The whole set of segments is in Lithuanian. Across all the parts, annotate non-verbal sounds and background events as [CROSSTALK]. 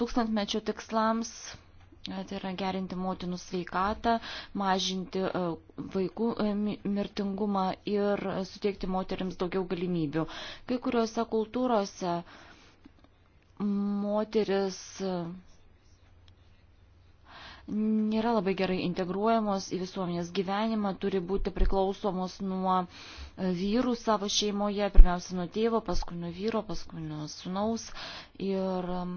tūkstantmečio tikslams, e, tai yra gerinti motinų sveikatą, mažinti e, vaikų e, mirtingumą ir suteikti moteriams daugiau galimybių. Kai kuriuose kultūrose moteris nėra labai gerai integruojamos į visuomenės gyvenimą, turi būti priklausomos nuo vyrų savo šeimoje, pirmiausia nuo tėvo, paskui nuo vyro, paskui nuo sunaus. Ir um,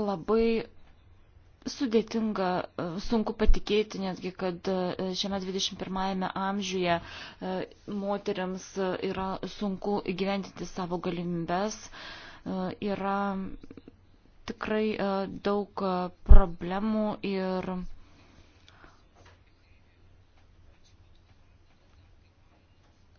labai sudėtinga, e, sunku patikėti netgi, kad e, šiame 21 amžiuje e, moteriams yra sunku įgyventinti savo galimybės, yra tikrai daug problemų ir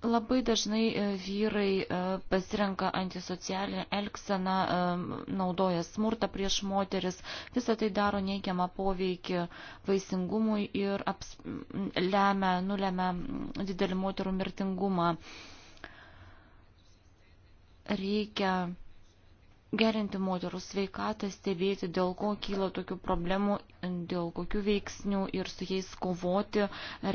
Labai dažnai e, vyrai e, pasirenka antisocialinę elkseną, e, naudoja smurtą prieš moteris, visą tai daro neigiamą poveikį vaisingumui ir aps, lemia, nulemia didelį moterų mirtingumą. Reikia gerinti moterų sveikatą, stebėti, dėl ko kyla tokių problemų, dėl kokių veiksnių ir su jais kovoti,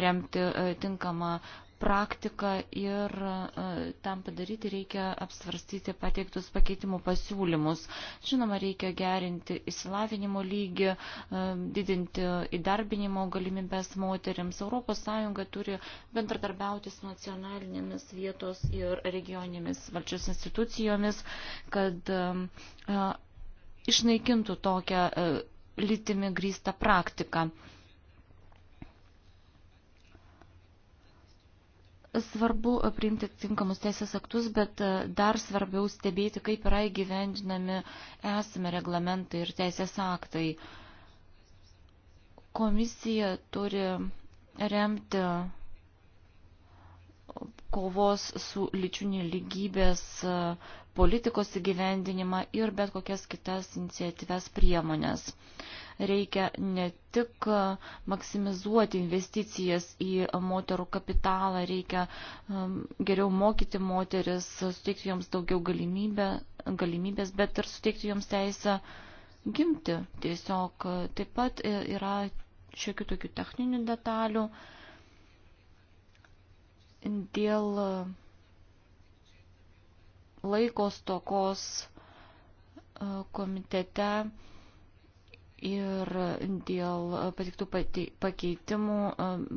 remti tinkamą praktiką ir e, tam padaryti reikia apsvarstyti pateiktus pakeitimų pasiūlymus. Žinoma, reikia gerinti įsilavinimo lygį, e, didinti įdarbinimo galimybės moteriams. ES turi bendradarbiauti su nacionalinėmis vietos ir regioninėmis valdžios institucijomis, kad e, išnaikintų tokią lytimi grįstą praktiką. Svarbu e, priimti tinkamus teisės aktus, bet e, dar svarbiau stebėti, kaip yra įgyvendinami esame reglamentai ir teisės aktai. Komisija turi remti kovos su lyčių neligybės e, politikos įgyvendinimą ir bet kokias kitas iniciatyves priemonės. Uh, reikia ne tik maksimizuoti investicijas į moterų kapitalą, reikia um, geriau mokyti moteris, suteikti joms daugiau galimybę, galimybės, bet ir suteikti joms teisę gimti. Tiesiog e, taip pat e, yra šiokių tokių techninių detalių dėl e, laiko stokos komitete ir dėl patiktų pakeitimų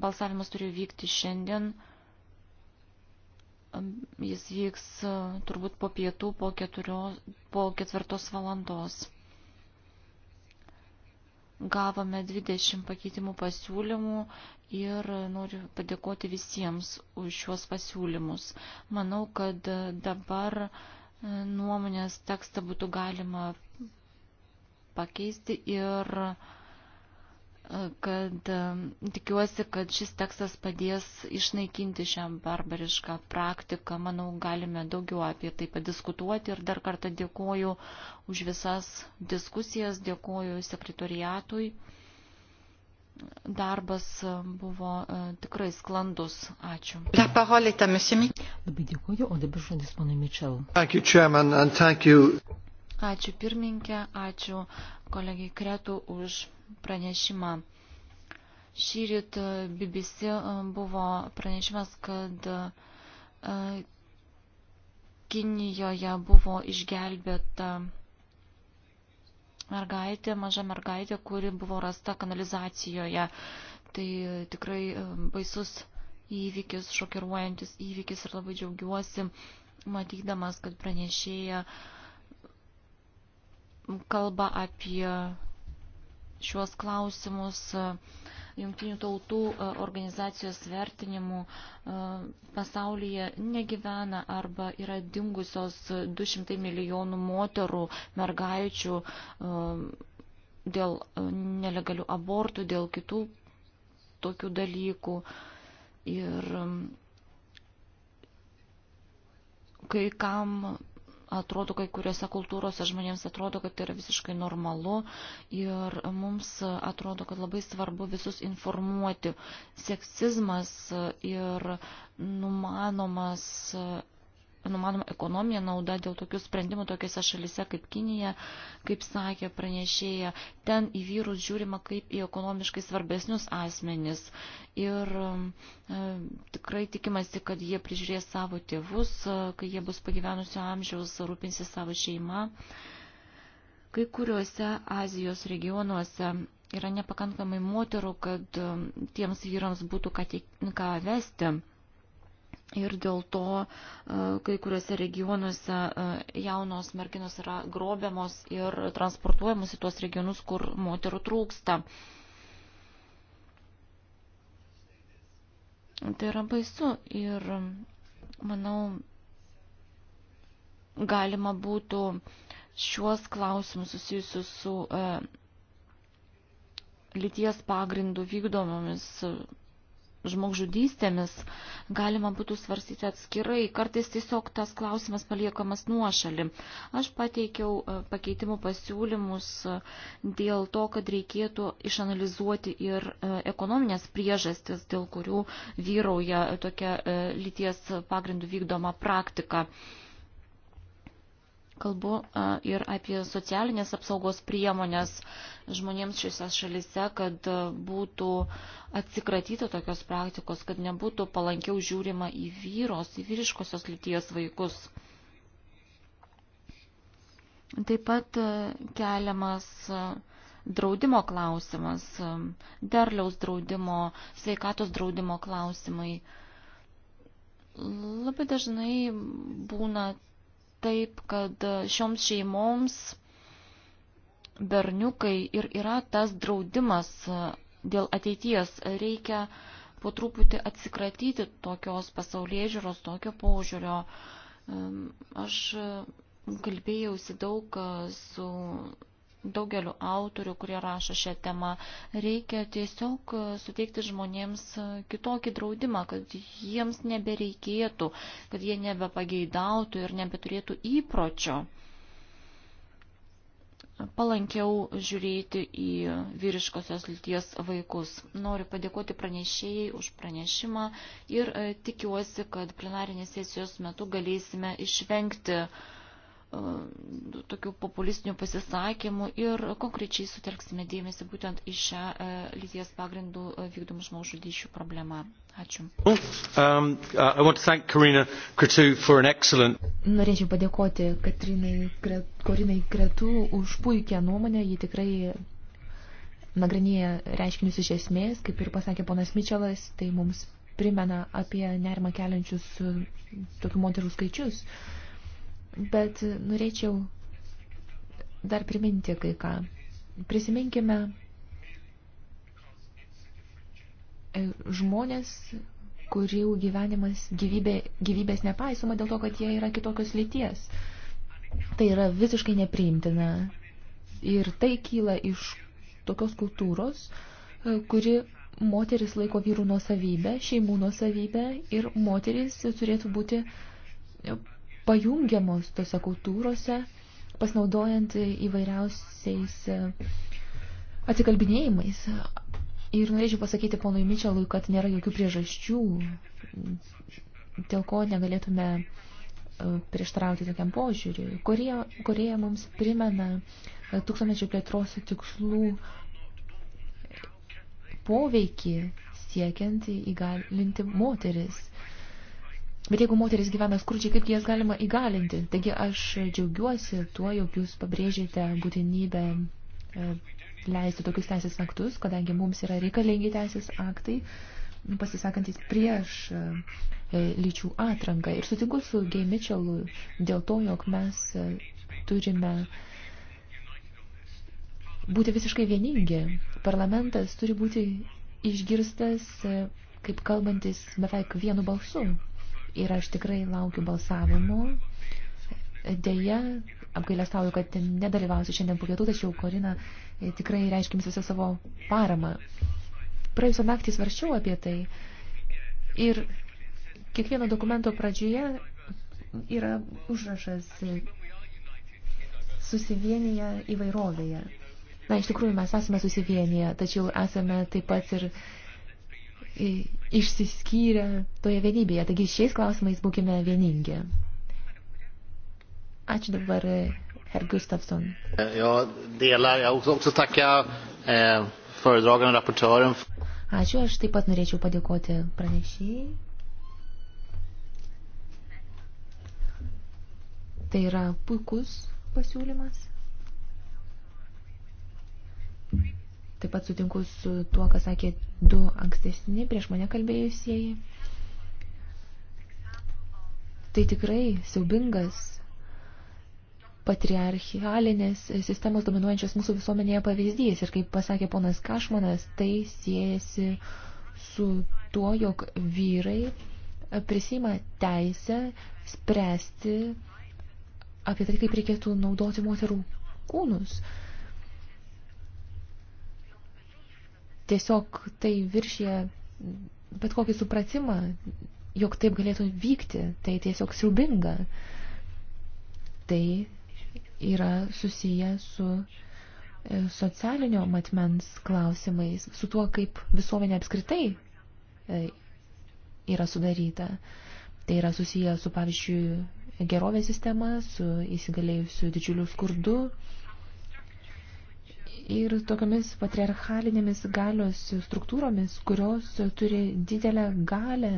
balsavimas turi vykti šiandien. Jis vyks turbūt po pietų, po, keturios, po ketvirtos valandos. Gavome 20 pakeitimų pasiūlymų ir noriu padėkoti visiems už šiuos pasiūlymus. Manau, kad dabar nuomonės tekstą būtų galima pakeisti ir e, kad e, tikiuosi, kad šis tekstas padės išnaikinti šią barbarišką praktiką. Manau, galime daugiau apie tai padiskutuoti ir dar kartą dėkoju už visas diskusijas, dėkoju sekretoriatui. Darbas buvo e, tikrai sklandus. Ačiū. Labai dėkoju, o dabar žodis ponui Mičel. Ačiū, Chairman, and thank you. Ačiū pirmininkė, ačiū kolegiai Kretų už pranešimą. Šįryt BBC e, buvo pranešimas, kad e, Kinijoje buvo išgelbėta mergaitė, maža mergaitė, kuri buvo rasta kanalizacijoje. Tai tikrai e, baisus įvykis, šokiruojantis įvykis ir labai džiaugiuosi, matydamas, kad pranešėja uh, kalba apie šiuos klausimus e, jungtinių tautų e, organizacijos vertinimų e, pasaulyje negyvena arba yra dingusios 200 milijonų moterų, mergaičių dėl nelegalių abortų, dėl kitų tokių dalykų. Ir kai kam atrodo kai kuriuose kultūrose žmonėms atrodo, kad tai yra visiškai normalu ir mums atrodo, kad labai svarbu visus informuoti. Seksizmas ir numanomas numatoma ekonominė nauda dėl tokių sprendimų tokiuose šalise kaip Kinija, kaip sakė pranešėja, ten į vyrus žiūrima kaip į ekonomiškai svarbesnius asmenis. Ir um, e, tikrai tikimasi, kad jie prižiūrės savo tėvus, e, kai jie bus pagyvenusio amžiaus, rūpinsis savo šeimą. Kai kuriuose Azijos regionuose yra nepakankamai moterų, kad um, tiems vyrams būtų ką, tiek, ką vesti. Ir dėl to e, kai kuriuose regionuose e, jaunos merginos yra grobiamos ir transportuojamos į tuos regionus, kur moterų trūksta. Tai yra baisu ir, manau, galima būtų šiuos klausimus susijusius su e, lyties pagrindų vykdomomis žmogžudystėmis galima būtų svarstyti atskirai, kartais tiesiog tas klausimas paliekamas nuošalį. Aš pateikiau e, pakeitimų pasiūlymus e, dėl to, kad reikėtų išanalizuoti ir e, ekonominės priežastis, dėl kurių vyrauja tokia lyties pagrindų vykdoma praktika. Kalbu ir apie socialinės apsaugos priemonės žmonėms šiuose šalise, kad būtų atsikratyta tokios praktikos, kad nebūtų palankiau žiūrima į vyros, į vyriškosios lyties vaikus. Taip pat keliamas draudimo klausimas, derliaus draudimo, sveikatos draudimo klausimai. Labai dažnai būna taip, kad šioms šeimoms berniukai ir yra tas draudimas dėl ateities. Reikia po truputį atsikratyti tokios pasaulyje žiūros, tokio paužiūrio. Aš kalbėjausi daug e, su daugeliu autorių, kurie rašo šią temą. Reikia tiesiog e, suteikti žmonėms e, kitokį draudimą, kad jiems nebereikėtų, kad jie nebepageidautų ir nebeturėtų įpročio palankiau žiūrėti į vyriškosios lyties vaikus. Noriu padėkoti pranešėjai už pranešimą ir e, tikiuosi, kad plenarinės sesijos metu galėsime išvengti uh, tokių populistinių pasisakymų ir konkrečiai sutelksime dėmesį būtent į šią e, lyties pagrindų e, vykdomų žmogžudyšių problemą. Ačiū. Um, uh, excellent... Norėčiau padėkoti Katrinai, Korinai Kretu už puikią nuomonę. Ji tikrai nagrinėja reiškinius iš esmės, kaip ir pasakė ponas Mičelas, tai mums primena apie nerimą keliančius e, tokių moterų skaičius. Uh, bet norėčiau dar priminti kai ką. Prisiminkime e, žmonės, kurių gyvenimas gyvybė, gyvybės nepaisoma dėl to, kad jie yra kitokios lyties. Tai yra visiškai nepriimtina. Ir tai kyla iš tokios kultūros, e, kuri moteris laiko vyrų nuosavybę, šeimų nuosavybę ir moteris turėtų būti e, pajungiamos tose kultūrose, pasinaudojant įvairiausiais e, atsikalbinėjimais. Ir norėčiau pasakyti ponui Mičelui, kad nėra jokių priežasčių, dėl ko negalėtume e, prieštarauti tokiam požiūriui. Korėja, Korėja mums primena e, tūkstantmečio plėtros tikslų poveikį siekiant įgalinti moteris. Bet jeigu moteris gyvena skurdžiai, kaip jas galima įgalinti? Taigi aš džiaugiuosi tuo, jog jūs pabrėžėte būtinybę e, leisti tokius teisės aktus, kadangi mums yra reikalingi teisės aktai, pasisakantis prieš e, lyčių atranką. Ir sutinku su Gay Mitchellu dėl to, jog mes e, turime būti visiškai vieningi. Parlamentas turi būti išgirstas kaip kalbantis beveik vienu balsu ir aš tikrai laukiu balsavimo. Deja, apgailestauju, kad nedalyvausiu šiandien po pietų, tačiau Korina e, tikrai reiškia jums visą savo paramą. Praėjusią naktį svarščiau apie tai ir kiekvieno dokumento pradžioje yra užrašas e, susivienyje įvairovėje. Na, iš tikrųjų, mes esame susivienyje, tačiau esame taip pat ir uh, išsiskyrę toje vienybėje. Taigi šiais klausimais būkime vieningi. Ačiū dabar, e, herr Gustafsson. Eh, jag delar, jag också tacka eh, föredragande rapportören. Ačiū, aš taip pat norėčiau padėkoti pranešėjai. Tai yra puikus pasiūlymas. Taip pat sutinku su tuo, ką sakė du ankstesni prieš mane kalbėjusieji. Tai tikrai siaubingas patriarchalinės sistemos dominuojančios mūsų visuomenėje pavyzdys. Ir kaip pasakė ponas Kašmanas, tai siejasi su tuo, jog vyrai prisima teisę spręsti apie tai, kaip reikėtų naudoti moterų kūnus. Uh, tiesiog tai viršė bet kokį supratimą, jog taip galėtų vykti, tai tiesiog siubinga. Tai yra susiję su e, socialinio matmens klausimais, su tuo, kaip visuomenė apskritai e, yra sudaryta. Tai yra susiję su, pavyzdžiui, gerovės sistema, su įsigalėjusiu didžiuliu skurdu, ir tokiamis patriarchalinėmis galios struktūromis, kurios turi didelę galę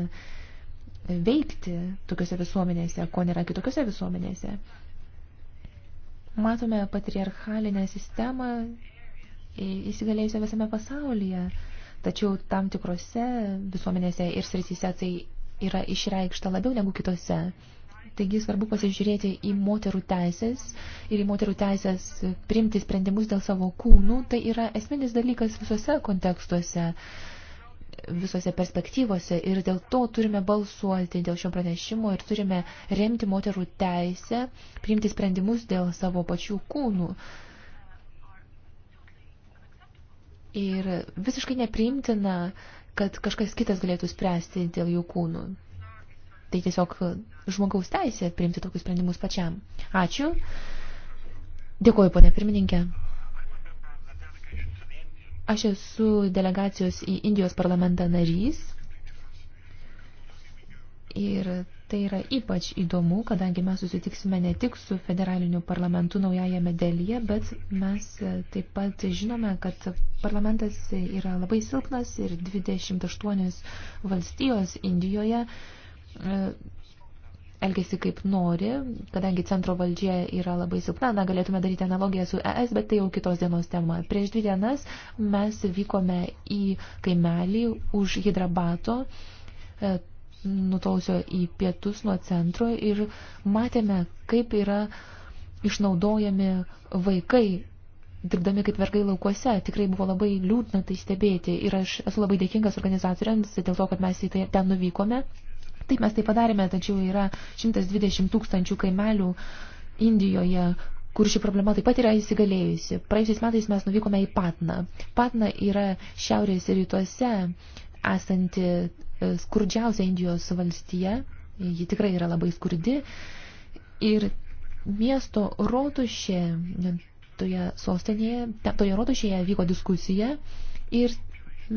veikti tokiuose visuomenėse, ko nėra kitokiuose visuomenėse. Matome patriarchalinę sistemą įsigalėjusią visame pasaulyje, tačiau tam tikrose visuomenėse ir srityse tai yra išreikšta labiau negu kitose. Taigi svarbu pasižiūrėti į moterų teisės ir į moterų teisės priimti sprendimus dėl savo kūnų. Tai yra esminis dalykas visose kontekstuose, visose perspektyvose ir dėl to turime balsuoti dėl šio pranešimo ir turime remti moterų teisę priimti sprendimus dėl savo pačių kūnų. Ir visiškai nepriimtina, kad kažkas kitas galėtų spręsti dėl jų kūnų. Tai tiesiog e, žmogaus teisė priimti tokius sprendimus pačiam. Ačiū. Dėkuoju, ponė pirmininkė. Aš esu delegacijos į Indijos parlamentą narys. Ir tai yra ypač įdomu, kadangi mes susitiksime ne tik su federaliniu parlamentu naujajame dėlyje, bet mes e, taip pat žinome, kad parlamentas yra labai silpnas ir 28 valstijos Indijoje E, elgesi kaip nori, kadangi centro valdžia yra labai silpna, na, galėtume daryti analogiją su ES, bet tai jau kitos dienos tema. Prieš dvi dienas mes vykome į kaimelį už Hidrabato, e, nutolusio į pietus nuo centro ir matėme, kaip yra išnaudojami vaikai dirbdami kaip vergai laukuose, tikrai buvo labai liūdna tai stebėti. Ir aš esu labai dėkingas organizatoriams dėl to, kad mes į tai ten nuvykome Taip mes tai padarėme, tačiau yra 120 tūkstančių kaimelių Indijoje, kur ši problema taip pat yra įsigalėjusi. Praėjusiais metais mes nuvykome į Patną. Patna yra šiaurės rytuose esanti e, skurdžiausia Indijos valstija. Ji tikrai yra labai skurdi. Ir miesto rotušė, toje sostinėje, toje rotušėje vyko diskusija ir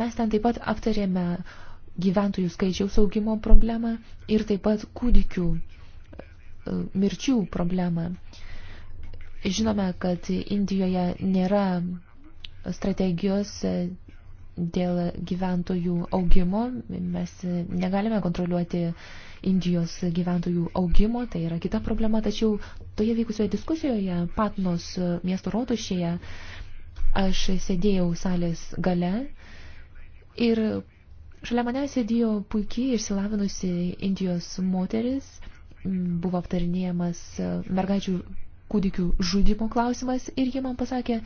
mes ten taip pat aptarėme gyventojų skaičiaus augimo problemą ir taip pat kūdikių e, mirčių problemą. Žinome, kad Indijoje nėra strategijos e, dėl gyventojų augimo. Mes negalime kontroliuoti Indijos gyventojų augimo, tai yra kita problema, tačiau toje vykusioje diskusijoje Patnos miesto rotušėje aš sėdėjau salės gale ir Šalia manęs sėdėjo puikiai išsilavinusi Indijos moteris, buvo aptarinėjamas e, mergaičių kūdikių žudimo klausimas ir ji man pasakė,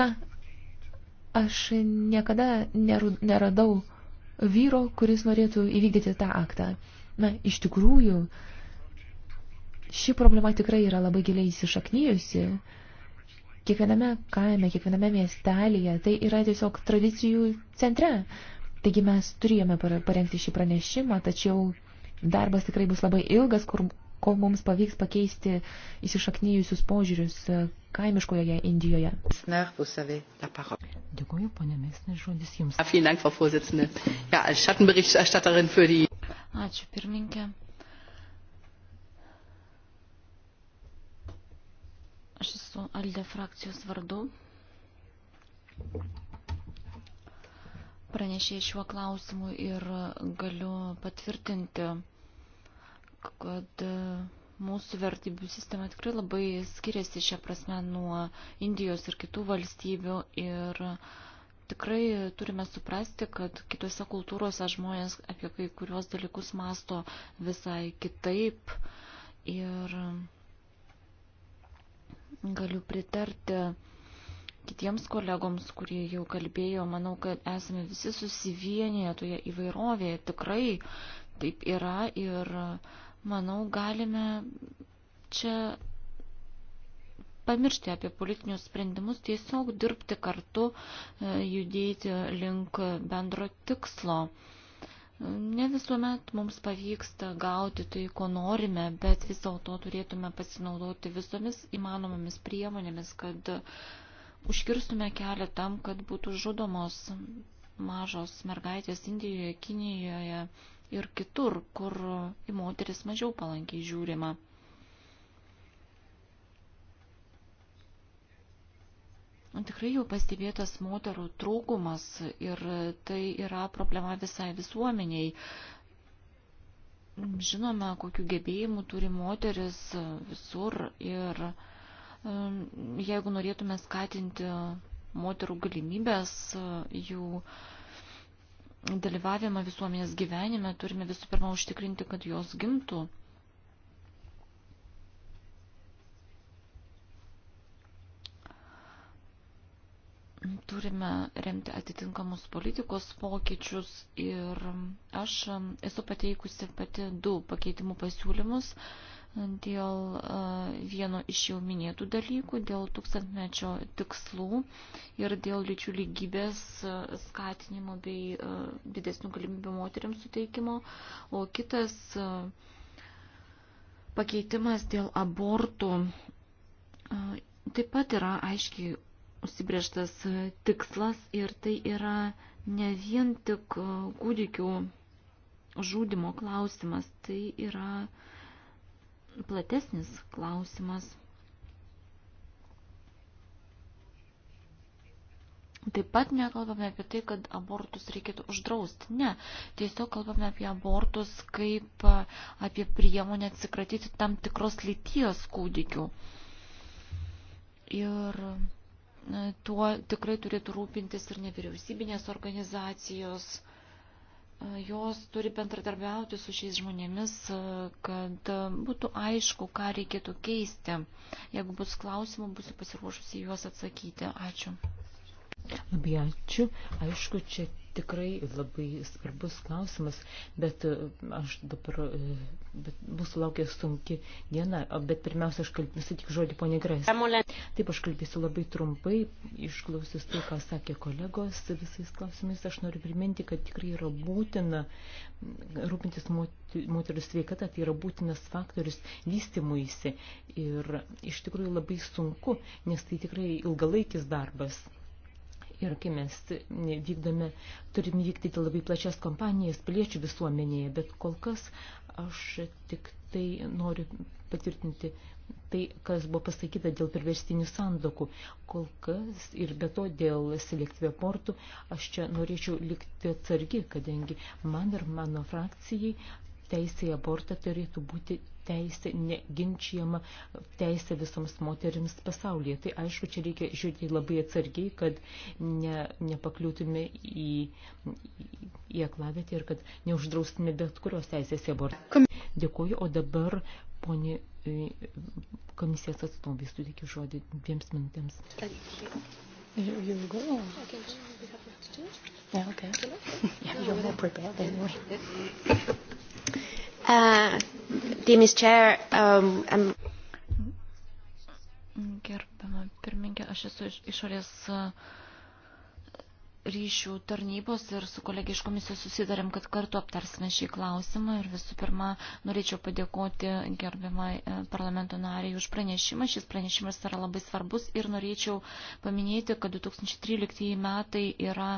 na, aš niekada neradau vyro, kuris norėtų įvykdyti tą aktą. Na, iš tikrųjų, ši problema tikrai yra labai giliai įsišaknyjusi. Uh, Kiekviename kaime, kiekviename miestelėje tai yra tiesiog tradicijų centre. Taigi mes turėjome parengti šį pranešimą, tačiau darbas tikrai bus labai ilgas, kur, kol mums pavyks pakeisti įsišaknyjusius požiūrius e, kaimiškoje Indijoje. Dėkuoju, ponė Mesner, žodis jums. Ačiū, pirmininkė. Aš esu Alde frakcijos vardu. Pranešė šiuo klausimu ir galiu patvirtinti, kad mūsų vertybių sistema tikrai labai skiriasi šią prasme nuo Indijos ir kitų valstybių ir tikrai turime suprasti, kad kitose kultūrose žmonės apie kai kuriuos dalykus masto visai kitaip ir Galiu pritarti kitiems kolegoms, kurie jau kalbėjo. Manau, kad esame visi susivienyje toje įvairovėje. Tikrai taip yra ir manau, galime čia pamiršti apie politinius sprendimus, tiesiog dirbti kartu, e, judėti link bendro tikslo. Ne visuomet mums pavyksta gauti tai, ko norime, bet vis dėlto turėtume pasinaudoti visomis įmanomomis priemonėmis, kad užkirstume kelią tam, kad būtų žudomos mažos mergaitės Indijoje, Kinijoje ir kitur, kur į moteris mažiau palankiai žiūrima. Nu, tikrai jau pastebėtas moterų trūkumas ir tai yra problema visai visuomeniai. Žinome, kokiu gebėjimu turi moteris visur ir um, jeigu norėtume skatinti moterų galimybės, jų dalyvavimą visuomenės gyvenime, turime visų pirma užtikrinti, kad jos gimtų turime remti atitinkamus politikos pokyčius ir aš esu pateikusi pati du pakeitimų pasiūlymus dėl e, vieno iš jau minėtų dalykų, dėl tūkstantmečio tikslų ir dėl lyčių lygybės e, skatinimo bei e, didesnių galimybių moteriams suteikimo, o kitas pakeitimas dėl abortų taip pat yra aiškiai užsibrieštas tikslas ir tai yra ne vien tik e, kūdikių žūdimo klausimas, tai yra platesnis klausimas. Taip pat nekalbame apie tai, kad abortus reikėtų uždrausti. Ne, tiesiog kalbame apie abortus kaip e, apie priemonę atsikratyti tam tikros lyties kūdikių. Ir tuo tikrai turėtų rūpintis ir nevyriausybinės organizacijos. Jos turi bendradarbiauti su šiais žmonėmis, kad būtų aišku, ką reikėtų keisti. Jeigu bus klausimų, būsiu pasiruošusi juos atsakyti. Ačiū. Labai ačiū. Aišku, čia tikrai labai svarbus klausimas, bet e, aš dabar, e, bet mūsų laukia sunki diena, bet pirmiausia, aš kalbėsiu tik žodį ponė Grės. Taip, aš kalbėsiu labai trumpai, išklausius tai, ką sakė kolegos visais klausimais, aš noriu priminti, kad tikrai yra būtina rūpintis moterų sveikata, tai yra būtinas faktorius vystimuisi ir iš tikrųjų labai sunku, nes tai tikrai ilgalaikis darbas. Ir kai mes vykdome, turim vykdyti labai plačias kompanijas piliečių visuomenėje, bet kol kas aš tik tai noriu patvirtinti tai, kas buvo pasakyta dėl perverstinių sandokų. Kol kas ir be to dėl selektyvio portų aš čia norėčiau likti atsargi, kadangi man ir mano frakcijai teisė į abortą turėtų būti teisė neginčiama, teisė visoms moterims pasaulyje. Tai aišku, čia reikia žiūrėti labai atsargiai, kad ne, nepakliūtume į, į, į aklavietę ir kad neuždraustume bet kurios teisės į abortą. Dėkuoju, o dabar ponė e, komisijos atstovai suteikiu žodį dviems minutėms. You, you go. Okay, we have to do it. Yeah, okay. [LAUGHS] Yeah, you're more prepared anyway. [LAUGHS] Uh, Dėmes Chair, um, um... Gerbama pirmininkė, aš esu iš, išorės uh, ryšių tarnybos ir su kolegė iš komisijos susidarėm, kad kartu aptarsime šį klausimą ir visų pirma norėčiau padėkoti gerbiamai e, parlamento nariai už pranešimą. Šis pranešimas yra labai svarbus ir norėčiau paminėti, kad 2013 metai yra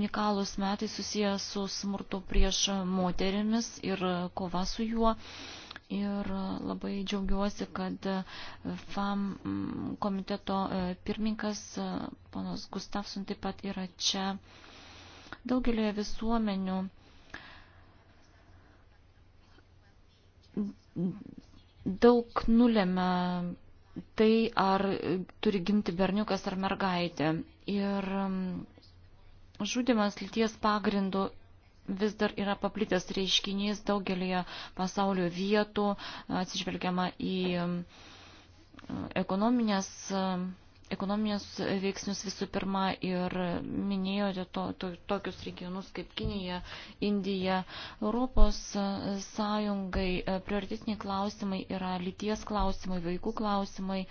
unikalūs metai susiję su smurtu prieš moterimis ir kova su juo. Uh, ir labai džiaugiuosi, kad FAM mm, komiteto e, pirmininkas, e, ponas Gustafson, taip pat yra čia. Daugelioje visuomenių daug nulėmė tai, ar turi gimti berniukas ar mergaitė. Ir mm, žudimas lyties pagrindu vis dar yra paplitęs reiškinys daugelį pasaulio vietų, atsižvelgiama į e, ekonominės ekonominius veiksnius visų pirma ir minėjote to, to, tokius regionus kaip Kinija, Indija. Europos sąjungai e, prioritetiniai klausimai yra lyties klausimai, vaikų klausimai.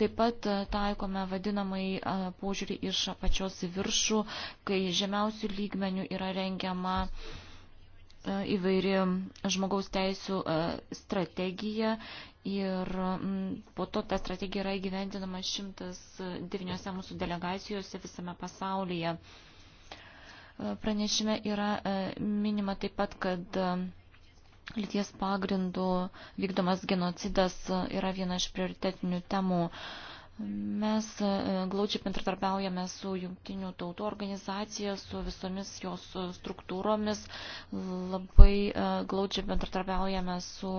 Taip pat e, taikome vadinamai e, požiūrį iš apačios į viršų, kai žemiausių lygmenių yra rengiama įvairi žmogaus teisų strategija Ir mm, po to ta strategija yra įgyvendinama 109 mūsų delegacijose visame pasaulyje. E, pranešime yra e, minima taip pat, kad e, lyties pagrindų vykdomas genocidas yra viena iš prioritetinių temų. Mes e, glaučiai bendradarbiaujame su jungtinių tautų organizacija, su visomis jos struktūromis, labai e, glaučiai bendradarbiaujame su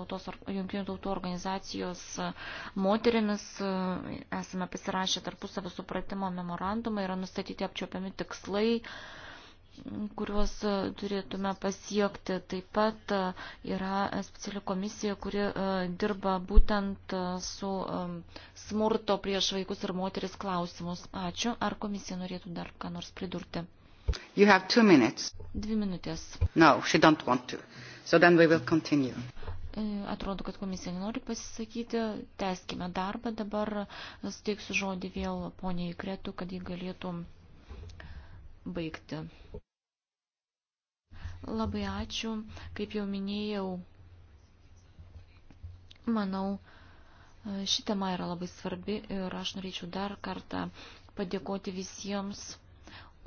tautos, jungtinių tautų organizacijos e, moterimis, esame pasirašę tarpusavio supratimo memorandumą, yra nustatyti apčiopiami tikslai kuriuos e, turėtume pasiekti. Taip pat e, yra speciali komisija, kuri e, dirba būtent su smurto prieš vaikus ir moteris klausimus. Ačiū. Ar komisija norėtų dar ką nors pridurti? You have two minutes. Dvi minutės. No, she don't want to. So then we will continue. Atrodo, kad komisija nenori pasisakyti. Teskime darbą. Dabar suteiksiu žodį vėl poniai Kretų, kad ji galėtų baigti. Labai ačiū. Kaip jau minėjau, manau, ši tema yra labai svarbi ir aš norėčiau dar kartą padėkoti visiems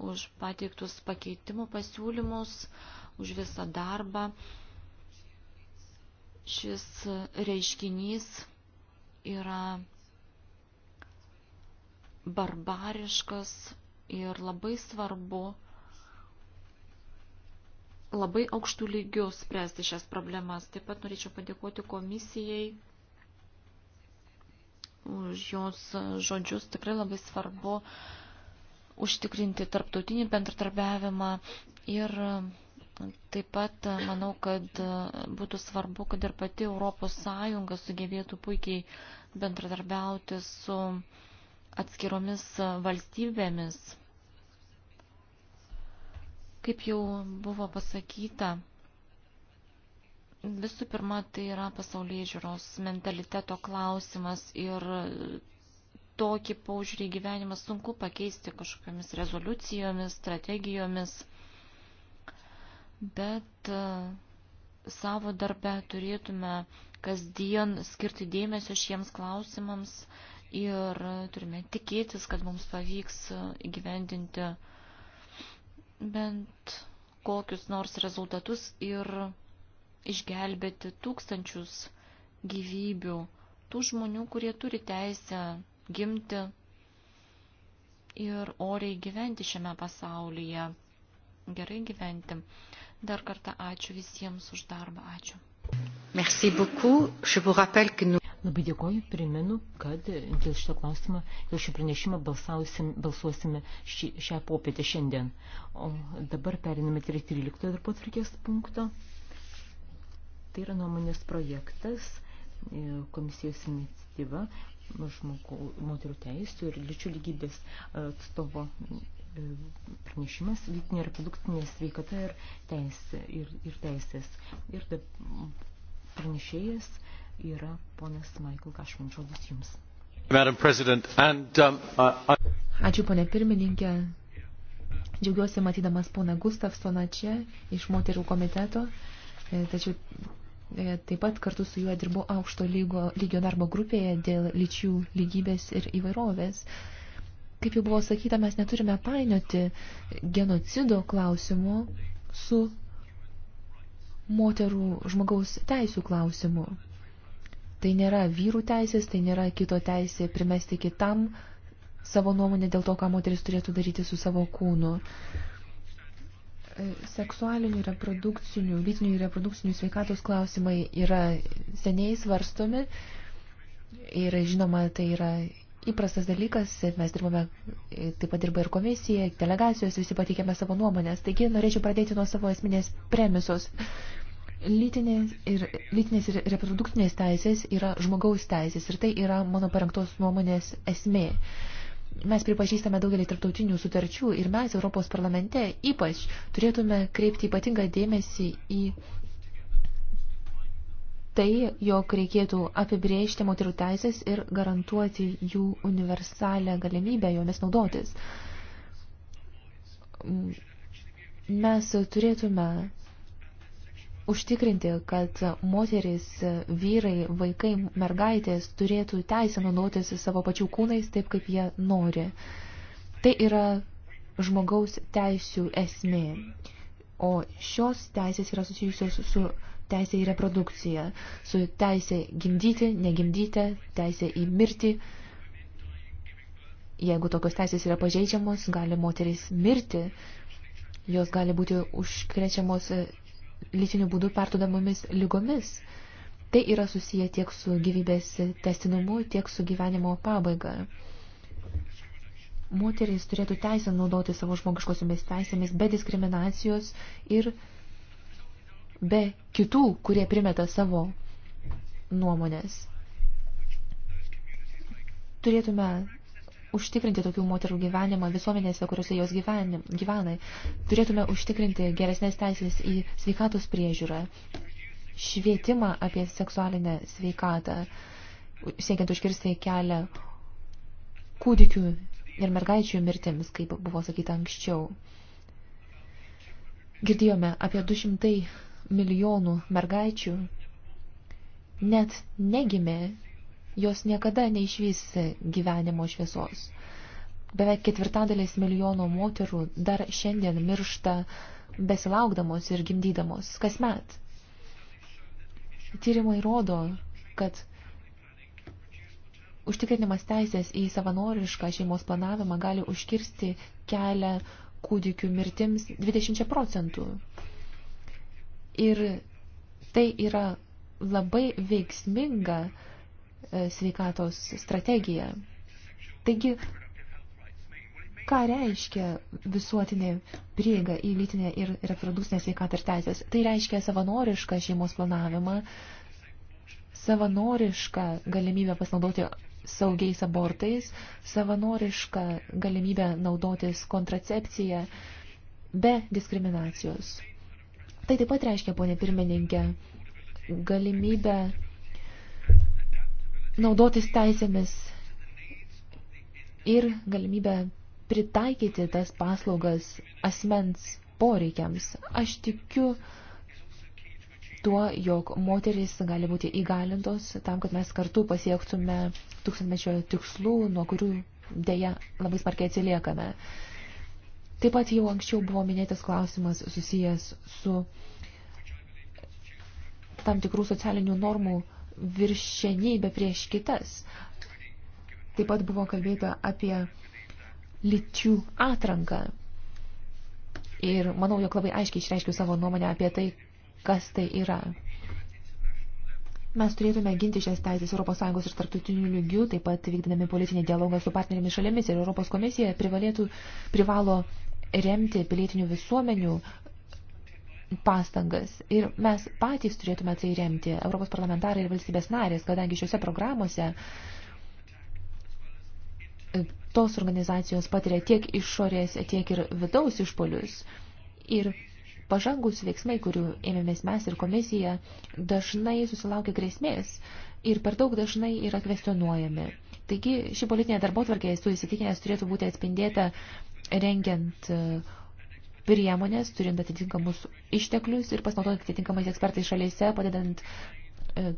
už pateiktus pakeitimų pasiūlymus, už visą darbą. Šis reiškinys yra barbariškas ir labai svarbu, labai aukštų lygių spręsti šias problemas. Taip pat norėčiau padėkoti komisijai už jos žodžius. Tikrai labai svarbu užtikrinti tarptautinį bendradarbiavimą ir Taip pat manau, kad būtų svarbu, kad ir pati Europos Sąjunga sugebėtų puikiai bendradarbiauti su atskiromis valstybėmis Kaip jau buvo pasakyta, visų pirma, tai yra pasaulyje žiūros mentaliteto klausimas ir tokį paužiūrį gyvenimą sunku pakeisti kažkokiamis rezoliucijomis, strategijomis, bet e, savo darbę turėtume kasdien skirti dėmesio šiems klausimams ir turime tikėtis, kad mums pavyks e, įgyvendinti uh, bent kokius nors rezultatus ir išgelbėti tūkstančius gyvybių, tų žmonių, kurie turi teisę gimti ir oriai gyventi šiame pasaulyje, gerai gyventi. Dar kartą ačiū visiems už darbą, ačiū. Merci beaucoup. Je vous rappelle que nous... Labai dėkoju, primenu, kad dėl šito klausimo, dėl šio pranešimo balsuosime šį, šią popietę šiandien. O dabar periname prie 13 darbo tvarkės punkto. Tai yra nuomonės projektas, e, komisijos iniciatyva žmogų, moterų teisų ir lyčių lygybės atstovo e, pranešimas lytinė reproduktinė sveikata ir, teisė, ir, ir teisės. Ir da, pranešėjas yra ponas Michael Kašman, žodis jums. Um, Ačiū, ponė pirmininkė. Džiaugiuosi matydamas poną Gustafsoną čia iš moterų komiteto, e, tačiau e, taip pat kartu su juo dirbu aukšto lygo, lygio darbo grupėje dėl lyčių lygybės ir įvairovės. Kaip jau buvo sakyta, mes neturime painioti genocido klausimų su moterų žmogaus teisų klausimu. Tai nėra vyrų teisės, tai nėra kito teisė primesti kitam savo nuomonę dėl to, ką moteris turėtų daryti su savo kūnu. Seksualinių, reprodukcinių, lytinių ir reprodukcinių sveikatos klausimai yra seniai svarstomi ir žinoma, tai yra įprastas dalykas, mes dirbame, taip pat dirba ir komisija, delegacijos, visi pateikėme savo nuomonės. Taigi norėčiau pradėti nuo savo esminės premisos. Lytinės ir, lytinės ir reproduktinės teisės yra žmogaus teisės ir tai yra mano parengtos nuomonės esmė. Mes pripažįstame daugelį tarptautinių sutarčių ir mes Europos parlamente ypač turėtume kreipti ypatingą dėmesį į tai, jog reikėtų apibrėžti moterų teisės ir garantuoti jų universalią galimybę jomis naudotis. Mes turėtume užtikrinti, kad moteris, vyrai, vaikai, mergaitės turėtų teisę naudotis savo pačių kūnais taip, kaip jie nori. Tai yra žmogaus teisių esmė. O šios teisės yra susijusios su teisė į reprodukciją, su teisė gimdyti, negimdyti, teisė į mirtį. Jeigu tokios teisės yra pažeidžiamos, gali moteris mirti, jos gali būti užkrečiamos lytiniu būdu pertudamomis lygomis. Tai yra susiję tiek su gyvybės testinumu, tiek su gyvenimo pabaiga. Moterys turėtų teisę naudoti savo žmogiškosiomis teisėmis be diskriminacijos ir be kitų, kurie primeta savo nuomonės. Turėtume užtikrinti tokių moterų gyvenimą visuomenėse, kuriuose jos gyvenim, gyvena. Turėtume užtikrinti geresnės teisės į sveikatos priežiūrą, švietimą apie seksualinę sveikatą, siekiant užkirsti kelią kūdikių ir mergaičių mirtims, kaip buvo sakyta anksčiau. Girdėjome apie 200 milijonų mergaičių net negimė jos niekada neišvys gyvenimo šviesos. Beveik ketvirtadalės milijono moterų dar šiandien miršta besilaukdamos ir gimdydamos kasmet. Tyrimai rodo, kad užtikrinimas teisės į savanorišką šeimos planavimą gali užkirsti kelią kūdikių mirtims 20 procentų. Ir tai yra labai veiksminga uh, E, sveikatos strategiją. Taigi, ką reiškia visuotinė prieiga į lytinę ir reprodukcinę sveikatą ir teisės? Tai reiškia savanorišką šeimos planavimą, savanorišką galimybę pasinaudoti saugiais abortais, savanorišką galimybę naudotis kontracepciją be diskriminacijos. Tai taip pat reiškia, ponė pirmininkė, galimybę naudotis teisėmis ir galimybę pritaikyti tas paslaugas asmens poreikiams. Aš tikiu tuo, jog moterys gali būti įgalintos tam, kad mes kartu pasiektume tūkstantmečio tikslų, nuo kurių dėja labai smarkiai atsiliekame. Taip pat jau anksčiau buvo minėtas klausimas susijęs su tam tikrų socialinių normų uh, viršenybę prieš kitas. Taip pat buvo kalbėta apie lyčių atranką. Ir manau, jog labai aiškiai išreiškiu savo nuomonę apie tai, kas tai yra. Mes turėtume ginti šias teisės ES ir tarptautinių lygių, taip pat vykdami politinį dialogą su partnerėmis šalėmis ir Europos komisija privalėtų, privalo remti pilietinių visuomenių pastangas. Ir mes patys turėtume tai remti, Europos parlamentarai ir valstybės narės, kadangi šiuose programuose e, tos organizacijos patiria tiek išorės, tiek ir vidaus išpolius. Ir pažangus veiksmai, kurių ėmėmės mes ir komisija, dažnai susilaukia grėsmės ir per daug dažnai yra kvestionuojami. Taigi ši politinė darbotvarkė, esu įsitikinęs, turėtų būti atspindėta rengiant uh, priemonės, turint atitinkamus išteklius ir pasinaudojant atitinkamais ekspertais šalyse, padedant e,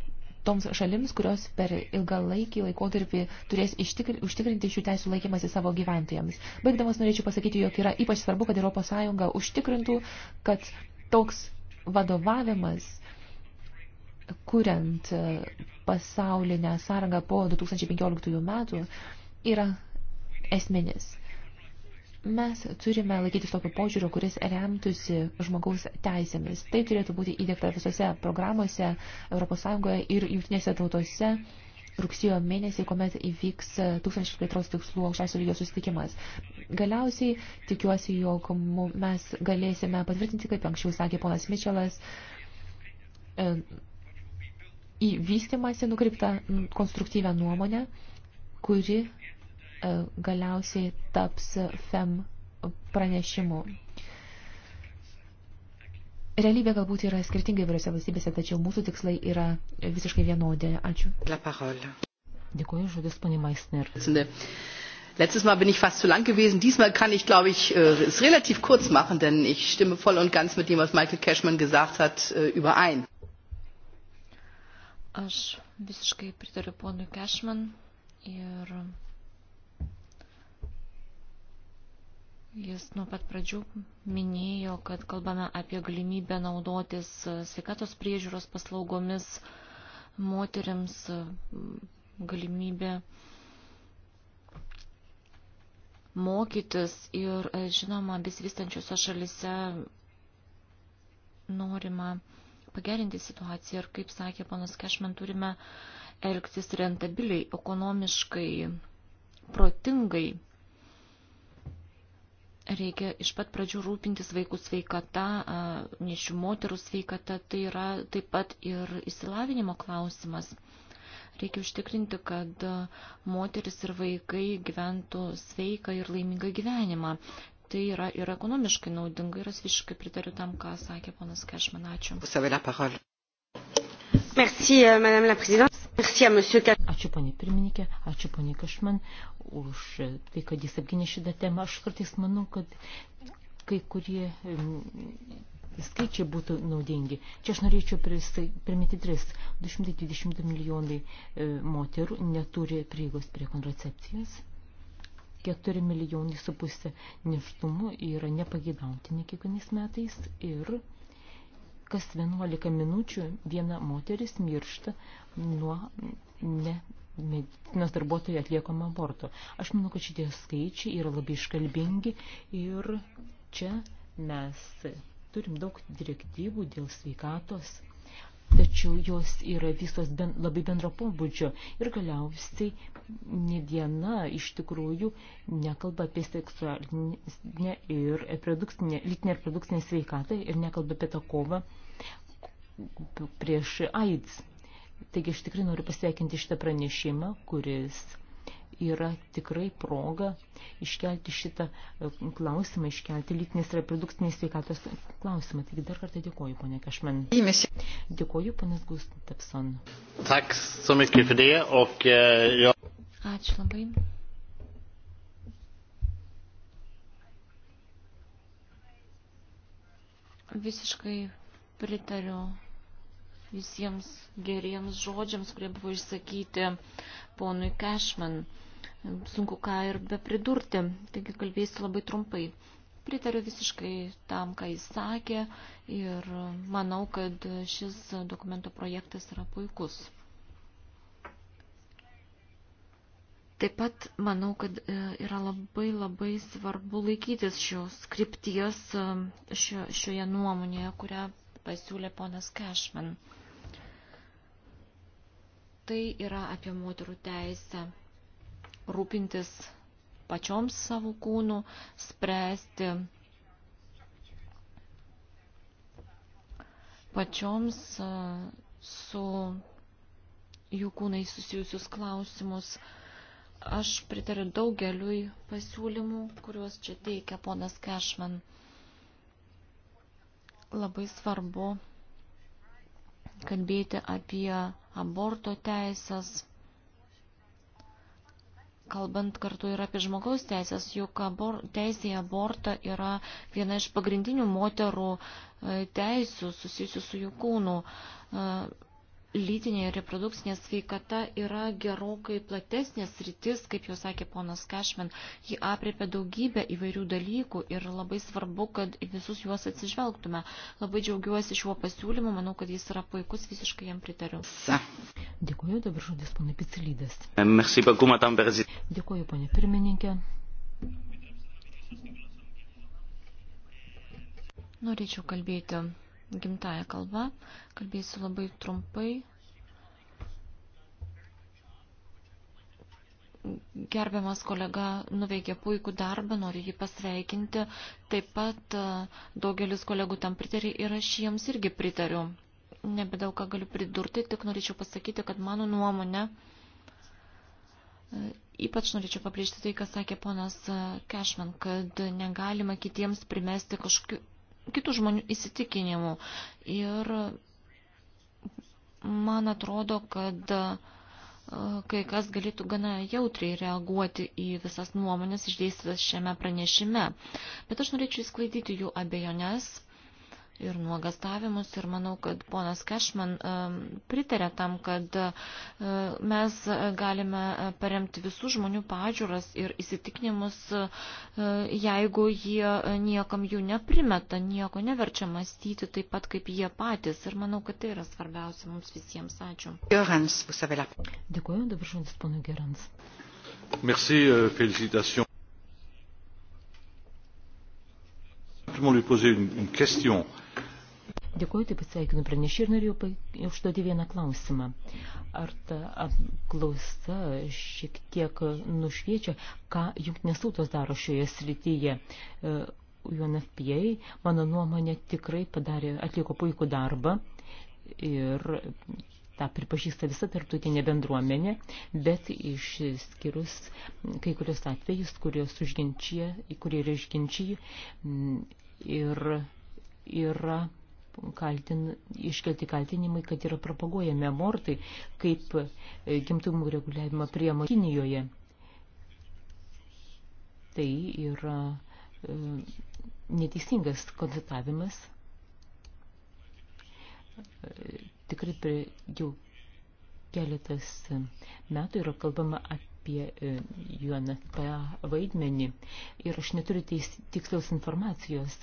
toms šalims, kurios per ilgalaikį laikotarpį turės ištikri, užtikrinti šių teisų laikymasi savo gyventojams. Baigdamas norėčiau pasakyti, jog yra ypač svarbu, kad ES užtikrintų, kad toks vadovavimas, kuriant e, pasaulinę sąrangą po 2015 metų, yra esminis. Mes turime laikytis tokio požiūrio, kuris remtųsi žmogaus teisėmis. Tai turėtų būti įdėkta visose programuose ES ir jungtinėse tautose rugsėjo mėnesį, kuomet įvyks tūkstančių plėtros tikslų aukščiausio lygio susitikimas. Galiausiai tikiuosi, jog mes galėsime patvirtinti, kaip anksčiau sakė ponas Mičelas, e, į vystimąsi nukreiptą konstruktyvę nuomonę, kuri E, galiausiai taps FEM pranešimu. Realybė galbūt yra skirtingai įvairiose valstybėse, tačiau mūsų tikslai yra visiškai vienodi. Ačiū. La parole. Dėkuoju, žodis ponė Meissner. Letztes Mal bin ich fast zu lang gewesen. Diesmal kann ich, glaube ich, äh, es relativ kurz machen, denn ich stimme voll und ganz mit dem, was Michael Cashman gesagt hat, äh, überein. Aš visiškai pritariu ponui Cashman ir Jis nuo pat pradžių minėjo, kad kalbame apie galimybę naudotis sveikatos priežiūros paslaugomis moteriams, galimybę mokytis ir, žinoma, besivystančiose šalise norima pagerinti situaciją ir, kaip sakė panas Kešman, turime elgtis rentabiliai, ekonomiškai, protingai reikia iš pat pradžių rūpintis vaikų sveikata, nešių moterų sveikata, tai yra taip pat ir įsilavinimo klausimas. Reikia užtikrinti, kad moteris ir vaikai gyventų sveiką ir laimingą gyvenimą. Tai yra ir ekonomiškai naudinga ir aš visiškai pritariu tam, ką sakė ponas Kešman. Ačiū. Merci, euh, madame la présidente. Ačiū ponė pirmininkė, ačiū ponė Kašman už tai, kad jis apginė šitą temą. Aš kartais manau, kad kai kurie skaičiai būtų naudingi. Čia aš norėčiau priminti tris. 222 milijonai e, moterų neturi prieigos prie kontracepcijos. 4 milijonai su pusė neštumų yra nepagėdautini kiekvienais metais ir kas 11 minučių viena moteris miršta nuo ne medicinos darbuotojų atliekamo aborto. Aš manau, kad šitie skaičiai yra labai iškalbingi ir čia mes turim daug direktyvų dėl sveikatos, tačiau jos yra visos ben, labai bendro pobūdžio ir galiausiai ne viena iš tikrųjų nekalba apie seksualinę ir reprodukcinę, lytinę reprodukcinę sveikatą ir nekalba apie tą kovą prieš AIDS. Taigi aš tikrai noriu pasveikinti šitą pranešimą, kuris yra tikrai proga iškelti šitą e, klausimą, iškelti lytinės reprodukcinės sveikatos klausimą. Taigi dar kartą dėkoju, ponė Kašmen. Dėkoju, ponas Gustafson. Eh, Ačiū labai. Visiškai pritariu visiems geriems žodžiams, kurie buvo išsakyti ponui Cashman. Sunku ką ir be pridurti, taigi kalbėsiu labai trumpai. Pritariu visiškai tam, ką jis sakė ir manau, kad šis dokumento projektas yra puikus. Taip pat manau, kad e, yra labai labai svarbu laikytis šios skripties e, šio, šioje nuomonėje, kurią pasiūlė ponas Cashman. Tai yra apie moterų teisę rūpintis pačioms savo kūnų, spręsti pačioms su jų kūnai susijusius klausimus. Aš pritariu daugeliui pasiūlymų, kuriuos čia teikia ponas Kešman. Labai svarbu kalbėti apie aborto teisės, kalbant kartu ir apie žmogaus teisės, juk abor, teisė į abortą yra viena iš pagrindinių moterų e, teisių susijusių su jų kūnu. E, lytinė ir reprodukcinė sveikata yra gerokai platesnės rytis, kaip jau sakė ponas Kešmen. Ji apriepia daugybę įvairių dalykų ir labai svarbu, kad visus juos atsižvelgtume. Labai džiaugiuosi šiuo pasiūlymu, manau, kad jis yra puikus, visiškai jam pritariu. Dėkuoju, dabar žodis ponai Picilydės. Eh, Dėkuoju, ponė pirmininkė. Norėčiau kalbėti gimtają kalbą. Kalbėsiu labai trumpai. Gerbiamas kolega nuveikė puikų darbą, noriu jį pasveikinti. Taip pat e, daugelis kolegų tam pritarė ir aš jiems irgi pritariu. Nebedaug ką galiu pridurti, tik norėčiau pasakyti, kad mano nuomonė, e, ypač norėčiau pabrėžti tai, ką sakė ponas Kešman, kad negalima kitiems primesti kažkokiu kitų žmonių įsitikinimų. Ir man atrodo, kad e, kai kas galėtų gana jautriai reaguoti į visas nuomonės išdėstytas šiame pranešime. Bet aš norėčiau įsklaidyti jų abejonės ir nuogastavimus ir manau, kad ponas Kešman pritarė tam, kad e, mes galime paremti visų žmonių pažiūras ir įsitikinimus, e, jeigu jie niekam jų neprimeta, nieko neverčia mąstyti taip pat kaip jie patys. Ir manau, kad tai yra svarbiausia mums visiems. Ačiū. Gerans, Dėkuoju, dabar žodis ponui Gerans. Merci, euh, félicitations. simplement lui poser une, une question. Euh, Dėkuoju, taip pasveikinu pranešį ir norėjau užduoti vieną klausimą. Ar ta apklausa šiek tiek nušviečia, ką jungtinės tautos daro šioje srityje? E, UNFPA, mano nuomonė, tikrai padarė, atliko puikų darbą ir tą pripažįsta visa tarptautinė bendruomenė, bet išskyrus kai kurios atvejus, kurios užginčia, kurie yra išginčiai ir yra kaltin, iškelti kaltinimai, kad yra propaguojami abortai kaip e, gimtumų reguliavimo priemonė Kinijoje. Tai yra e, neteisingas konstatavimas. E, tikrai prie, jau keletas metų yra kalbama apie apie e, UNFP vaidmenį ir aš neturiu teis, tikslios informacijos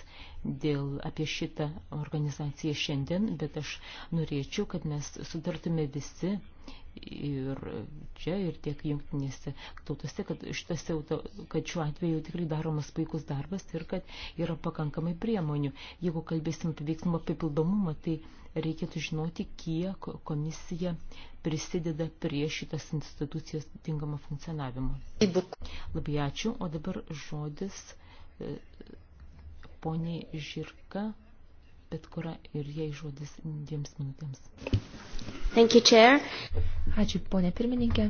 dėl apie šitą organizaciją šiandien, bet aš norėčiau, kad mes sutartume visi ir čia, ir tiek jungtinėse tautose, kad, šitose, kad šiuo atveju tikrai daromas puikus darbas ir kad yra pakankamai priemonių. Jeigu kalbėsim apie veiksmą papildomumą, tai reikėtų žinoti, kiek komisija prisideda prie šitas institucijos tinkamą funkcionavimą. Labai ačiū, o dabar žodis e, poniai Žirka, bet kuria ir jai žodis dviems minutėms. Thank you, Chair. Ačiū, ponė pirmininkė.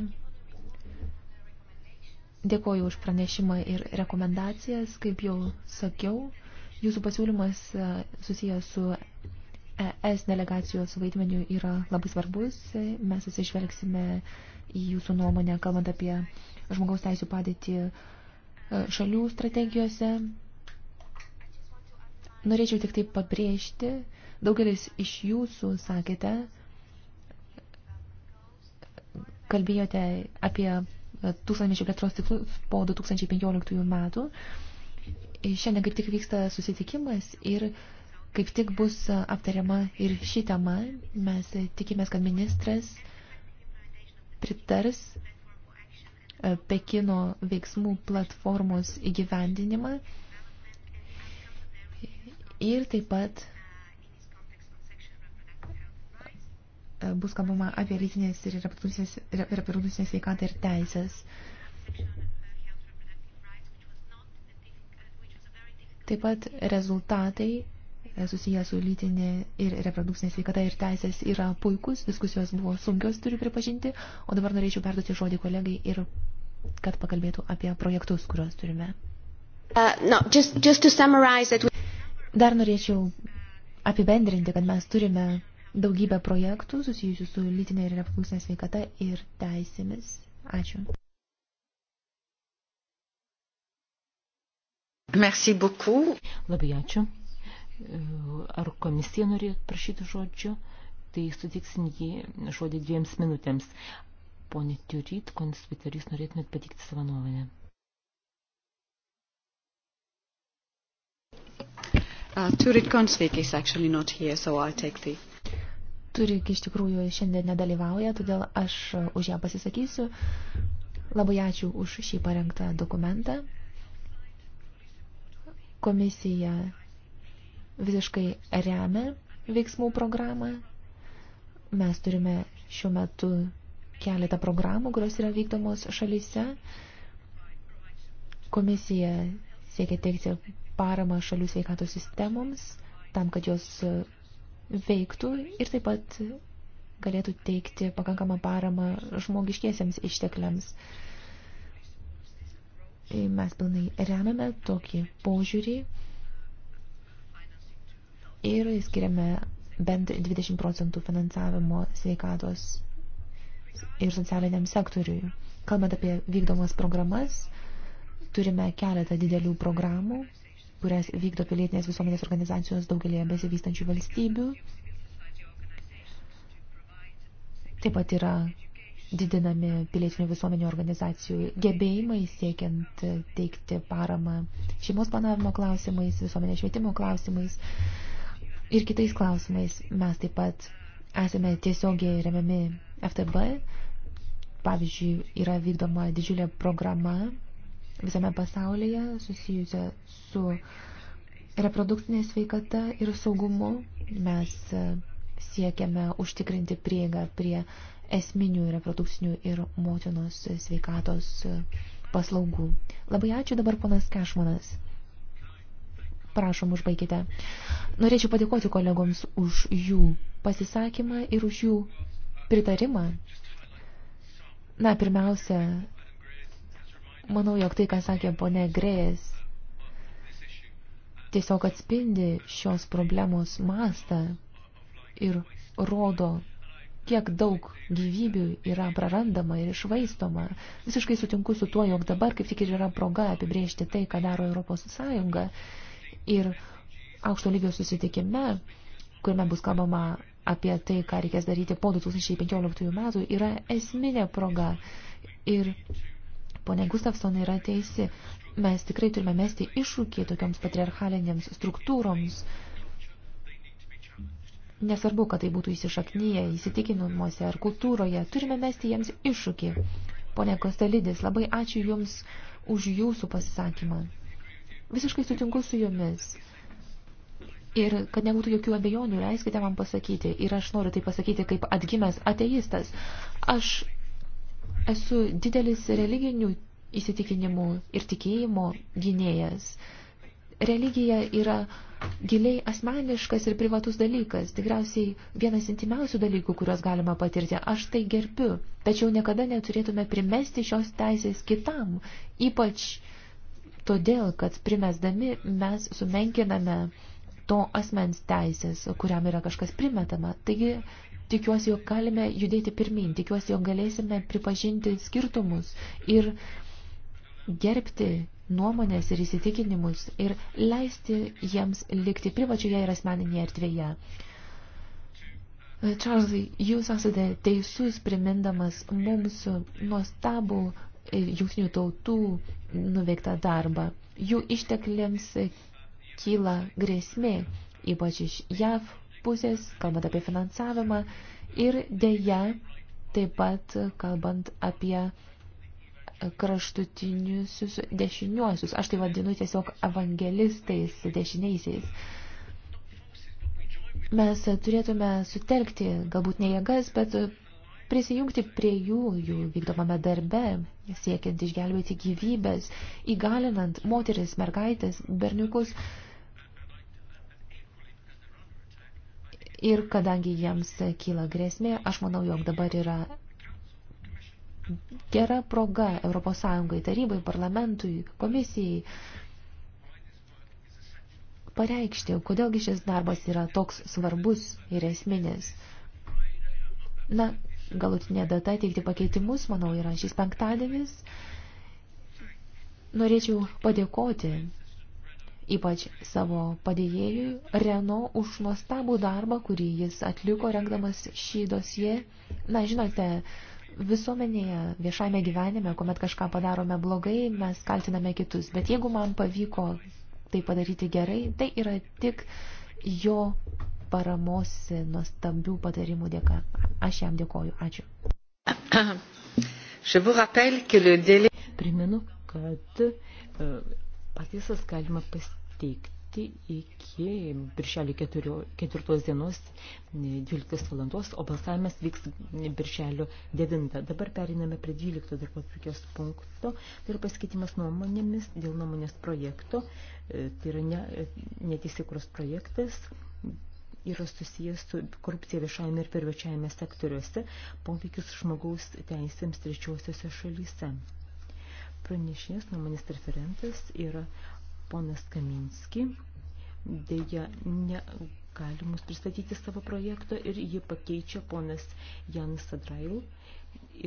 Dėkoju už pranešimą ir rekomendacijas. Kaip jau sakiau, jūsų pasiūlymas e, susijęs su ES delegacijos vaidmenių yra labai svarbus. Mes atsižvelgsime į jūsų nuomonę, kalbant apie žmogaus teisų padėtį e, šalių strategijose. Norėčiau tik taip pabrėžti, daugelis iš jūsų sakėte, kalbėjote apie tūkstantmečio plėtros tikslus po 2015 metų. Šiandien kaip tik vyksta susitikimas ir uh, kaip tik bus aptariama ir ši tema. Mes tikimės, kad ministras pritars Pekino veiksmų platformos įgyvendinimą ir taip pat bus kalbama apie lytinės ir reprodukcinės sveikatą ir teisės. Taip pat rezultatai susijęs su lytinė ir reprodukcinė sveikata ir teisės yra puikus, diskusijos buvo sunkios, turiu pripažinti, o dabar norėčiau perduoti žodį kolegai ir kad pakalbėtų apie projektus, kuriuos turime. Uh, no, just, just to summarize that we... Dar norėčiau apibendrinti, kad mes turime daugybę projektų susijusių su lytinė ir reprodukcinė sveikata ir teisėmis. Ačiū. Merci beaucoup. Labai ačiū. Ar komisija norėjo prašyti žodžio? Tai sutiksim jį žodį dviems minutėms. Pone Tiuryt, konsviterys, norėtumėt patikti savo nuomonę. Uh, Turit Konsvik is actually not here, so I'll take the... Turik iš tikrųjų šiandien nedalyvauja, todėl aš uh, už ją pasisakysiu. Labai ačiū už šį parengtą dokumentą. Komisija visiškai remia veiksmų programą. Mes turime šiuo metu keletą programų, kurios yra vykdomos šalyse. Komisija siekia teikti paramą šalių sveikatos sistemoms, tam, kad jos veiktų ir taip pat galėtų teikti pakankamą paramą žmogiškiesiems ištekliams. Mes pilnai remiame tokį požiūrį ir skiriame bent 20 procentų finansavimo sveikatos ir socialiniam sektoriui. Kalbant apie vykdomas programas, turime keletą didelių programų, kurias vykdo pilietinės visuomenės organizacijos daugelėje besivystančių valstybių. Taip pat yra didinami pilietinių visuomenių organizacijų gebėjimai siekiant teikti paramą šeimos planavimo klausimais, visuomenės švietimo klausimais, ir kitais klausimais. Mes taip pat esame tiesiogiai remiami FTB. Pavyzdžiui, yra vykdoma didžiulė programa visame pasaulyje susijusia su reprodukcinė sveikata ir saugumu. Mes e, siekiame užtikrinti prieigą prie esminių reprodukcinių ir motinos sveikatos e, paslaugų. Labai ačiū dabar ponas Kešmanas. Prašom, užbaigite. Norėčiau padėkoti kolegoms už jų pasisakymą ir už jų pritarimą. Na, pirmiausia, manau, jog tai, ką sakė ponė Grėjas, tiesiog atspindi šios problemos mastą ir rodo, kiek daug gyvybių yra prarandama ir išvaistoma. Visiškai sutinku su tuo, jog dabar kaip tik ir yra proga apibrėžti tai, ką daro Europos Sąjunga. Ir aukšto lygio susitikime, kuriame bus kalbama apie tai, ką reikės daryti po 2015 metų, yra esminė proga. Ir ponė Gustafson yra teisi. Mes tikrai turime mesti iššūkį tokioms patriarchalinėms struktūroms. Nesvarbu, kad tai būtų įsišaknyje, įsitikinimuose ar kultūroje, turime mesti jiems iššūkį. Pone Kostelidis, labai ačiū Jums už Jūsų pasisakymą. Visiškai sutinku su jumis. Ir kad nebūtų jokių abejonių, leiskite man pasakyti, ir aš noriu tai pasakyti kaip atgimęs ateistas, aš esu didelis religinių įsitikinimų ir tikėjimo gynėjas. Religija yra giliai asmeniškas ir privatus dalykas, tikriausiai vienas intimiausių dalykų, kuriuos galima patirti. Aš tai gerbiu, tačiau niekada neturėtume primesti šios teisės kitam, ypač todėl, kad primesdami mes sumenkiname to asmens teisės, kuriam yra kažkas primetama. Taigi, tikiuosi, jog galime judėti pirmin, tikiuosi, jog galėsime pripažinti skirtumus ir gerbti nuomonės ir įsitikinimus ir leisti jiems likti privačioje ir asmeninėje erdvėje. Čarlzai, jūs esate teisus primindamas mums nuostabų jungtinių tautų nuveiktą darbą. Jų ištekliams kyla grėsmė, ypač iš JAV pusės, kalbant apie finansavimą ir dėja taip pat kalbant apie kraštutinius dešiniuosius. Aš tai vadinu tiesiog evangelistais dešiniaisiais. Mes turėtume sutelkti galbūt ne jėgas, bet prisijungti prie jų, jų vykdomame darbe, siekiant išgelbėti gyvybės, įgalinant moteris, mergaitės, berniukus. Ir kadangi jiems kyla grėsmė, aš manau, jog dabar yra gera proga Europos Sąjungai, tarybai, parlamentui, komisijai pareikšti, kodėlgi šis darbas yra toks svarbus ir esminis. Na, galutinė data teikti pakeitimus, manau, yra šis penktadienis. Norėčiau padėkoti ypač savo padėjėjui Reno už nuostabų darbą, kurį jis atliko rengdamas šį dosiją. Na, žinote, visuomenėje, viešajame gyvenime, kuomet kažką padarome blogai, mes kaltiname kitus. Bet jeigu man pavyko tai padaryti gerai, tai yra tik jo paramos nuostabių patarimų dėka. Aš jam dėkoju. Ačiū. Primenu, kad e, pataisas galima pasteikti iki birželio 4 dienos 12 valandos, o balsavimas vyks birželio 9. Dabar periname prie 12 darbo atvirkės punkto. Tai yra pasikeitimas nuomonėmis dėl nuomonės projekto. E, tai yra ne, e, neteisėkuros projektas yra susijęs su korupcija viešajame ir privačiajame sektoriuose, poveikis žmogaus teisėms trečiosiuose šalyse. Pranešėjas nuomonės referentas yra ponas Kaminski, dėja negali mus pristatyti savo projekto ir jį pakeičia ponas Janis Adrail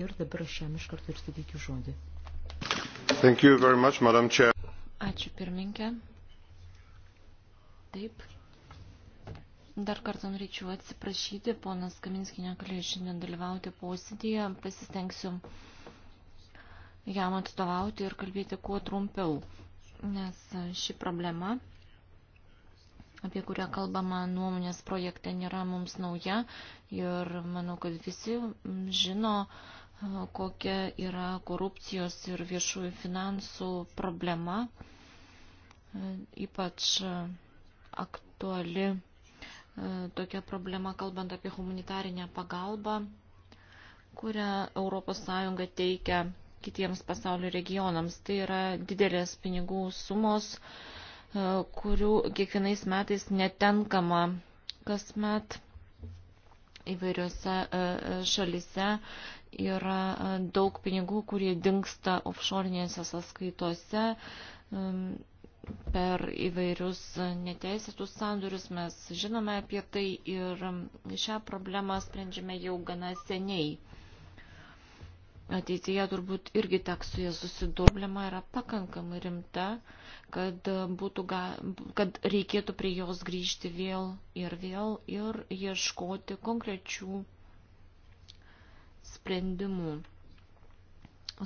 ir dabar aš jam iš karto ir suteikiu žodį. Thank you very much, Madam Chair. Ačiū pirminkė. Taip, Dar kartą norėčiau atsiprašyti, ponas Kaminski negalėjo šiandien dalyvauti posėdėje, pasistengsiu jam atstovauti ir kalbėti kuo trumpiau, nes ši problema, apie kurią kalbama nuomonės projekte, nėra mums nauja ir manau, kad visi žino, kokia yra korupcijos ir viešųjų finansų problema, ypač aktuali E, tokia problema, kalbant apie humanitarinę pagalbą, kurią ES teikia kitiems pasaulio regionams. Tai yra didelės pinigų sumos, e, kurių kiekvienais metais netenkama kasmet įvairiose e, šalise. Yra daug pinigų, kurie dinksta offshore'inėse sąskaitose per įvairius neteisėtus sandorius. Mes žinome apie tai ir šią problemą sprendžiame jau gana seniai. Ateityje turbūt irgi teks su jie susidurblema yra pakankamai rimta, kad, būtų ga, kad reikėtų prie jos grįžti vėl ir vėl ir ieškoti konkrečių sprendimų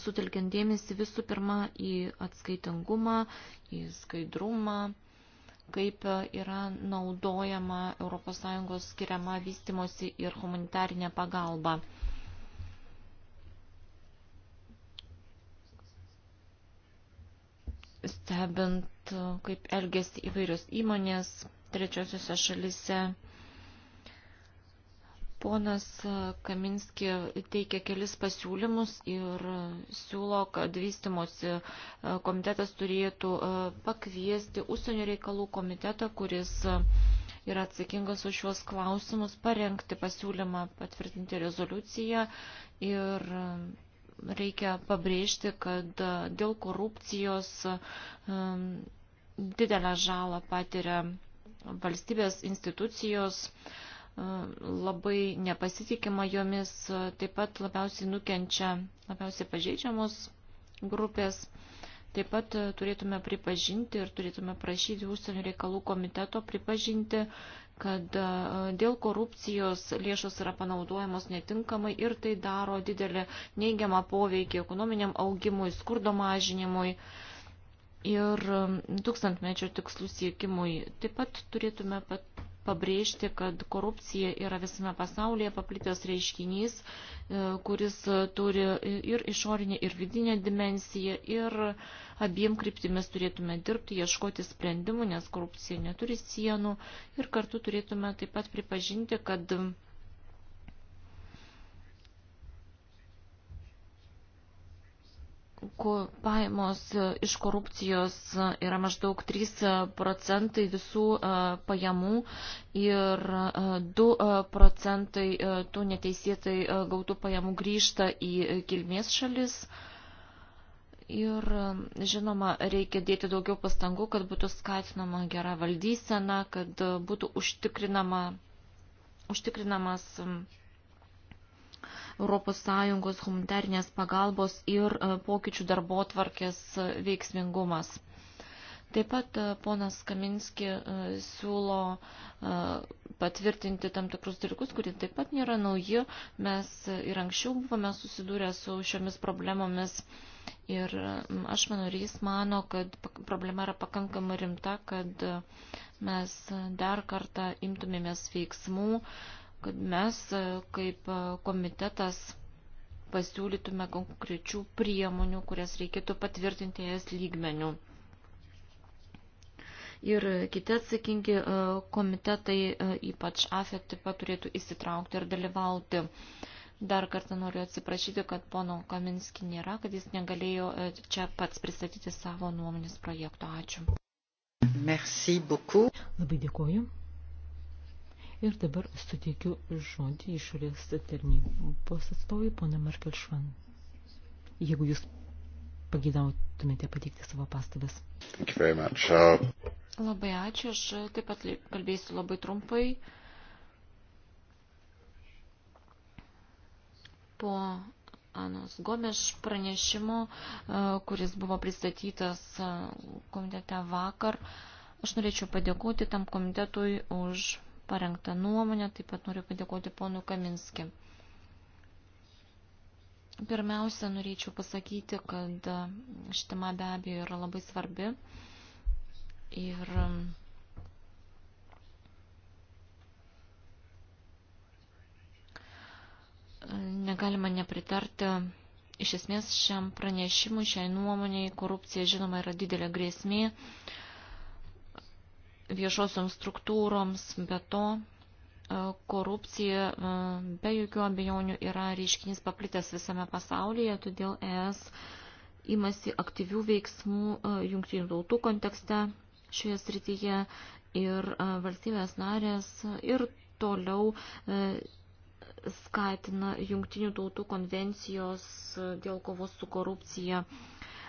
sutelkiant dėmesį visų pirma į atskaitingumą, į skaidrumą, kaip yra naudojama ES skiriama vystimosi ir humanitarinė pagalba. Stebint, kaip elgesi įvairios įmonės trečiosiuose šalise Ponas Kaminski teikia kelis pasiūlymus ir siūlo, kad vystimosi komitetas turėtų e, pakviesti užsienio reikalų komitetą, kuris yra atsakingas už šios klausimus, parengti pasiūlymą, patvirtinti rezoliuciją ir reikia pabrėžti, kad dėl korupcijos e, didelę žalą patiria valstybės institucijos labai nepasitikima jomis, taip pat labiausiai nukenčia, labiausiai pažeidžiamos grupės. Taip pat turėtume pripažinti ir turėtume prašyti Užsienio reikalų komiteto pripažinti, kad dėl korupcijos lėšos yra panaudojamos netinkamai ir tai daro didelį neigiamą poveikį ekonominiam augimui, skurdo mažinimui ir tūkstantmečio tikslų siekimui. Taip pat turėtume pat pabrėžti, kad korupcija yra visame pasaulyje paplitęs reiškinys, e, kuris turi ir išorinę, ir vidinę dimensiją, ir abiem kryptimis turėtume dirbti, ieškoti sprendimų, nes korupcija neturi sienų ir kartu turėtume taip pat pripažinti, kad pajamos e, iš korupcijos e, yra maždaug 3 e, procentai visų pajamų ir 2 procentai tų neteisėtai gautų pajamų grįžta į kilmės šalis. Ir žinoma, reikia dėti daugiau pastangų, kad būtų skatinama gera valdysena, kad būtų užtikrinama, užtikrinamas ES humanitarnės pagalbos ir e, pokyčių darbo tvarkės e, veiksmingumas. Taip pat e, ponas Kaminski siūlo patvirtinti tam tikrus dalykus, kurie taip pat nėra nauji. Mes ir anksčiau buvome susidūrę su šiomis problemomis. Ir aš manau, ir jis mano, kad problema yra pakankamai rimta, kad mes dar kartą imtumėmės veiksmų, kad mes e, kaip e, komitetas pasiūlytume konkrečių priemonių, kurias reikėtų patvirtinti es lygmenių. Ir kiti atsakingi e, komitetai, ypač AFET, taip pat turėtų įsitraukti ir dalyvauti. Dar kartą noriu atsiprašyti, kad pono Kaminski nėra, kad jis negalėjo čia pats pristatyti savo nuomonės projekto. Ačiū. Merci beaucoup. Labai dėkuoju. Ir dabar suteikiu žodį išorės tarnybos atstovui, pana Merkel Švan. Jeigu jūs pagidautumėte pateikti savo pastabas. Uh, labai ačiū, aš taip pat kalbėsiu labai trumpai. Po Anos Gomeš pranešimo, uh, kuris buvo pristatytas uh, komitete vakar, aš norėčiau padėkoti tam komitetui už parengtą nuomonę. Taip pat noriu padėkoti ponui Kaminski. Pirmiausia, norėčiau pasakyti, kad šitama be abejo yra labai svarbi ir e, negalima nepritarti iš esmės šiam pranešimui, šiai nuomoniai, korupcija žinoma yra didelė grėsmė, viešosioms struktūroms, be to e, korupcija e, be jokių abejonių yra reiškinys paplitęs visame pasaulyje, todėl ES imasi aktyvių veiksmų e, jungtinių tautų kontekste šioje srityje ir valstybės narės ir toliau skatina jungtinių tautų konvencijos dėl kovos su korupcija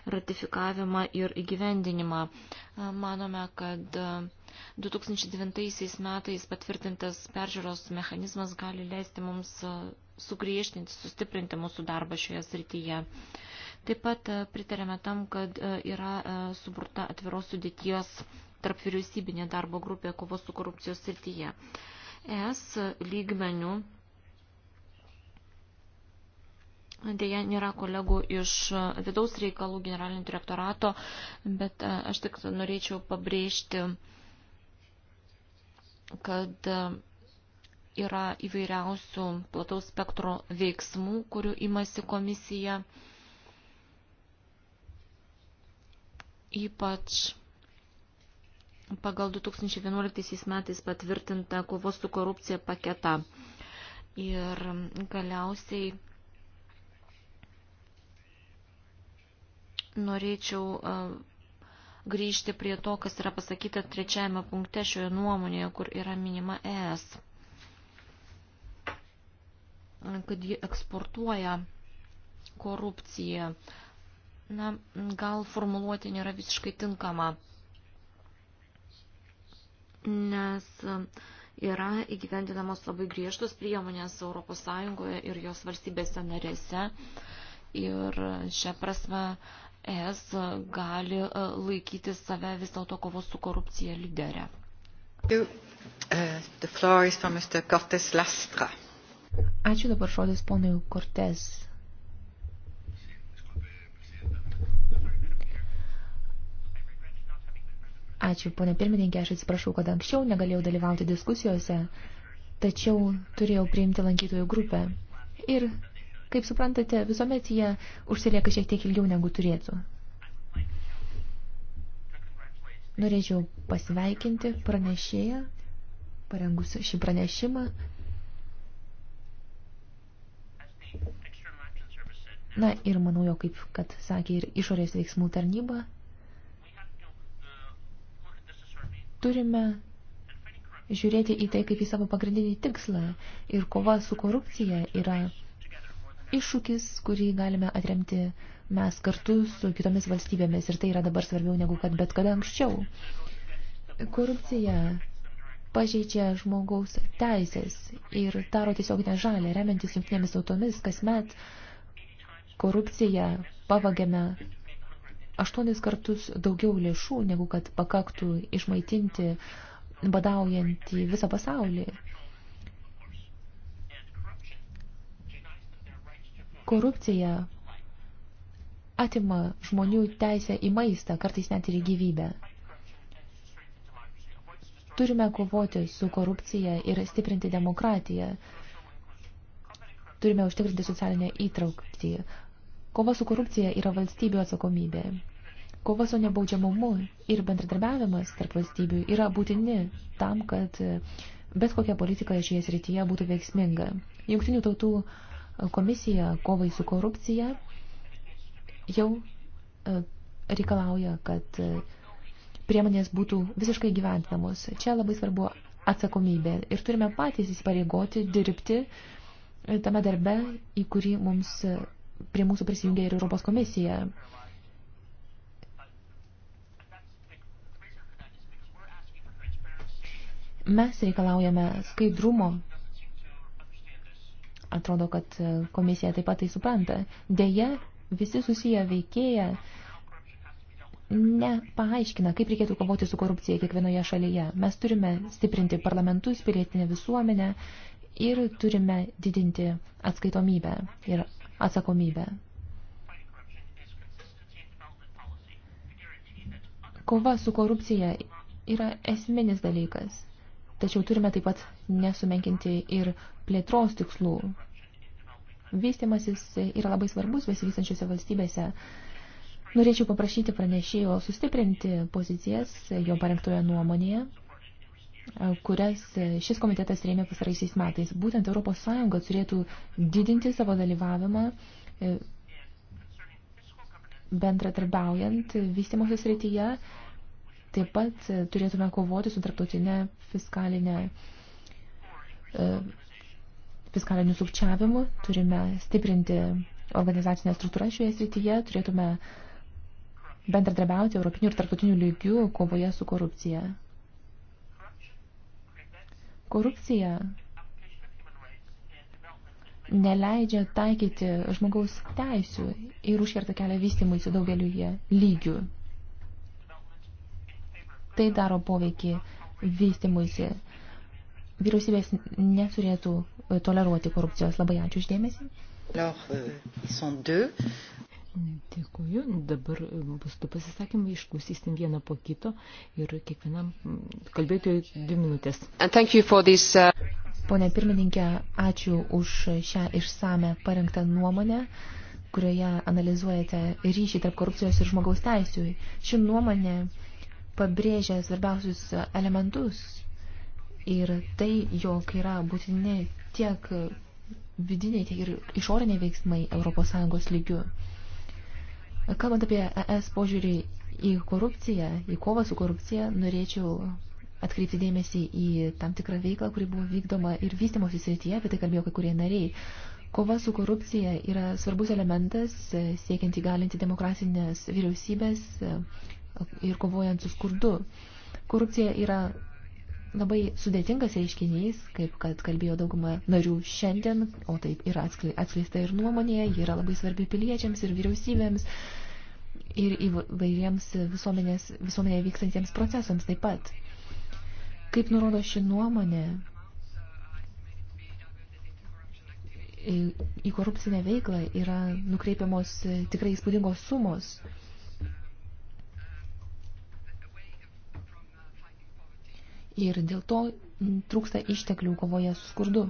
ratifikavimą ir įgyvendinimą. Manome, kad 2009 metais patvirtintas peržiūros mechanizmas gali leisti mums sugriežtinti, sustiprinti mūsų darbą šioje srityje. Taip pat pritarėme tam, kad yra suburta atviros sudėties tarp vyriausybinė darbo grupė kovos su korupcijos srityje. Es lygmenių Dėja, nėra kolegų iš vidaus reikalų generalinio direktorato, bet aš tik norėčiau pabrėžti uh, kad e, yra įvairiausių plataus spektro veiksmų, kurių imasi komisija. Ypač pagal 2011 metais patvirtintą kovos su korupcija paketą. Ir galiausiai norėčiau e, grįžti prie to, kas yra pasakyta trečiajame punkte šioje nuomonėje, kur yra minima ES, kad ji eksportuoja korupciją. Na, gal formuluoti nėra visiškai tinkama, nes yra įgyvendinamos labai griežtos priemonės ES ir jos valstybėse narėse. Ir šią prasme ES gali e, laikyti save vis dėlto kovos su korupcija lyderę. Uh, Ačiū dabar žodis ponui Cortez. Ačiū, ponė pirmininkė, aš atsiprašau, kad anksčiau negalėjau dalyvauti diskusijose, tačiau turėjau priimti lankytojų grupę. Ir Kaip suprantate, visuomet jie užsilieka šiek tiek ilgiau negu turėtų. Norėčiau pasveikinti pranešėją, parengus šį pranešimą. Na ir manau jau, kaip kad sakė ir išorės veiksmų tarnyba, turime žiūrėti į tai kaip į savo pagrindinį tikslą ir kova su korupcija yra iššūkis, kurį galime atremti mes kartu su kitomis valstybėmis ir tai yra dabar svarbiau negu kad bet kada anksčiau. Korupcija pažeidžia žmogaus teisės ir daro tiesiog nežalę, remiantis jungtinėmis tautomis, kasmet korupcija pavagiame aštuonis kartus daugiau lėšų, negu kad pakaktų išmaitinti badaujantį visą pasaulį. Korupcija atima žmonių teisę į maistą, kartais net ir į gyvybę. Turime kovoti su korupcija ir stiprinti demokratiją. Turime užtikrinti socialinę įtraukti. Kova su korupcija yra valstybių atsakomybė. Kova su nebaudžiamumu ir bendradarbiavimas tarp valstybių yra būtini tam, kad bet kokia politika šioje srityje būtų veiksminga. Jungtinių tautų uh, Komisija kovai su korupcija jau e, reikalauja, kad e, priemonės būtų visiškai gyventinamos. Čia labai svarbu atsakomybė ir turime patys įsipareigoti dirbti e, tame darbe, į kurį mums prie mūsų prisijungia ir Europos komisija. Mes reikalaujame skaidrumo Atrodo, kad e, komisija taip pat tai supranta. Deja, visi susiję veikėja nepaaiškina, kaip reikėtų kovoti su korupcija kiekvienoje šalyje. Mes turime stiprinti parlamentus, pilietinę visuomenę ir turime didinti atskaitomybę ir atsakomybę. Kova su korupcija yra esminis dalykas. Tačiau turime taip pat nesumenkinti ir plėtros tikslų. Vystimasis yra labai svarbus besivystančiose valstybėse. Norėčiau paprašyti pranešėjo sustiprinti pozicijas jo parengtoje nuomonėje, kurias šis komitetas rėmė pasaraisiais metais. Būtent ES turėtų didinti savo dalyvavimą e, bendratarbiaujant vystimosi srityje Taip pat e, turėtume kovoti su tarptautinė fiskalinė e, fiskaliniu sukčiavimu, turime stiprinti organizacinę struktūrą šioje srityje, turėtume bendradarbiauti europinių ir tarptautinių lygių kovoje su korupcija. Korupcija neleidžia taikyti žmogaus teisių ir užkerta kelią vystimuisi daugeliu jie lygių tai daro poveikį vystimuisi. Vyriausybės neturėtų e, toleruoti korupcijos. Labai ačiū uždėmesi. Euh, Dėkuoju. Dabar e, bus du pasisakymai, išklausysim vieną po kito ir kiekvienam kalbėtojui dvi minutės. This, uh... Pone pirmininkė, ačiū už šią išsame parengtą nuomonę kurioje analizuojate ryšį tarp korupcijos ir žmogaus teisių. Ši nuomonė pabrėžia svarbiausius elementus ir tai, jog yra būtini tiek vidiniai, tiek ir išoriniai veiksmai ES lygių. Kalbant apie ES požiūrį į korupciją, į kovą su korupcija, norėčiau atkreipti dėmesį į tam tikrą veiklą, kuri buvo vykdoma ir vystimosi srityje, apie tai kalbėjo kai kurie nariai. Kova su korupcija yra svarbus elementas siekiant įgalinti demokratinės vyriausybės, ir kovojant su skurdu. Korupcija yra labai sudėtingas reiškinys, kaip kad kalbėjo dauguma narių šiandien, o taip yra atskleista ir nuomonėje, ji yra labai svarbi piliečiams ir vyriausybėms ir įvairiems visuomenės, visuomenėje vykstantiems procesams taip pat. Kaip nurodo ši nuomonė, į korupcinę veiklą yra nukreipiamos tikrai įspūdingos sumos – ir dėl to mm, trūksta išteklių kovoje su skurdu.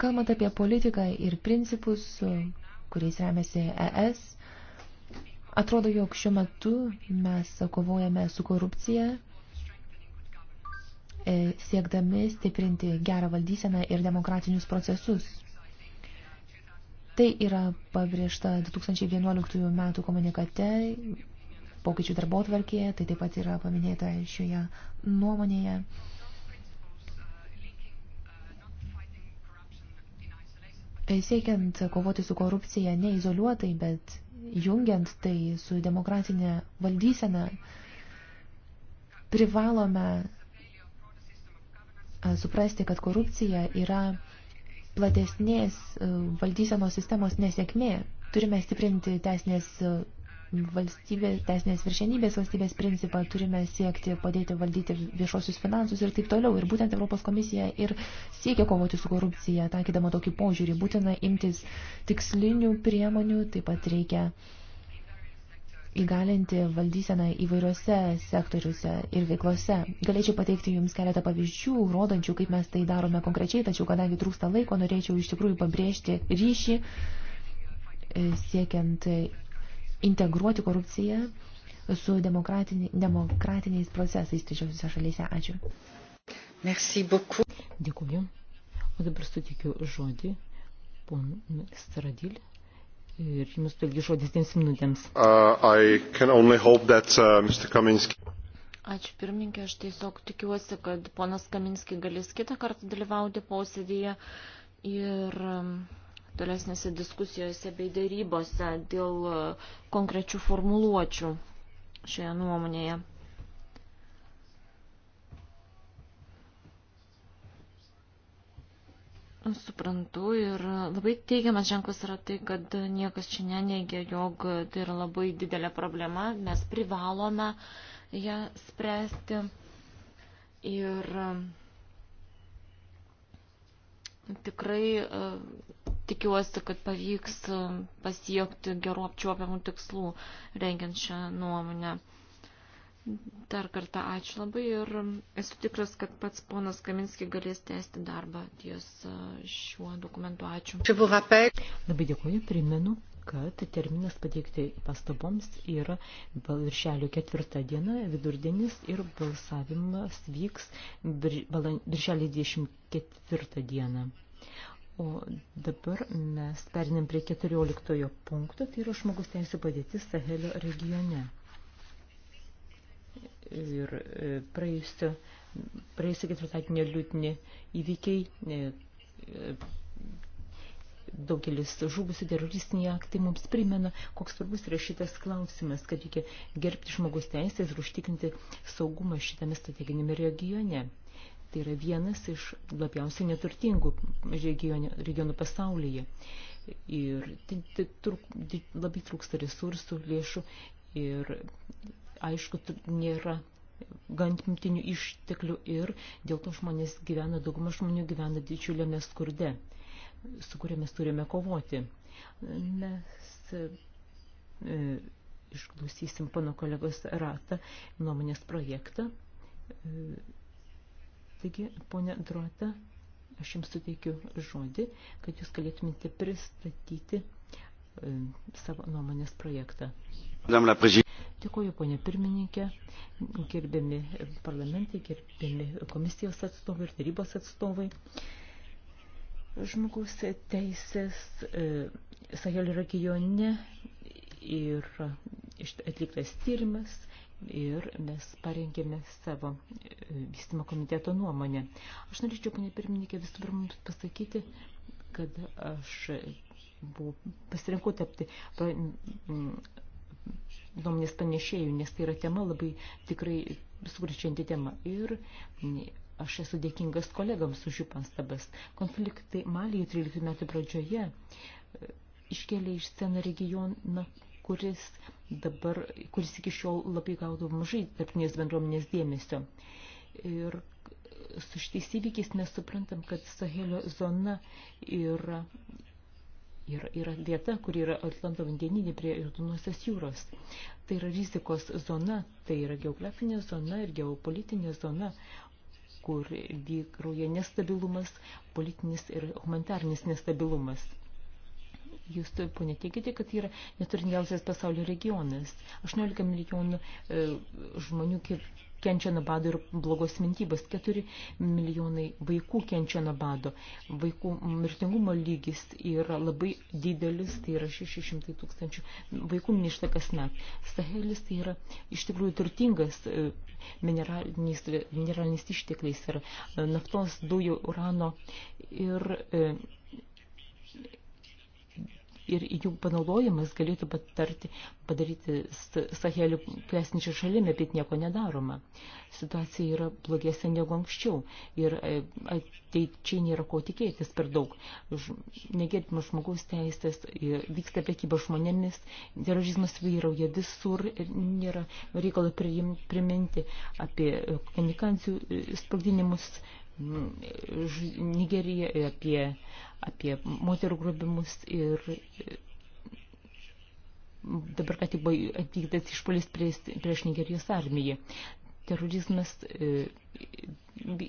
Kalbant apie politiką ir principus, e, kuriais remiasi ES, atrodo, jog šiuo metu mes kovojame su korupcija, e, siekdami stiprinti gerą valdyseną ir demokratinius procesus. Tai yra pabrėžta 2011 metų komunikate pokyčių darbo tvarkėje, tai taip pat yra paminėta šioje nuomonėje. Siekiant kovoti su korupcija neizoliuotai, bet jungiant tai su demokratinė valdysena, privalome suprasti, kad korupcija yra platesnės valdysenos sistemos nesėkmė. Turime stiprinti teisinės valstybės, teisinės viršenybės valstybės principą, turime siekti padėti valdyti viešosius finansus ir taip toliau. Ir būtent Europos komisija ir siekia kovoti su korupcija, taikydama tokį požiūrį. Būtina imtis tikslinių priemonių, taip pat reikia įgalinti valdyseną įvairiuose sektoriuose ir veiklose. Galėčiau pateikti Jums keletą pavyzdžių, rodančių, kaip mes tai darome konkrečiai, tačiau kadangi trūksta laiko, norėčiau iš tikrųjų pabrėžti ryšį e, siekiant integruoti korupciją su demokratini, demokratiniais procesais trečiosiuose šalyse. Ačiū. Merci beaucoup. Dėkuoju. O dabar sutikiu žodį ponui Stradilį. Ir jums tolgi žodis 10 minutėms. Uh, that, uh, Kaminski... Ačiū pirmininkė, aš tiesiog tikiuosi, kad ponas Kaminski galės kitą kartą dalyvauti posėdėje ir um, tolesnėse diskusijose bei darybose dėl e, konkrečių formuluočių šioje nuomonėje. Suprantu ir labai teigiamas ženklas yra tai, kad niekas čia neneigia, jog tai yra labai didelė problema, mes privalome ją spręsti ir e, tikrai e, tikiuosi, kad pavyks e, pasiekti gerų apčiuopiamų tikslų rengiant šią nuomonę. Dar kartą ačiū labai ir esu tikras, kad pats ponas Kaminski galės tęsti darbą ties e, šiuo dokumentu. Ačiū. Labai dėkuoju, primenu, kad terminas pateikti pastaboms yra viršelio ketvirtą dieną, vidurdienis ir balsavimas vyks viršelį 24 dieną. O dabar mes perinam prie 14 punkto, tai yra žmogus teisų padėtis Sahelio regione. Ir e, praėjusio, praėjusio ketvirtadienio liūtinį įvykiai, e, e, daugelis žuvusių teroristiniai aktai mums primena, koks svarbus yra šitas klausimas, kad reikia gerbti žmogus teisės ir užtikrinti saugumą šitame strateginėme regione. Tai yra vienas iš labiausiai neturtingų regionų pasaulyje. Ir tai, tai, truk, labai trūksta resursų, lėšų ir aišku, nėra gamtinių išteklių ir dėl to žmonės gyvena, dauguma žmonių gyvena didžiuliame skurde, su kuria mes turime kovoti. Mes e, e išklausysim pano kolegos ratą nuomonės projektą. E, Taigi, ponė Druota, aš jums suteikiu žodį, kad jūs galėtumėte pristatyti e, savo nuomonės projektą. Dėkuoju, ponė pirmininkė, gerbiami parlamentai, gerbiami komisijos atstovai ir tarybos atstovai. Žmogus teisės e, Sahelio regione ir atliktas tyrimas ir mes parengėme savo e, vystimo komiteto nuomonę. Aš norėčiau, panė pirmininkė, visų pirma pasakyti, kad aš buvau, pasirinkau tapti pra, nuomonės panešėjų, nes tai yra tema labai tikrai sukrečianti tema. Ir aš esu dėkingas kolegams už jų pastabas. Konfliktai Malyje 13 metų pradžioje e, iškėlė iš sceną regioną kuris dabar, kuris iki šiol labai gaudo mažai tarpinės bendruomenės dėmesio. Ir su šitais įvykiais mes suprantam, kad Sahelio zona yra, yra, yra vieta, kur yra Atlanto vandeninė prie Jodunosios jūros. Tai yra rizikos zona, tai yra geografinė zona ir geopolitinė zona, kur vykrauja nestabilumas, politinis ir humanitarnis nestabilumas jūs panetikite, kad yra neturtingiausias pasaulio regionas. 18 milijonų e, žmonių kenčia nuo bado ir blogos mintybos, 4 milijonai vaikų kenčia nuo bado. Vaikų mirtingumo lygis yra labai didelis, tai yra 600 tūkstančių vaikų miršta kasmet. Sahelis tai yra iš tikrųjų turtingas e, mineraliniais, mineraliniais ištekliais, yra e, naftos, dujų, urano ir e, ir jų panaudojimas galėtų patarti, padaryti Sahelį plesinčią šalimi, bet nieko nedaroma. Situacija yra blogesnė negu anksčiau ir e, ateičiai nėra ko tikėtis per daug. Negerbimas žmogaus teisės, e, vyksta prekyba žmonėmis, terorizmas vyrauja visur ir nėra reikalo priminti apie e, kanikancijų sprogdinimus Nigeriją, apie, apie moterų grobimus ir dabar ką tik buvo atvyktas išpolis prieš, prieš Nigerijos armiją. Terorizmas e,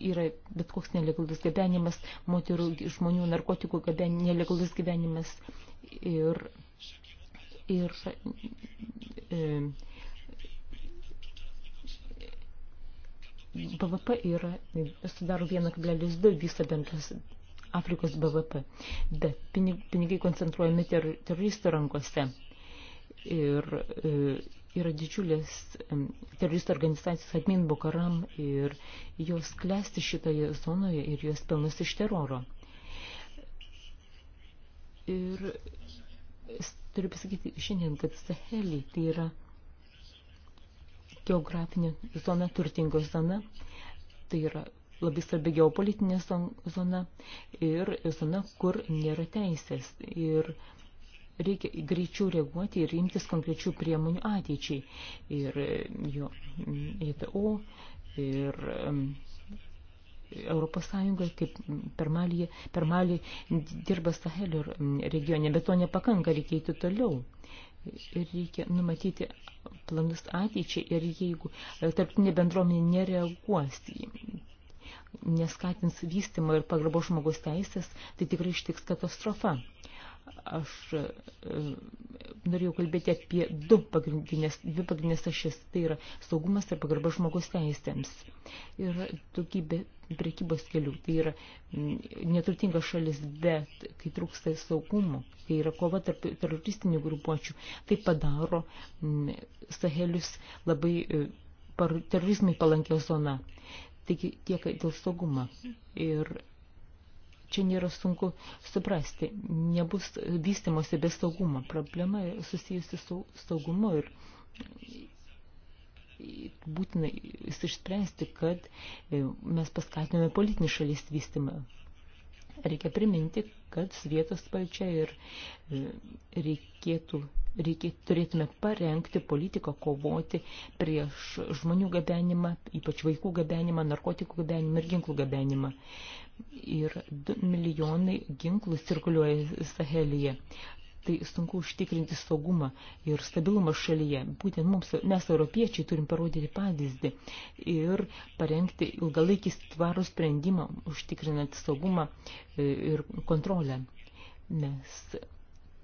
yra bet koks nelegalus gabenimas, moterų, žmonių, narkotikų gaben, nelegalus gabenimas ir, ir e, BVP yra, sudaro 1,2 visą bendras Afrikos BVP, bet pinigai koncentruojami ter, teroristų rankose. Ir e, yra didžiulės teroristų organizacijos Admin Bukaram ir jos klesti šitoje zonoje ir jos pelnas iš teroro. Ir turiu pasakyti šiandien, kad Sahelį tai yra geografinė zona, turtingos zona, tai yra labai svarbi geopolitinė zona ir zona, kur nėra teisės. Ir reikia greičiau reaguoti ir imtis konkrečių priemonių ateičiai. Ir jo ETO, ir Europos Sąjunga, kaip per Malį, per Malį dirba Sahelio regione, bet to nepakanka, reikia eiti toliau ir reikia numatyti planus ateičiai ir jeigu e, tarptinė bendruomenė nereaguos, neskatins vystimo ir pagarbo žmogus teisės, tai tikrai ištiks katastrofa. Aš e, norėjau kalbėti apie du pagrindinės, dvi pagrindinės ašis, tai yra saugumas ir pagarba žmogaus teisėms. Yra daugybė prekybos kelių, tai yra neturtinga šalis, bet kai trūksta saugumo, kai yra kova tarp teroristinių grupuočių, tai padaro Sahelius labai e, terorizmai palankia zona. Taigi tiek dėl saugumo. Ir čia nėra sunku suprasti. Nebus vystimosi be saugumo. Problema susijusi su saugumu ir būtina išspręsti, kad e, mes paskatiname politinį šalies vystimą. Reikia priminti, kad vietos valdžia ir e, reikėtų, reikėtų, turėtume parengti politiką kovoti prieš žmonių gabenimą, ypač vaikų gabenimą, narkotikų gabenimą ir ginklų gabenimą ir 2 milijonai ginklų cirkuliuoja Sahelyje. Tai sunku užtikrinti saugumą ir stabilumą šalyje. Būtent mums, mes, europiečiai, turim parodyti pavyzdį ir parengti ilgalaikį tvarų sprendimą, užtikrinant saugumą e, ir kontrolę. Mes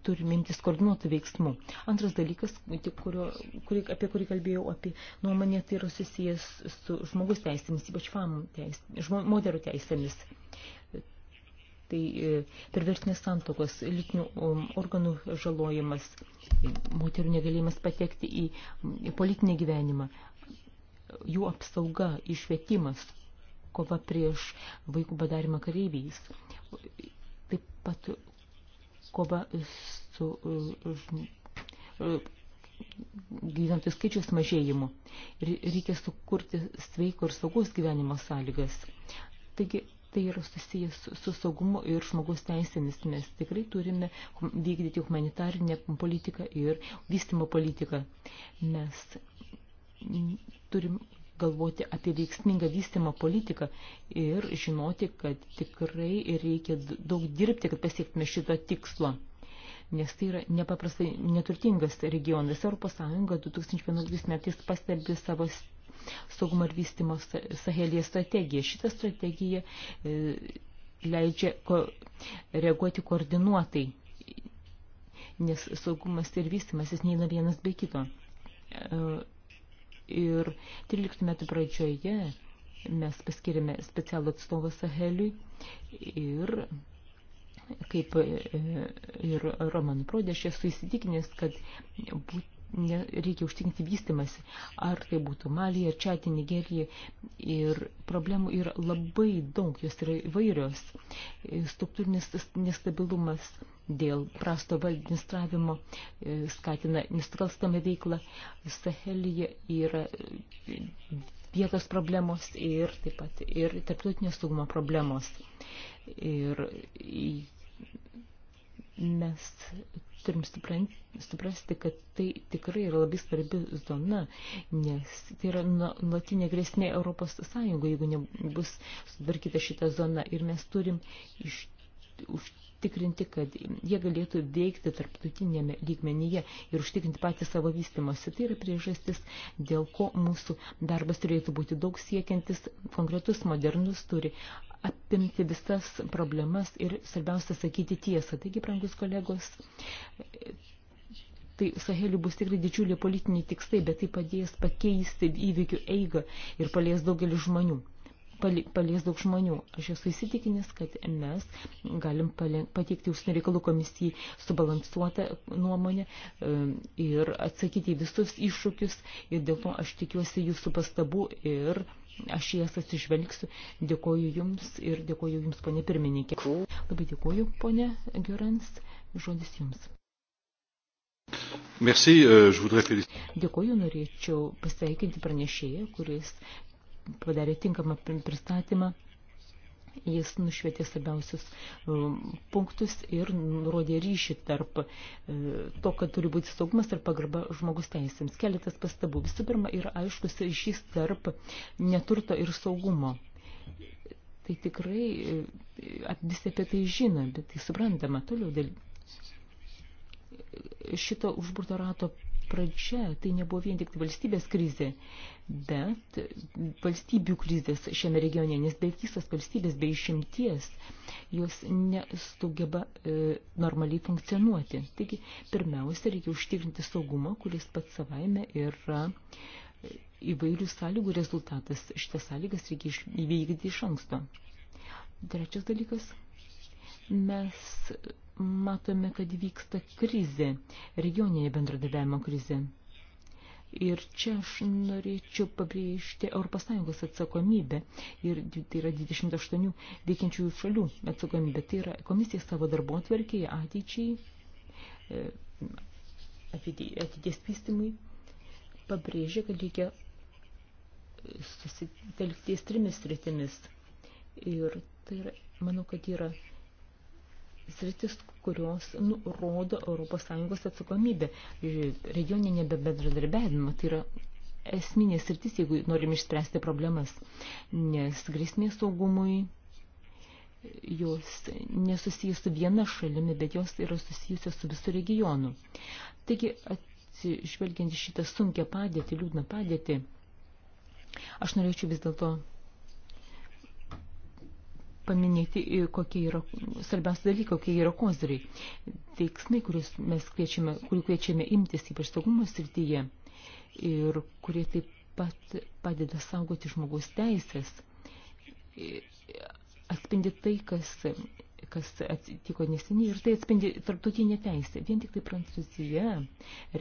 turime imtis koordinuotų veiksmų. Antras dalykas, kurio, kurį, apie kurį kalbėjau, apie nuomonę, tai yra susijęs su žmogus teisėmis, ypač famų teis, žmo, moterų teisėmis. Tai e, pervertinės santokos, lytinių um, organų žalojimas, moterų negalėjimas patekti į, į politinį gyvenimą, jų apsauga, išvietimas, kova prieš vaikų badarimą kareiviais. Taip pat kova su e, e, gyventojų skaičius mažėjimu. Ir reikia sukurti sveiko ir saugaus gyvenimo sąlygas. Taigi, tai yra susijęs su saugumu ir žmogaus teisėmis. Mes tikrai turime vykdyti humanitarinę politiką ir vystimo politiką. Mes turim galvoti apie veiksmingą vystimą politiką ir žinoti, kad tikrai reikia daug dirbti, kad pasiektume šito tikslo. Nes tai yra nepaprastai neturtingas regionas. Europos Sąjunga 2011 metais pastebė savo saugumo ir vystimo Sahelėje strategiją. Šitą strategiją e, leidžia ko, reaguoti koordinuotai, nes saugumas ir vystimas jis neina vienas be kito. E, ir 13 metų pradžioje mes paskirėme specialų atstovą Saheliui ir kaip e, ir Roman Prodė, aš esu įsitikinęs, kad būtent reikia užtikrinti vystimasi, ar tai būtų Malija, Čatė, Nigerija. Ir problemų yra labai daug, jos yra įvairios. Struktūrinis nestabilumas dėl prasto administravimo e, skatina nusikalstamą veiklą. Sahelija yra vietos problemos ir taip pat ir tarptautinio saugumo problemos. Ir mes turim suprasti, kad tai tikrai yra labai svarbi zona, nes tai yra nu, nuolatinė grėsmė Europos Sąjungoje, jeigu nebus sutvarkyta šita zona. Ir mes turim iš, už, užtikrinti, kad jie galėtų veikti tarptautinėme lygmenyje ir užtikrinti patį savo vystimosi. Tai yra priežastis, dėl ko mūsų darbas turėtų būti daug siekiantis, konkretus, modernus, turi apimti visas problemas ir svarbiausia sakyti tiesą. Taigi, brangus kolegos, tai Saheliu bus tikrai didžiulė politiniai tikslai, bet tai padės pakeisti įvykių eigą ir palies daugelį žmonių palies daug žmonių. Aš esu įsitikinęs, kad mes galim pateikti užsienio reikalų komisijai subalansuotą nuomonę ir atsakyti į visus iššūkius ir dėl to aš tikiuosi jūsų pastabų ir aš jas atsižvelgsiu. Dėkoju Jums ir dėkoju Jums, ponė pirmininkė. Labai dėkoju, ponė Gerans. Žodis Jums. Merci, euh, je voudrais féliciter. Dėkoju, norėčiau pasveikinti pranešėją, kuris padarė tinkamą pristatymą. Jis nušvietė svarbiausius e, punktus ir nurodė ryšį tarp e, to, kad turi būti saugumas ir pagarba žmogus teisėms. Keletas pastabų. Visų pirma, yra aiškus ryšys tarp neturto ir saugumo. Tai tikrai e, visi apie tai žino, bet tai suprantama. Toliau dėl šito užburto rato pradžia tai nebuvo vien tik valstybės krizė, bet valstybių krizės šiame regione, nes beveik visas valstybės bei išimties jos nesugeba e, normaliai funkcionuoti. Taigi, pirmiausia, reikia užtikrinti saugumą, kuris pats savaime yra e, įvairių sąlygų rezultatas. Šitas sąlygas reikia įveikti iš anksto. Trečias dalykas – mes matome, kad vyksta krizė, regioninė bendradarbiavimo krizė. Ir čia aš norėčiau pabrėžti ES atsakomybę, ir tai yra 28 veikiančiųjų šalių atsakomybė, tai yra komisija savo darbo atverkėje ateičiai, e, ateities vystimui, pabrėžė, kad reikia susitelkties trimis sritimis. Ir tai yra, manau, kad yra sritis, kurios nurodo ES atsakomybę. Regioninė be bendradarbiavimo tai yra esminė sritis, jeigu norim išspręsti problemas, nes grėsmė saugumui jos nesusijęs su viena šalimi, bet jos yra susijusios su visu regionu. Taigi, atsižvelgiant į šitą sunkę padėtį, liūdną padėtį, aš norėčiau vis dėlto paminėti, e, kokie yra svarbiausi dalykai, kokie yra koziriai. Veiksmai, kuriuos mes kviečiame, kurių kviečiame imtis, ypač saugumo srityje, ir kurie taip pat padeda saugoti žmogaus teisės, e, atspindi tai, kas, kas atsitiko neseniai, ir tai atspindi tarptautinė teisė. Vien tik tai Prancūzija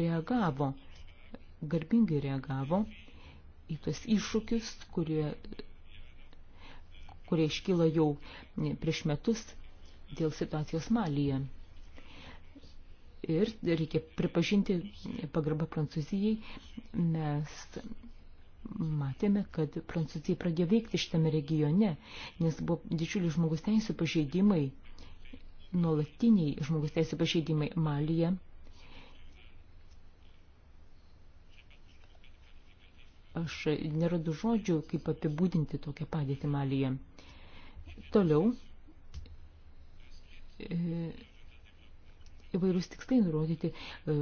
reagavo, garbingai reagavo į tuos iššūkius, kurie kurie iškyla jau prieš metus dėl situacijos Malyje. Ir reikia pripažinti pagarbą Prancūzijai, mes matėme, kad Prancūzija pradėjo veikti šitame regione, nes buvo didžiulis žmogus teisų pažeidimai, nuolatiniai žmogus teisų pažeidimai Malyje Aš neradu žodžių, kaip apibūdinti tokią padėtį Malyje. Toliau e, įvairūs tikslai nurodyti e,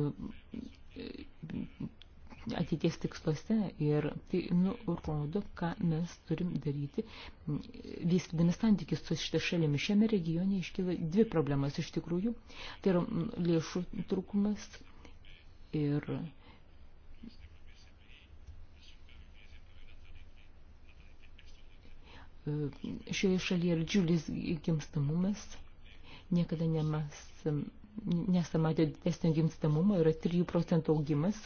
ateities tiksluose ir tai nurodo, ką mes turim daryti. Vystydami santykius su šitą šalimi šiame regione iškyla dvi problemas iš tikrųjų. Tai yra lėšų trūkumas ir e, šioje šalyje yra džiulis gimstamumas, niekada nemas, nesamatė didesnio gimstamumo, yra 3 procentų augimas,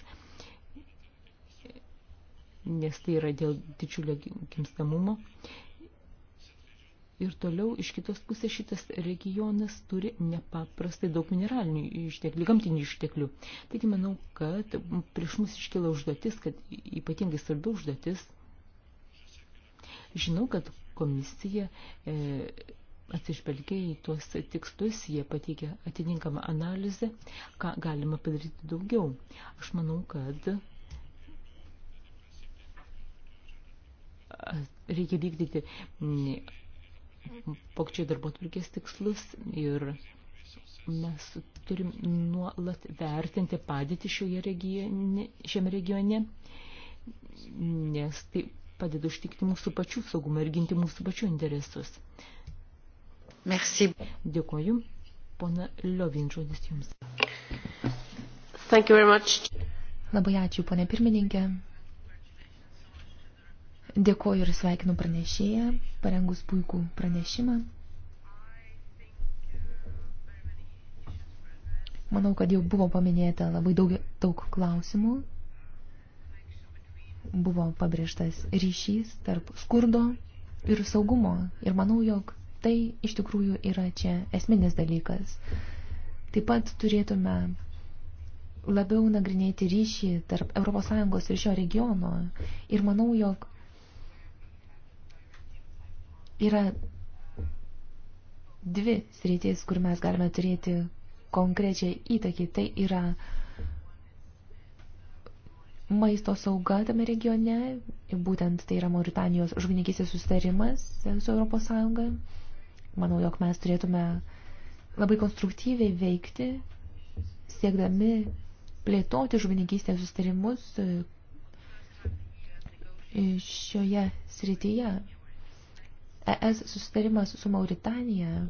nes tai yra dėl didžiulio gimstamumo. Ir toliau iš kitos pusės šitas regionas turi nepaprastai daug mineralinių išteklių, gamtinių išteklių. Taigi manau, kad prieš mus iškila užduotis, kad ypatingai svarbi užduotis. Žinau, kad komisija e, atsižvelgia į tuos tikslus, jie pateikia atitinkamą analizę, ką galima padaryti daugiau. Aš manau, kad reikia vykdyti pokčiai darbo atvirkės tikslus ir mes turim nuolat vertinti padėtį šioje regione, šiame regione, nes tai padeda užtikti mūsų pačių saugumą ir ginti mūsų pačių interesus. Merci. Dėkoju. Pona Liovin, žodis jums. Thank you very much. Labai ačiū, ponė pirmininkė. Dėkoju ir sveikinu pranešėją, parengus puikų pranešimą. Manau, kad jau buvo paminėta labai daug, daug klausimų buvo pabrėžtas ryšys tarp skurdo ir saugumo. Ir manau, jog tai iš tikrųjų yra čia esminis dalykas. Taip pat turėtume labiau nagrinėti ryšį tarp ES ir šio regiono. Ir manau, jog yra dvi sritis, kur mes galime turėti konkrečią įtakį. Tai yra uh, maisto sauga tame regione, būtent tai yra Mauritanijos žuvininkysės sustarimas su ES. Manau, jog mes turėtume labai konstruktyviai veikti, siekdami plėtoti žuvininkystės sustarimus e, šioje srityje. ES sustarimas su Mauritanija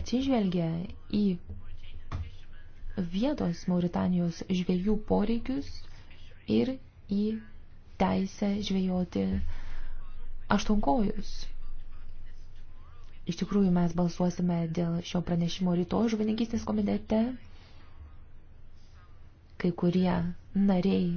atsižvelgia į vietos Mauritanijos žvėjų poreikius ir į teisę žvėjoti aštunkojus. Iš tikrųjų, mes balsuosime dėl šio pranešimo rytoj žuvininkystės komitete. Kai kurie nariai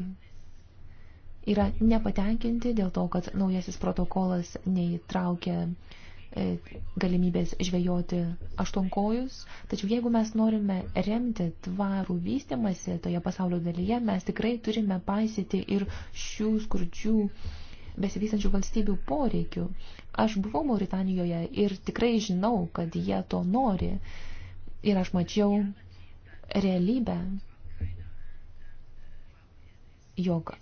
yra nepatenkinti dėl to, kad naujasis protokolas neįtraukia uh, E, galimybės žvejoti aštuonkojus, tačiau jeigu mes norime remti tvarų vystimasi toje pasaulio dalyje, mes tikrai turime paisyti ir šių skurdžių besivystančių valstybių poreikių. Aš buvau Mauritanijoje ir tikrai žinau, kad jie to nori. Ir aš mačiau realybę, jog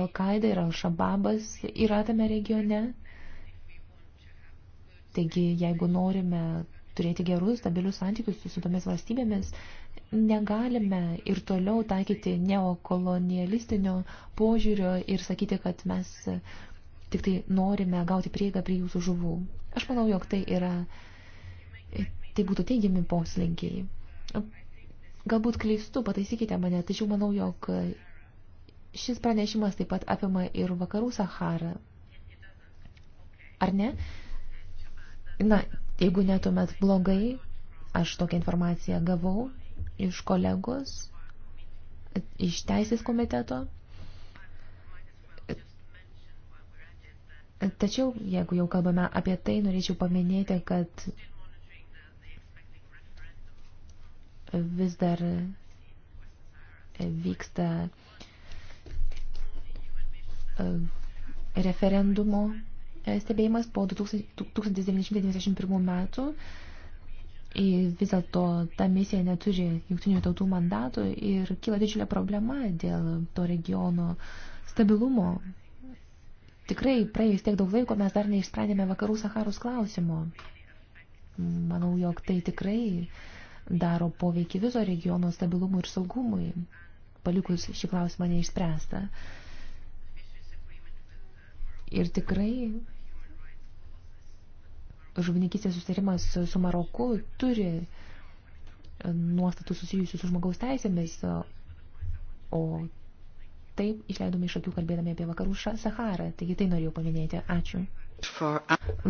Al-Qaeda ir Al-Shababas yra tame regione Taigi, jeigu norime turėti gerus, stabilius santykius su tomis valstybėmis, negalime ir toliau taikyti neokolonialistinio požiūrio ir sakyti, kad mes tik tai norime gauti prieigą prie jūsų žuvų. Aš manau, jog tai yra, tai būtų teigiami poslinkiai. Galbūt klystu, pataisykite mane, tačiau manau, jog šis pranešimas taip pat apima ir vakarų Saharą. Ar ne? Na, jeigu netuomet blogai, aš tokią informaciją gavau iš kolegos, iš teisės komiteto. Tačiau, jeigu jau kalbame apie tai, norėčiau paminėti, kad vis dar vyksta e, referendumo stebėjimas po 1991 metų. Vis dėlto ta misija neturi jungtinių tautų mandatų ir kyla didžiulė problema dėl to regiono stabilumo. Tikrai praėjus tiek daug laiko mes dar neišsprendėme vakarų Saharos klausimo. Manau, jog tai tikrai daro poveikį viso regiono stabilumui ir saugumui, palikus šį klausimą neišspręstą. Ir tikrai žuvininkystės susitarimas su Maroku turi e, nuostatų susijusių su žmogaus teisėmis, o taip išleidome iš akių kalbėdami apie vakarų Saharą. Taigi tai norėjau paminėti. Ačiū.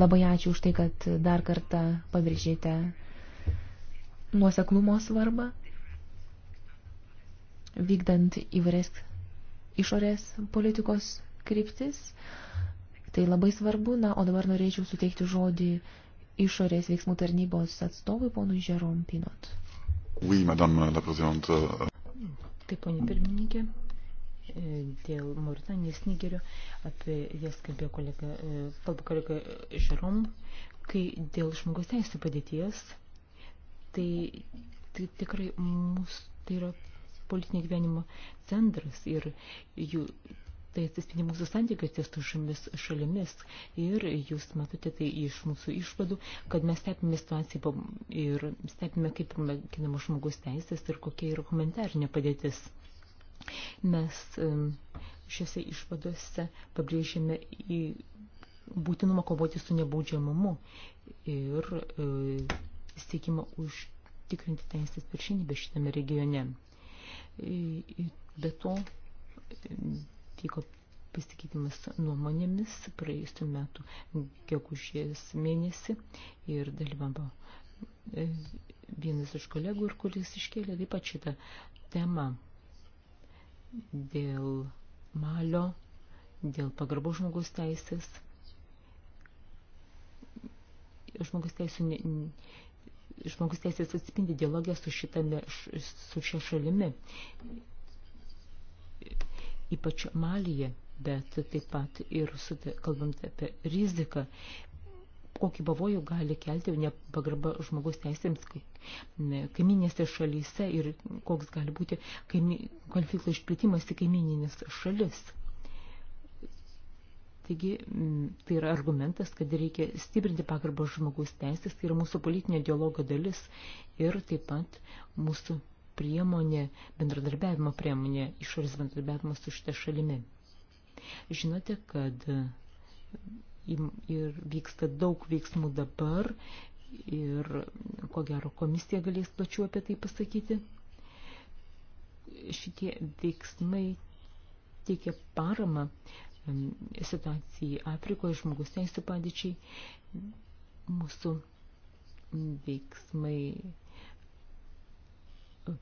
Labai ačiū už tai, kad dar kartą pabrėžėte nuoseklumo svarbą, vykdant įvairias išorės politikos kryptis. Tai labai svarbu, na, o dabar norėčiau suteikti žodį išorės veiksmų tarnybos atstovui ponui Žerom Pinot. Oui, madame la présidente. Taip, ponė pirmininkė, dėl Mauritanijos Nigerio, apie jas kalbėjo kolega, e, kalba kolega Žerom, kai dėl žmogaus teisų padėties, tai, tai tikrai mūsų tai yra politinio gyvenimo centras ir jų tai atsispindi mūsų santykiuose su šiomis šalimis ir jūs matote tai iš mūsų išvadų, kad mes stebime situaciją ir stebime, kaip ginamos žmogus teisės ir kokia yra humanitarinė padėtis. Mes šiuose išvadose pabrėžėme į būtinumą kovoti su nebaudžiamumu ir e, siekimą užtikrinti teisės viršinybę šitame regione. E, be to, vyko pasikeitimas nuomonėmis praėjusiu metu gegužės mėnesį ir dalyvavo e, vienas iš kolegų ir kuris iškėlė taip pat šitą temą dėl malio, dėl pagarbų žmogus teisės. Žmogus teisų ne, žmogus teisės atspindi dialogę su, šitame, su šia šalimi ypač Malyje, bet taip pat ir kalbant apie riziką, kokį pavojų gali kelti nepagarba žmogus teisėms kaiminėse šalyse ir koks gali būti kaimi, konflikto išplitimas į kaimininės šalis. Taigi tai yra argumentas, kad reikia stiprinti pagarbą žmogaus teisės, tai yra mūsų politinio dialogo dalis ir taip pat mūsų priemonė, bendradarbiavimo priemonė, išorės bendradarbiavimas su šitą šalimi. Žinote, kad ir vyksta daug veiksmų dabar ir ko gero komisija galės plačiu apie tai pasakyti. Šitie veiksmai teikia paramą situacijai Afrikoje, žmogus teisų padėčiai, mūsų veiksmai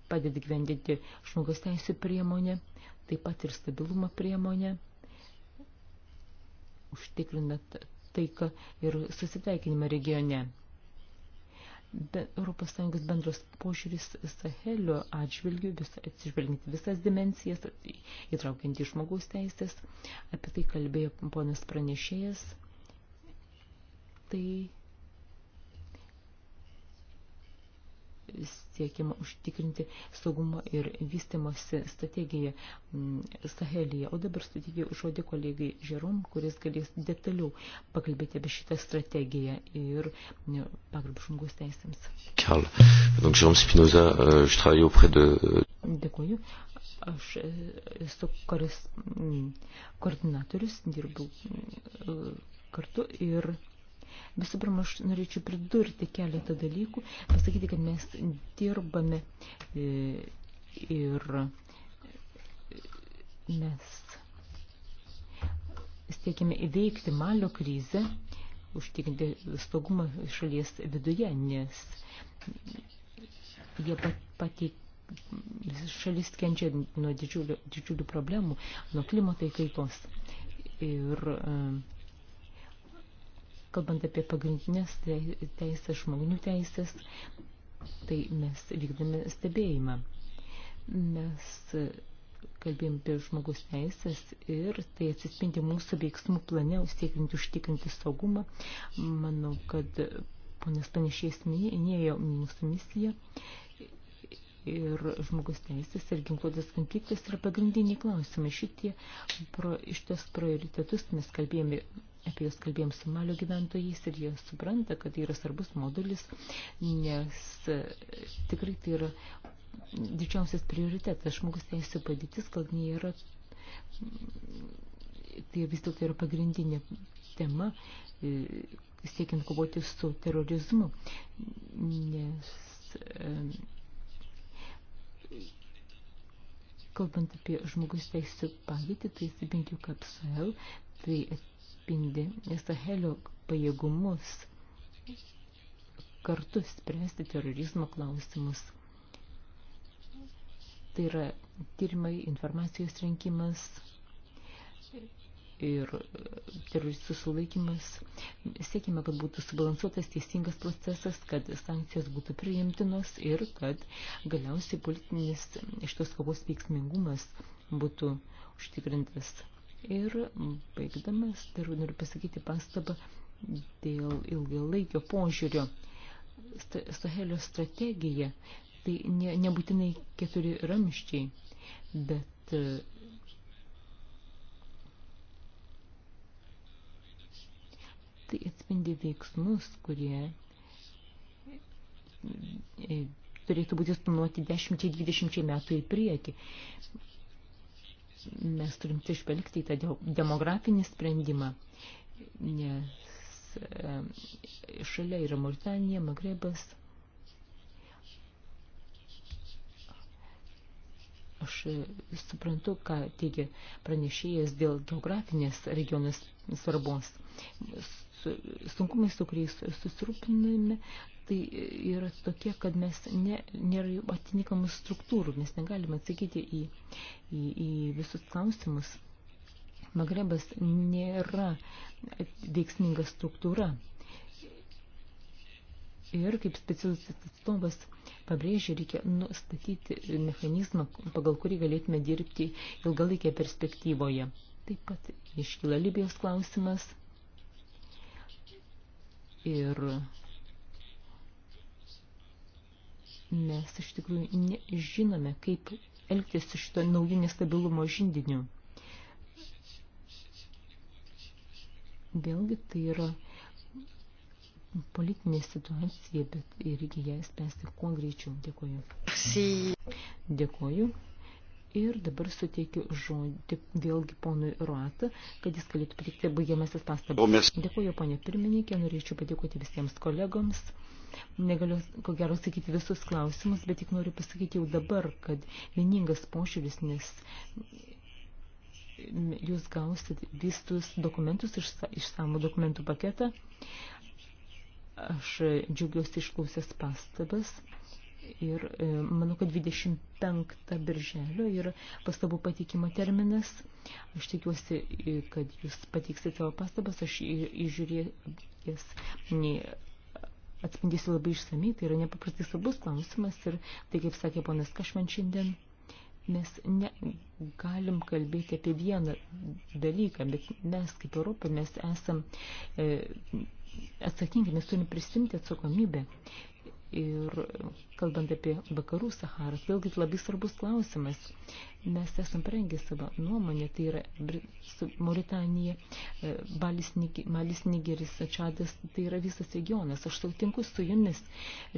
padeda gyvendinti žmogaus teisų priemonę, taip pat ir stabilumo priemonę, užtikrina taiką ir susitaikinimą regione. Be Europos Sąjungos bendros požiūris Sahelio atžvilgių, vis, atsižvelgiant visas dimensijas, įtraukiant į žmogaus teisės, apie tai kalbėjo ponas pranešėjas. Tai siekiama užtikrinti saugumo ir vystimosi strategiją mm, Sahelyje. O dabar suteikiu žodį kolegai Žerom, kuris galės detaliau pakalbėti apie šitą strategiją ir mm, pagarbų žmogus teisėms. Karl, donc Jérôme Spinoza, euh, je travaille auprès de... Euh, Dėkuoju. Aš e, esu mm, koordinatorius, dirbu kartu ir Visų pirma, aš norėčiau pridurti keletą dalykų, pasakyti, kad mes dirbame e, ir mes siekiame įveikti malio krizę, užtikrinti saugumą šalies viduje, nes jie pateikė šalis kenčia nuo didžiulių, didžiulių problemų, nuo klimatai kaitos. Ir um, kalbant apie pagrindinės teisės, žmonių teisės, tai mes vykdame stebėjimą. Mes kalbėjom apie žmogus teisės ir tai atsispindi mūsų veiksmų plane, siekiant užtikrinti saugumą. Manau, kad ponas panešėjas minėjo mūsų misiją ir žmogus teisės ir ginkluotės konfliktas yra pagrindiniai klausimai. Šitie pro, iš ties prioritetus mes kalbėjome apie juos kalbėjom su Malio gyventojais ir jie supranta, kad tai yra svarbus modulis, nes e, tikrai tai yra didžiausias prioritetas žmogus teisų padėtis, gal nėra, tai vis dėlto tai yra pagrindinė tema e, siekiant kovoti su terorizmu, nes e, kalbant apie žmogus teisų padėtį, tai bent jau KPSL, tai atspindi Sahelio pajėgumus kartu spręsti terorizmo klausimus. Tai yra tyrimai, informacijos rinkimas ir teroristų sulaikimas. Siekime, kad būtų subalansuotas teisingas procesas, kad sankcijos būtų priimtinos ir kad galiausiai politinis šitos kovos veiksmingumas būtų užtikrintas. Ir baigdamas, dar noriu pasakyti pastabą dėl ilgalaikio požiūrio. Sahelio strategija tai ne, nebūtinai keturi ramščiai, bet tai atspindi veiksmus, kurie e, turėtų būti planuoti 10-20 metų į priekį mes turim išvelgti į tą demografinį sprendimą, nes e, šalia yra Mauritanija, Magrebas, aš e, suprantu, ką teigia pranešėjas dėl geografinės regionės svarbos. Sunkumai, su kuriais susirūpiname, tai yra tokie, kad mes ne, nėra atitinkamų struktūrų, mes negalime atsakyti į, į, į visus klausimus. Magrebas nėra veiksminga struktūra. Ir kaip specialistas atstovas pabrėžė, reikia nustatyti mechanizmą, pagal kurį galėtume dirbti ilgalaikėje perspektyvoje. Taip pat iškyla Libijos klausimas ir mes iš tikrųjų nežinome, kaip elgtis su šito nauju nestabilumo žindiniu. Vėlgi tai yra politinė situacija, bet irgi ją spręsti kuo greičiau. Dėkuoju. Si. Dėkuoju. Ir dabar suteikiu žodį vėlgi ponui Ruatą, kad jis galėtų patikti baigiamasis pastabas. Oh, Dėkuoju, ponė pirmininkė, norėčiau padėkoti visiems kolegoms. Negaliu, ko gero, sakyti visus klausimus, bet tik noriu pasakyti jau dabar, kad vieningas požiūris, nes jūs gausit visus dokumentus, išsamų iš dokumentų paketą. Aš džiaugiuosi išklausęs pastabas ir e, manau, kad 25 birželio yra pastabų patikimo terminas. Aš tikiuosi, kad jūs pateiksite savo pastabas, aš įžiūrėjęs atspindėsiu labai išsamei, tai yra nepaprastai svarbus klausimas ir tai, kaip sakė ponas Kašman šiandien, mes negalim kalbėti apie vieną dalyką, bet mes kaip Europą, mes esam e, atsakingi, mes turime prisimti atsakomybę Ir kalbant apie vakarų Saharas, vėlgi labai svarbus klausimas. Mes esam parengę savo nuomonę, tai yra Mauritanija, e, Balis, Malis Nigeris, Čadas, tai yra visas regionas. Aš sutinku su jumis.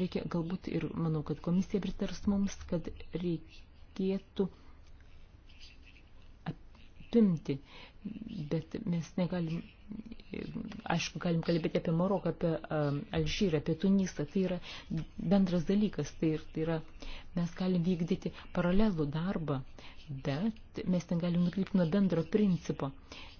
Reikia galbūt ir manau, kad komisija pritars mums, kad reikėtų apimti, bet mes negalim aišku, galim kalbėti apie Maroką, apie um, Alžyrą, apie Tunisą, tai yra bendras dalykas, tai, tai yra, mes galim vykdyti paralelų darbą, bet mes ten galim nukrypti nuo bendro principo. Uh,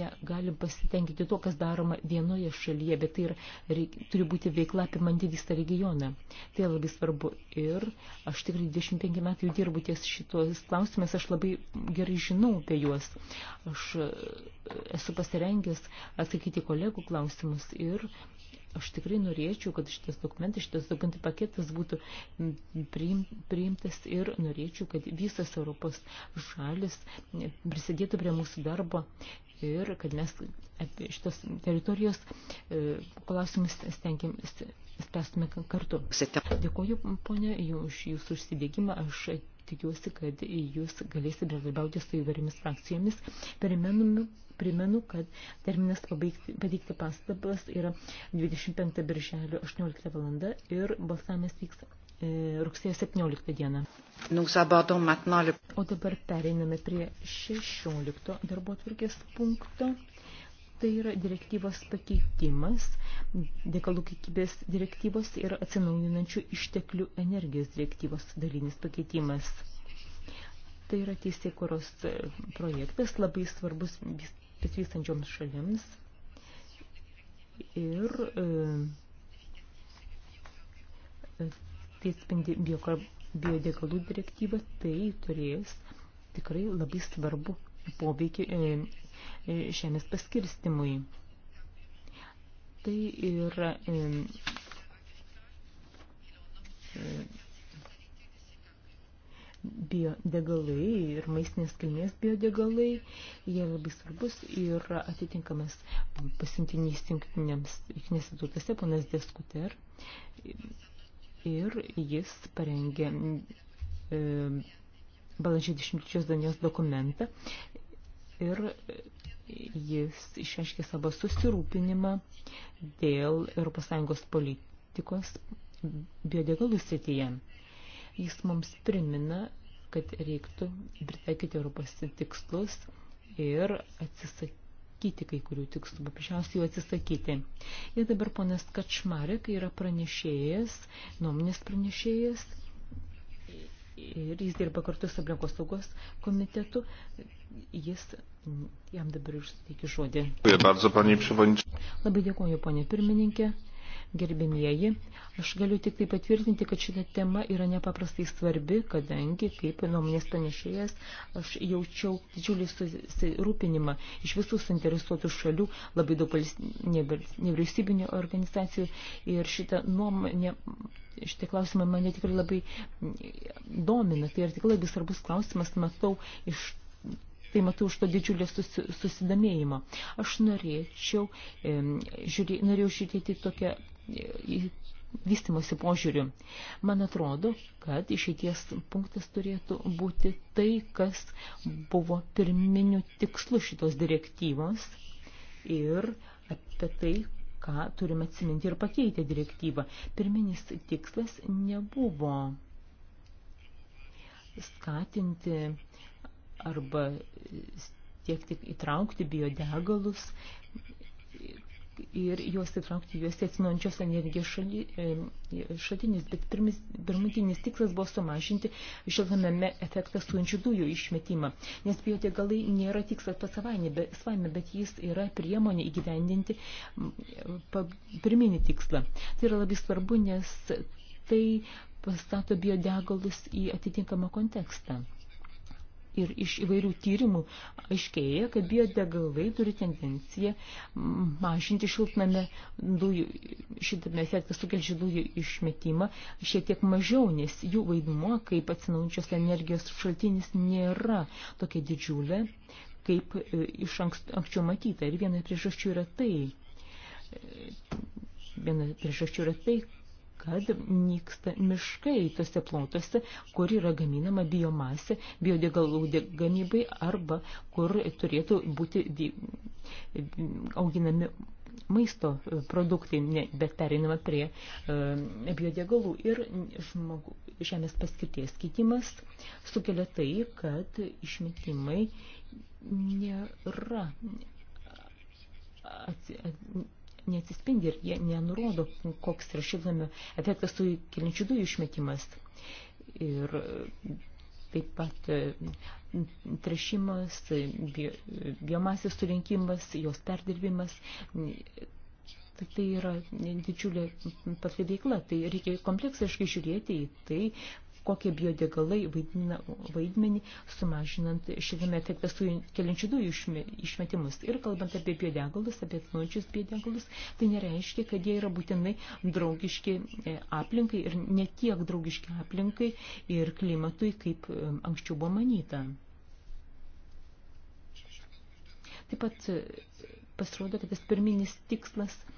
negalim pasitenkinti to, kas daroma vienoje šalyje, bet tai yra, reik, turi būti veikla apimanti visą regioną. Tai labai svarbu ir aš tikrai 25 metų jau dirbu ties šitos klausimės, aš labai gerai žinau apie juos. Aš e, esu pasirengęs atsakyti kolegų klausimus ir Aš tikrai norėčiau, kad šitas dokumentas, šitas dokumentų paketas būtų priimtas ir norėčiau, kad visas Europos šalis prisidėtų prie mūsų darbo ir kad mes apie šitas teritorijos e, klausimus stengiamės spręstume kartu. Dėkuoju, ponė, už jūsų užsidėgymą. Aš tikiuosi, kad jūs galėsite bendradarbiauti su įvairiomis frakcijomis. Primenu, primenu, kad terminas pabaigti, pateikti pastabas yra 25 birželio 18 valanda ir balsavimas vyks e, rugsėjo 17 dieną. O dabar pereiname prie 16 darbo tvarkės punkto tai yra direktyvos pakeitimas, dekalų kiekybės direktyvos ir atsinaujinančių išteklių energijos direktyvos dalinis pakeitimas. Tai yra teisėkuros e, projektas, labai svarbus besivystančioms šalims ir e, e tai spindi biodegalų direktyva, tai turės tikrai labai svarbu poveikį e, žemės e, paskirstimui. Tai yra e, e, biodegalai ir maistinės kilmės biodegalai, jie labai svarbus ir atitinkamas pasiuntinys jungtinėse tautose, ponas Deskuter, ir jis parengė e, balandžio 23 dienos dokumentą ir jis išreiškė savo susirūpinimą dėl ES politikos biodegalų srityje. Jis mums primina, kad reiktų pritaikyti Europos tikslus ir atsisakyti kai kurių tikslų, paprasčiausiai jų atsisakyti. Ir dabar ponas Kačmarek yra pranešėjas, nuomonės pranešėjas ir jis dirba kartu su aplinkos saugos komitetu. Jis jam dabar ir suteikiu žodį. Labai dėkuoju, ponė pirmininkė. Gerbimieji, aš galiu tik tai patvirtinti, kad šita tema yra nepaprastai svarbi, kadangi, kaip nuomonės panešėjas, aš jaučiau didžiulį susirūpinimą iš visų suinteresuotų šalių, labai daug nevyriausybinio organizacijų ir šitą nuomonę šitie klausimai mane tikrai labai domina, tai yra tikrai labai svarbus klausimas, matau iš Tai matau už to didžiulį susi, susidomėjimą. Aš norėčiau, e, žiūrė, norėjau žiūrėti tokią vystimosi požiūriu. Man atrodo, kad išeities punktas turėtų būti tai, kas buvo pirminiu tikslu šitos direktyvos ir apie tai, ką turime atsiminti ir pakeitę direktyvą. Pirminis tikslas nebuvo skatinti arba tiek tik įtraukti biodegalus ir juos įtraukti juos atsinaujančios energijos šaltinis, bet pirmis, pirmutinis tikslas buvo sumažinti šiltnamėme efektą suinčių dujų išmetimą, nes biodegalai nėra tikslas pats savaime, bet, savaime, bet jis yra priemonė įgyvendinti pirminį tikslą. Tai yra labai svarbu, nes tai pastato biodegalus į atitinkamą kontekstą ir iš įvairių tyrimų aiškėja, kad biodegalai turi tendenciją mažinti šiltname dujų, šiltame efektą sukelčių dujų išmetimą šiek tiek mažiau, nes jų vaidmuo kaip atsinaujančios energijos šaltinis nėra tokia didžiulė, kaip e, iš anksčiau matyta. Ir viena priežasčių yra tai, viena priežasčių yra tai, kad nyksta miškai tose plotuose, kur yra gaminama biomasė biodegalų gamybai arba kur turėtų būti auginami maisto produktai, ne, bet perinama prie e, biodegalų ir žmogu, žemės paskirties keitimas sukelia tai, kad išmetimai nėra at, at, neatsispindi ir jie nenurodo, koks yra šiltnamio efektas sukeliančių dujų išmetimas. Ir e, taip pat e, trešimas, biomasės surinkimas, jos perdirbimas. Tai, tai yra didžiulė pati veikla, tai reikia kompleksiškai žiūrėti į tai, kokie biodegalai vaidina vaidmenį sumažinant šitame efekte keliančių dujų išmetimus. Ir kalbant apie biodegalus, apie atsinaujančius biodegalus, tai nereiškia, kad jie yra būtinai draugiški e, aplinkai ir ne tiek draugiški aplinkai ir klimatui, kaip e, anksčiau buvo manyta. Taip pat e, pasirodo, kad tas pirminis tikslas –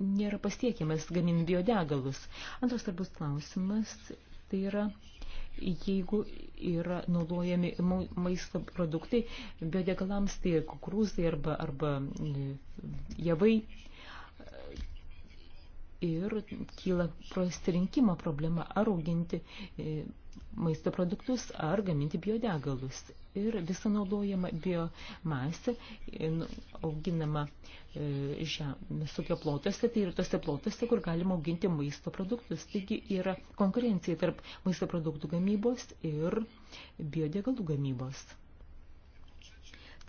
nėra pasiekiamas gaminant biodegalus. Antras svarbus klausimas tai yra, jeigu yra naudojami maisto produktai biodegalams, tai kukurūzai arba, arba e, javai. Ir kyla pasirinkimo problema, ar auginti e, maisto produktus ar gaminti biodegalus. Ir visa naudojama biomasė nu, auginama e, žemės ūkio plotuose, tai yra tose plotuose, kur galima auginti maisto produktus. Taigi yra konkurencija tarp maisto produktų gamybos ir biodegalų gamybos.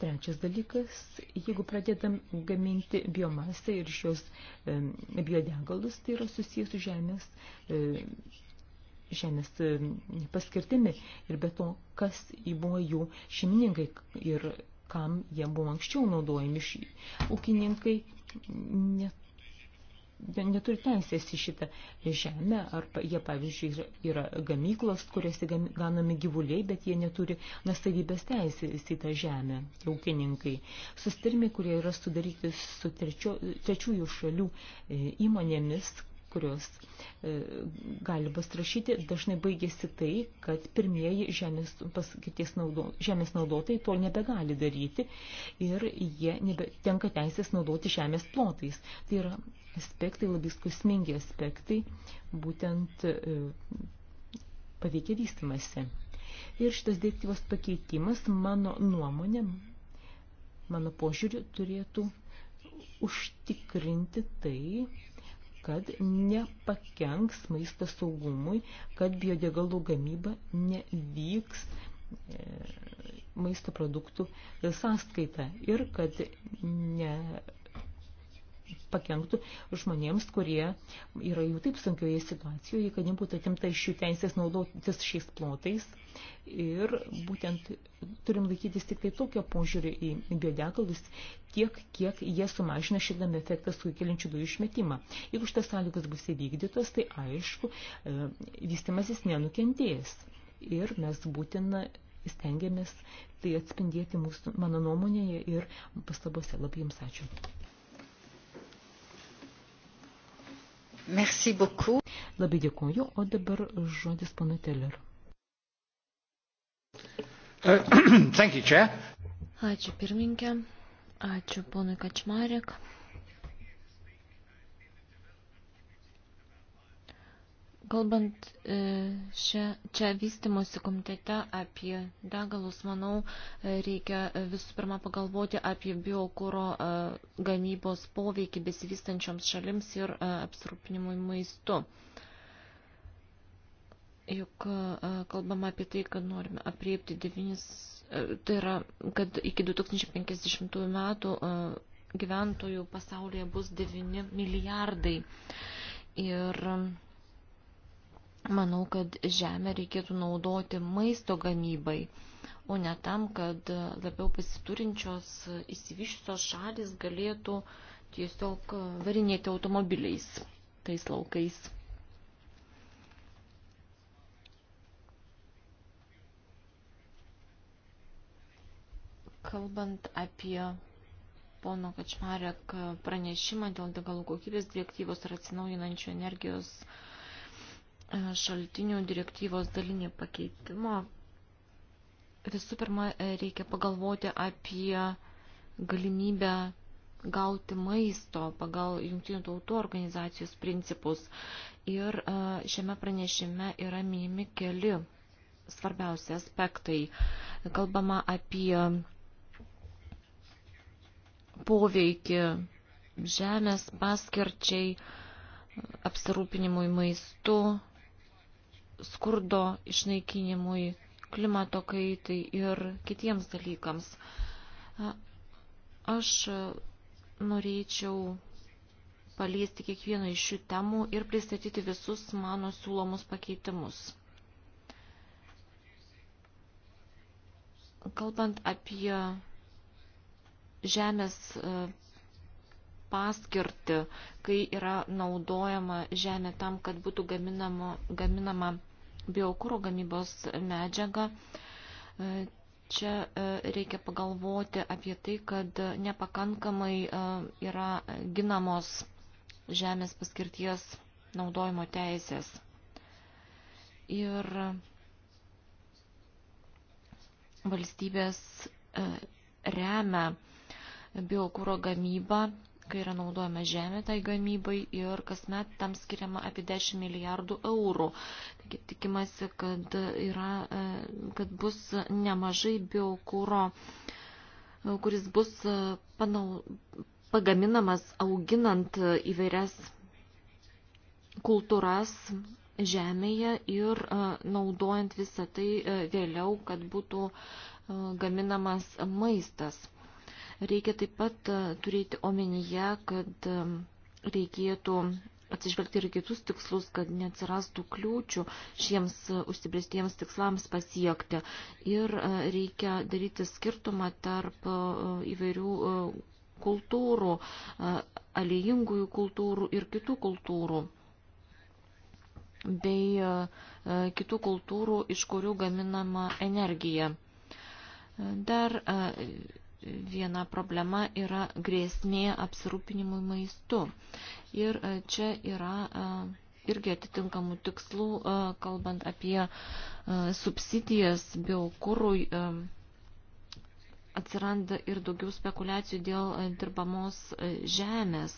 Trečias dalykas, jeigu pradedam gaminti biomasę ir šios e, biodegalus, tai yra susijęs su žemės e, žemės e, paskirtimi ir be to, kas buvo jų šeimininkai ir kam jie buvo anksčiau naudojami. Ūkininkai net neturi teisės į šitą žemę, ar jie, pavyzdžiui, yra gamyklos, kuriuose ganami gyvuliai, bet jie neturi nusavybės teisės į tą žemę, ūkininkai. Sustarimai, kurie yra sudaryti su trečio, trečiųjų šalių e, įmonėmis, kurios e, gali pastrašyti, dažnai baigėsi tai, kad pirmieji žemės, paskirties naudo, žemės naudotojai to nebegali daryti ir jie nebetenka teisės naudoti žemės plotais. Tai yra aspektai, labai skusmingi aspektai, būtent e, paveikia vystimasi. Ir šitas direktyvos pakeitimas, mano nuomonė, mano požiūriu, turėtų užtikrinti tai, kad nepakenks maisto saugumui, kad biodegalų gamyba nevyks e, maisto produktų sąskaita ir kad ne pakenktų žmonėms, kurie yra jau taip sunkioje situacijoje, kad nebūtų atimta iš jų teisės naudotis šiais plotais. Ir būtent turim laikytis tik tai tokio požiūrį į biodegalus, tiek, kiek jie sumažina šildami efektą sukeliančių dujų išmetimą. Jeigu šitas sąlygas bus įvykdytos, tai aišku, e, vystimasis nenukentėjęs. Ir mes būtina stengiamės tai atspindėti mūsų, mano nuomonėje ir pastabose. Labai jums ačiū. Merci beaucoup. Labai dėkuoju, o dabar žodis panu Teller. Uh, [CLEARS THROAT] thank you, Chair. Ačiū pirmininkė, ačiū ponui Kačmarek. Kalbant e, šia, čia vystimosi komitete apie degalus, manau, e, reikia e, visų pirma pagalvoti apie biokūro gamybos poveikį besivystančioms šalims ir apsirūpinimui maistu. Juk kalbam apie tai, kad norime apriepti 9, tai yra, kad iki 2050 metų gyventojų pasaulyje bus 9 milijardai. Ir manau, kad žemę reikėtų naudoti maisto gamybai, o ne tam, kad labiau pasiturinčios įsivyšusios šalis galėtų tiesiog varinėti automobiliais tais laukais. Kalbant apie pono Kačmarek pranešimą dėl degalų kokybės direktyvos ir atsinaujinančių energijos uh, šaltinių direktyvos dalinį pakeitimo, visų pirma, reikia pagalvoti apie galimybę gauti maisto pagal Junktinių tautų organizacijos principus. Ir šiame pranešime yra minimi keli svarbiausi aspektai. Kalbama apie poveikį žemės paskirčiai, apsirūpinimui maistu, skurdo išnaikinimui, klimato kaitai ir kitiems dalykams. Aš norėčiau paliesti kiekvieną iš šių temų ir pristatyti visus mano siūlomus pakeitimus. Kalbant apie žemės e, paskirtį, kai yra naudojama žemė tam, kad būtų gaminama, gaminama biokūro gamybos medžiagą. E, Čia e, reikia pagalvoti apie tai, kad nepakankamai e, yra ginamos žemės paskirties naudojimo teisės. Ir valstybės remia biokūro gamybą kai yra naudojama žemė tai gamybai ir kasmet tam skiriama apie 10 milijardų eurų. Taigi tikimasi, kad, yra, e, kad bus nemažai biokūro, e, kuris bus e, panau, pagaminamas auginant įvairias kultūras žemėje ir naudojant visą tai vėliau, kad būtų gaminamas maistas. Reikia taip pat e, turėti omenyje, kad e, reikėtų atsižvelgti ir kitus tikslus, kad neatsirastų kliūčių šiems e, užsibrėstiems tikslams pasiekti. Ir reikia daryti skirtumą tarp įvairių kultūrų, aliejingųjų kultūrų ir kitų kultūrų bei kitų kultūrų, iš kurių gaminama energija. Dar viena problema yra grėsmė apsirūpinimui maistu. Ir e, čia yra e, irgi atitinkamų tikslų, e, kalbant apie subsidijas biokūrui, atsiranda ir daugiau spekulacijų dėl dirbamos žemės.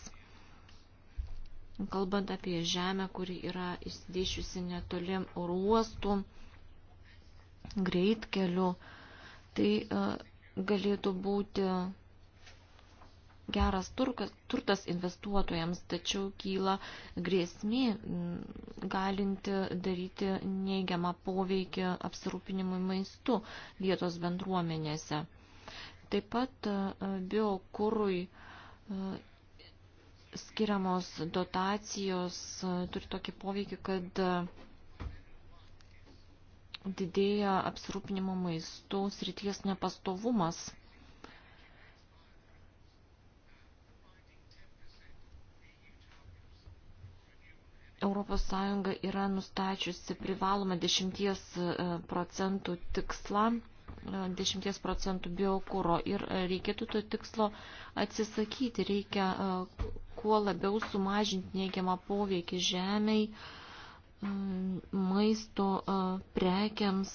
Kalbant apie žemę, kuri yra išsidėšiusi netoli uostų, greitkelių, tai uh, galėtų būti geras turkas, turtas investuotojams, tačiau kyla grėsmė mm, galinti daryti neigiamą poveikį apsirūpinimui maistu vietos bendruomenėse. Taip pat e, biokūrui e, skiriamos dotacijos e, turi tokį poveikį, kad didėja apsirūpinimo maistų srities nepastovumas. Europos Sąjunga yra nustačiusi privalomą 10 e, procentų tikslą, 10 e, procentų biokūro ir e, reikėtų to tikslo atsisakyti, reikia kuo labiau sumažinti neigiamą poveikį žemiai, Mm, maisto prekiams,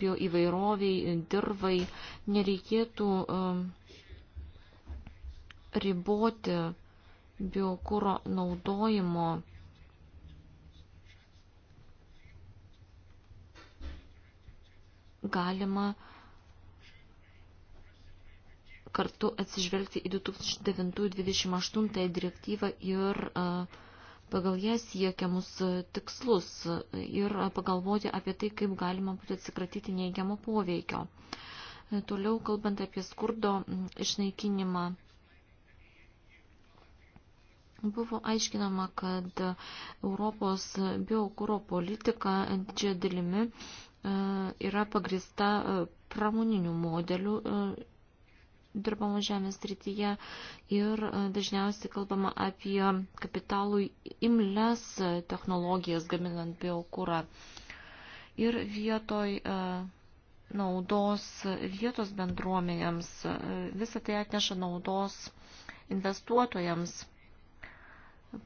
bioįvairoviai, dirvai nereikėtų riboti biokūro naudojimo. Galima kartu atsižvelgti į 2009-28 direktyvą ir uh, pagal ją siekiamus e, tikslus ir pagalvoti apie tai, kaip galima būtų atsikratyti neigiamo poveikio. E, toliau, kalbant apie skurdo išnaikinimą, buvo aiškinama, kad Europos biokūro politika didžia dalimi e, yra pagrista pramoninių modelių dirbamų žemės srityje ir e, dažniausiai kalbama apie kapitalų imles e, technologijas gaminant biokūrą. Ir vietoj e, naudos vietos bendruomenėms, visą tai atneša naudos investuotojams,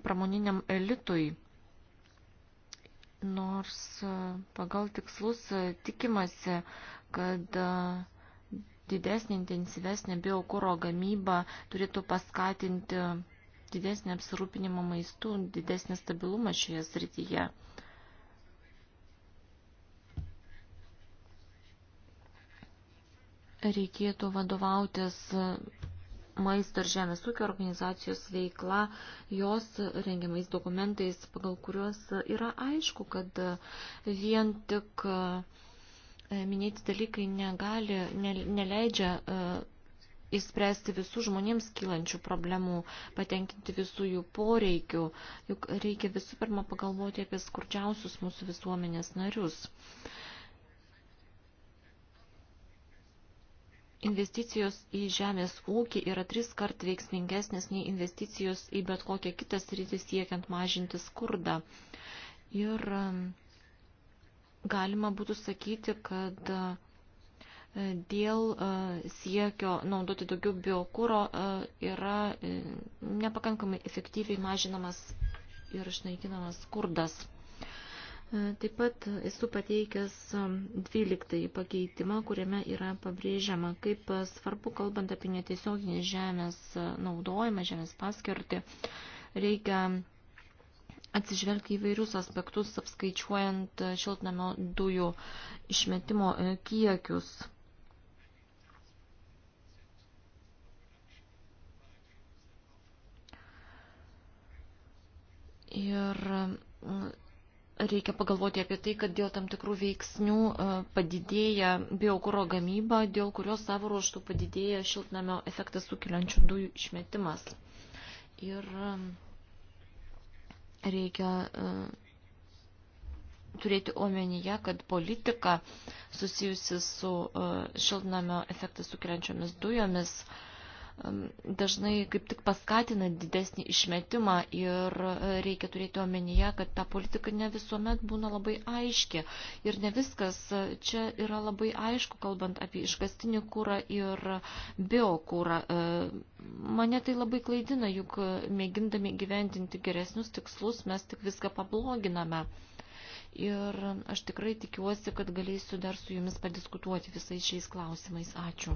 pramoniniam elitui nors pagal tikslus tikimasi, kad didesnė, intensyvesnė biokūro gamyba turėtų paskatinti didesnį apsirūpinimą maistų, didesnį stabilumą šioje srityje. Reikėtų vadovautis maisto ir žemės ūkio organizacijos veikla, jos rengiamais dokumentais, pagal kuriuos yra aišku, kad vien tik uh, E, minėti dalykai negali, ne, neleidžia įspręsti e, visų žmonėms kylančių problemų, patenkinti visų jų poreikių, juk reikia visų pirma pagalvoti apie skurdžiausius mūsų visuomenės narius. Investicijos į žemės ūkį yra tris kart veiksmingesnės nei investicijos į bet kokią kitą sritį siekiant mažinti skurdą. Ir um, galima būtų sakyti, kad e, dėl e, siekio naudoti daugiau biokūro e, yra nepakankamai efektyviai mažinamas ir išnaikinamas skurdas. Taip pat esu pateikęs 12 pakeitimą, kuriame yra pabrėžiama, kaip svarbu, kalbant apie netiesioginį žemės naudojimą, žemės paskirtį, reikia atsižvelgti į vairius aspektus, apskaičiuojant šiltnamio dujų išmetimo e, kiekius. Ir e, reikia pagalvoti apie tai, kad dėl tam tikrų veiksnių e, padidėja biokuro gamyba, dėl kurios savo ruoštų padidėja šiltnamio efektą sukeliančių dujų išmetimas. Ir reikia e, turėti omenyje, kad politika susijusi su e, šiltnamio efektą sukeliančiomis dujomis uh, dažnai kaip tik paskatina didesnį išmetimą ir e, reikia turėti omenyje, kad ta politika ne visuomet būna labai aiški ir ne viskas e, čia yra labai aišku, kalbant apie iškastinį kūrą ir biokūrą. E, mane tai labai klaidina, juk mėgindami gyventinti geresnius tikslus mes tik viską pabloginame ir aš tikrai tikiuosi, kad galėsiu dar su jumis padiskutuoti visais šiais klausimais. Ačiū.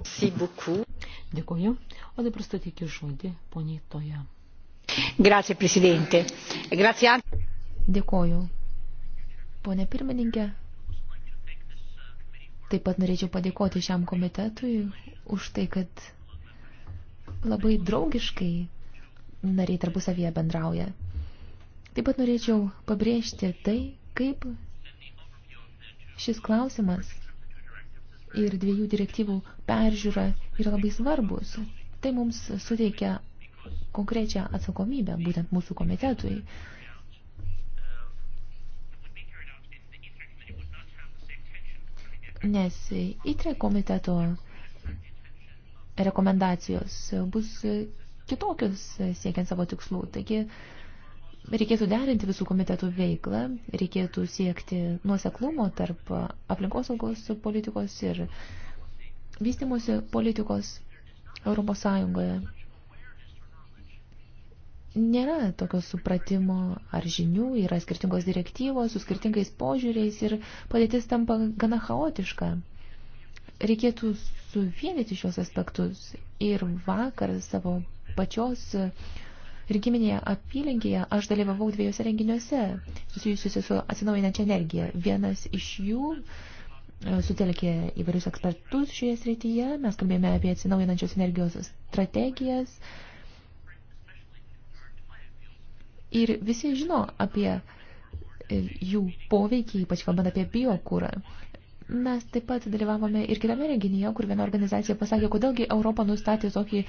Dėkuoju. O dabar statyti žodį poniai Toja. Grazie, prezidente. Grazie. Dėkuoju. Pone pirmininkė, taip pat norėčiau padėkoti šiam komitetui už tai, kad labai draugiškai nariai tarpusavyje bendrauja. Taip pat norėčiau pabrėžti tai, Kaip šis klausimas ir dviejų direktyvų peržiūra yra labai svarbus. Tai mums suteikia konkrečią atsakomybę, būtent mūsų komitetui. Nes ITRE komiteto rekomendacijos bus kitokios siekiant savo tikslų. Taigi Reikėtų derinti visų komitetų veiklą, reikėtų siekti nuoseklumo tarp aplinkosaugos politikos ir vystimosi politikos Europos Sąjungoje. Nėra tokio supratimo ar žinių, yra skirtingos direktyvos su skirtingais požiūriais ir padėtis tampa gana chaotiška. Reikėtų suvienyti šios aspektus ir vakar savo pačios uh, rinkiminėje apylinkėje aš dalyvavau dviejose renginiuose susijusiuose su atsinaujinančia energija. Vienas iš jų e, sutelkė įvairius ekspertus šioje srityje. Mes kalbėjome apie atsinaujinančios energijos strategijas. Ir visi žino apie e, jų poveikį, ypač kalbant apie biokūrą. Mes taip pat dalyvavome ir kitame renginyje, kur viena organizacija pasakė, kodėlgi Europa nustatė tokį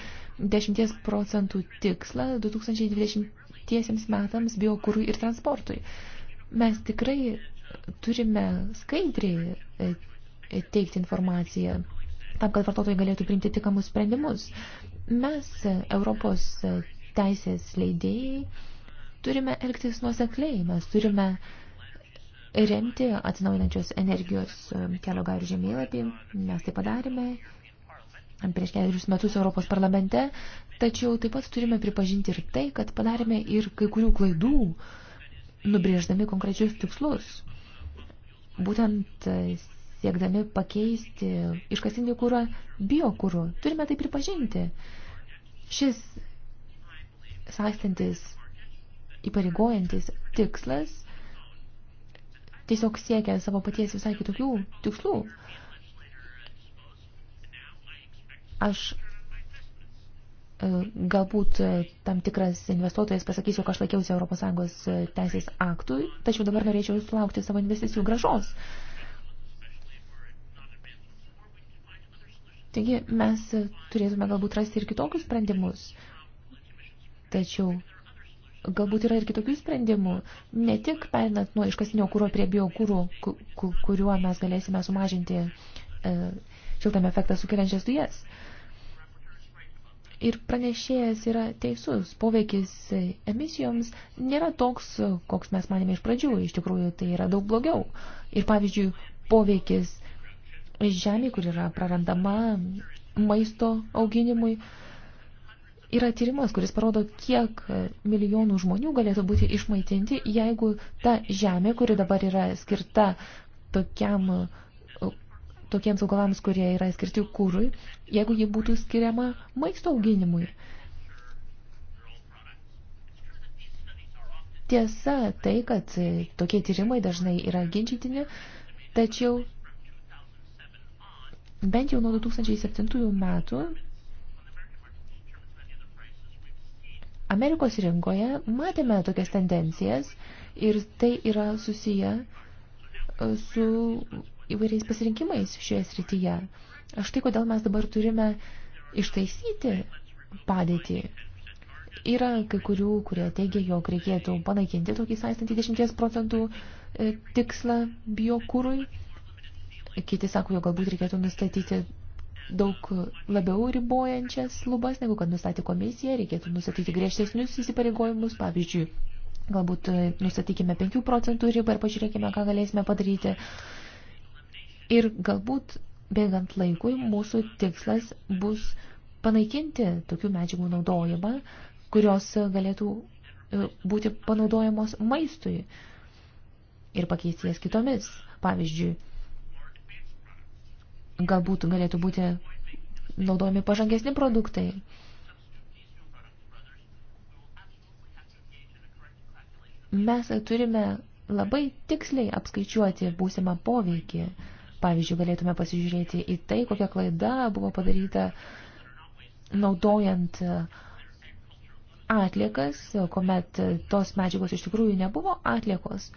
10 procentų tikslą 2020 metams biokūrui ir transportui. Mes tikrai turime skaidriai e, e, teikti informaciją tam, kad vartotojai galėtų priimti tikamus sprendimus. Mes, e, Europos teisės leidėjai, turime elgtis nuosekliai, mes turime uh, remti atsinaujinančios energijos um, kelio gairių žemėlapį. Mes tai padarėme prieš ketverius metus Europos parlamente, tačiau taip pat turime pripažinti ir tai, kad padarėme ir kai kurių klaidų, nubrėždami konkrečius tikslus. Būtent e, siekdami pakeisti iškasinį kūrą biokūrų. Turime tai pripažinti. Šis sąstantis įpareigojantis tikslas tiesiog siekia savo paties visai kitokių tikslų. Aš e, galbūt e, tam tikras investuotojas pasakys, jog aš laikiausi ES e, teisės aktų, tačiau dabar norėčiau sulaukti savo investicijų gražos. Taigi mes turėtume galbūt rasti ir kitokius sprendimus. Tačiau galbūt yra ir kitokių sprendimų, ne tik perinant nuo iškasinio kūro prie biokūrų, kuriuo mes galėsime sumažinti e, šiltame efektą sukeliančias dujas. Ir pranešėjas yra teisus, poveikis emisijoms nėra toks, koks mes manėme iš pradžių, iš tikrųjų tai yra daug blogiau. Ir pavyzdžiui, poveikis žemė, kur yra prarandama maisto auginimui, uh, yra tyrimas, kuris parodo, kiek milijonų žmonių galėtų būti išmaitinti, jeigu ta žemė, kuri dabar yra skirta tokiam, tokiems augalams, kurie yra skirti kūrui, jeigu ji būtų skiriama maisto auginimui. Tiesa tai, kad tokie tyrimai dažnai yra ginčytini, tačiau bent jau nuo 2007 metų Amerikos rinkoje matėme tokias tendencijas ir tai yra susiję e, su įvairiais pasirinkimais šioje srityje. Aš tai, kodėl mes dabar turime ištaisyti padėtį. Yra kai kurių, kurie teigia, jog reikėtų panaikinti tokį saistantį 10 procentų e, tikslą biokūrui. Kiti sako, jog galbūt reikėtų nustatyti daug labiau ribojančias lubas, negu kad nustatė komisija, reikėtų nustatyti griežtesnius įsipareigojimus, pavyzdžiui, galbūt e, nustatykime 5 procentų ribą ir pažiūrėkime, ką galėsime padaryti. Ir galbūt, bėgant laikui, mūsų tikslas bus panaikinti tokių medžiagų naudojimą, kurios galėtų e, būti panaudojamos maistui ir pakeisti jas kitomis. Pavyzdžiui, galbūt galėtų būti naudojami pažangesni produktai. Mes turime labai tiksliai apskaičiuoti būsimą poveikį. Pavyzdžiui, galėtume pasižiūrėti į tai, kokia klaida buvo padaryta naudojant atliekas, kuomet tos medžiagos iš tikrųjų nebuvo atliekos.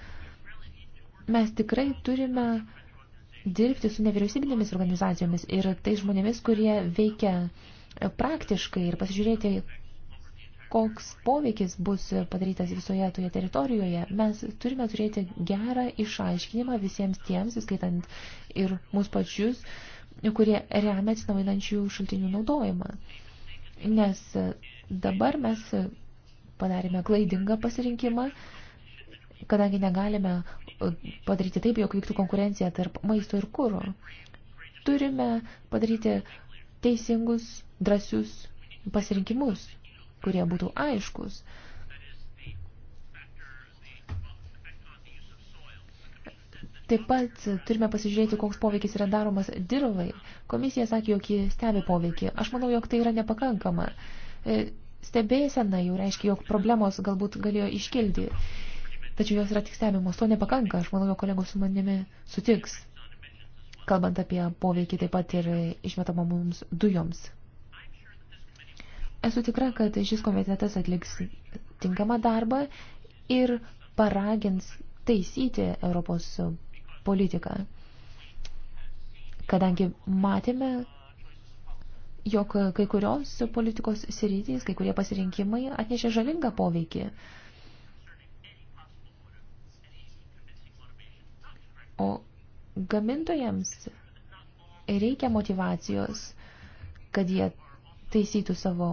Mes tikrai turime uh, dirbti su nevyriausybinėmis organizacijomis ir tai žmonėmis, kurie veikia praktiškai ir pasižiūrėti, koks poveikis bus padarytas visoje toje teritorijoje. Mes turime turėti gerą išaiškinimą visiems tiems, įskaitant ir mūsų pačius, kurie remia atsinaujinančių šaltinių naudojimą. Nes dabar mes padarėme klaidingą pasirinkimą, kadangi negalime padaryti taip, jog vyktų konkurencija tarp maisto ir kūro. Turime padaryti teisingus, drąsius pasirinkimus, kurie būtų aiškus. Taip pat turime pasižiūrėti, koks poveikis yra daromas dirvai. Komisija sakė, jog ji stebi poveikį. Aš manau, jog tai yra nepakankama. E, stebėsena jau reiškia, jog problemos galbūt galėjo iškilti tačiau jos yra tik stebimos. To nepakanka, aš manau, jo kolegos su manimi sutiks, kalbant apie poveikį taip pat ir išmetamo mums dujoms. Esu tikra, kad šis komitetas atliks tinkamą darbą ir paragins taisyti Europos politiką. Kadangi matėme, jog kai kurios politikos sritys, kai kurie pasirinkimai atnešė žalingą poveikį. Uh, O gamintojams reikia motivacijos, kad jie taisytų savo,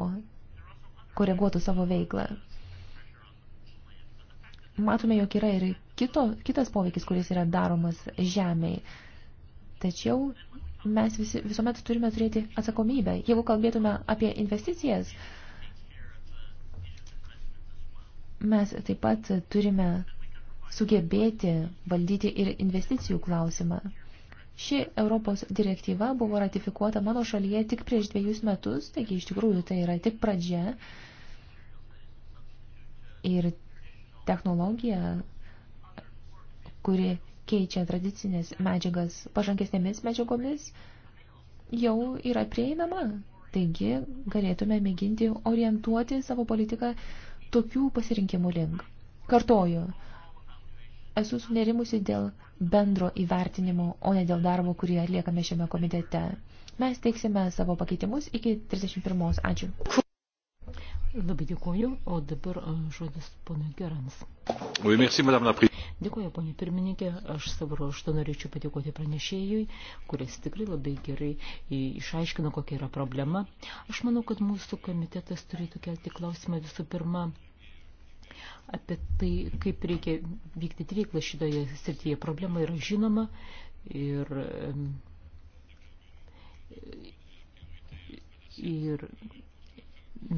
koreguotų savo veiklą. Matome, jog yra ir kito, kitas poveikis, kuris yra daromas žemiai. Tačiau mes visi, visuomet turime turėti atsakomybę. Jeigu kalbėtume apie investicijas, mes taip pat turime sugebėti valdyti ir investicijų klausimą. Ši Europos direktyva buvo ratifikuota mano šalyje tik prieš dviejus metus, taigi iš tikrųjų tai yra tik pradžia. Ir technologija, kuri keičia tradicinės medžiagas pažangesnėmis medžiagomis, jau yra prieinama. Taigi galėtume mėginti orientuoti savo politiką tokių pasirinkimų link. Kartoju, Esu sunerimusi dėl bendro įvertinimo, o ne dėl darbo, kurį atliekame šiame komitete. Mes teiksime savo pakeitimus iki 31. Ačiū. Labai dėkuoju, o dabar e, žodis ponui Gerans. Oui, merci, dėkuoju, ponė pirmininkė, aš savo ruoštą norėčiau padėkoti pranešėjui, kuris tikrai labai gerai išaiškino, kokia yra problema. Aš manau, kad mūsų komitetas turėtų kelti klausimą visų pirma apie tai, kaip reikia vykdyti veiklą šitoje srityje. Problema yra žinoma ir, ir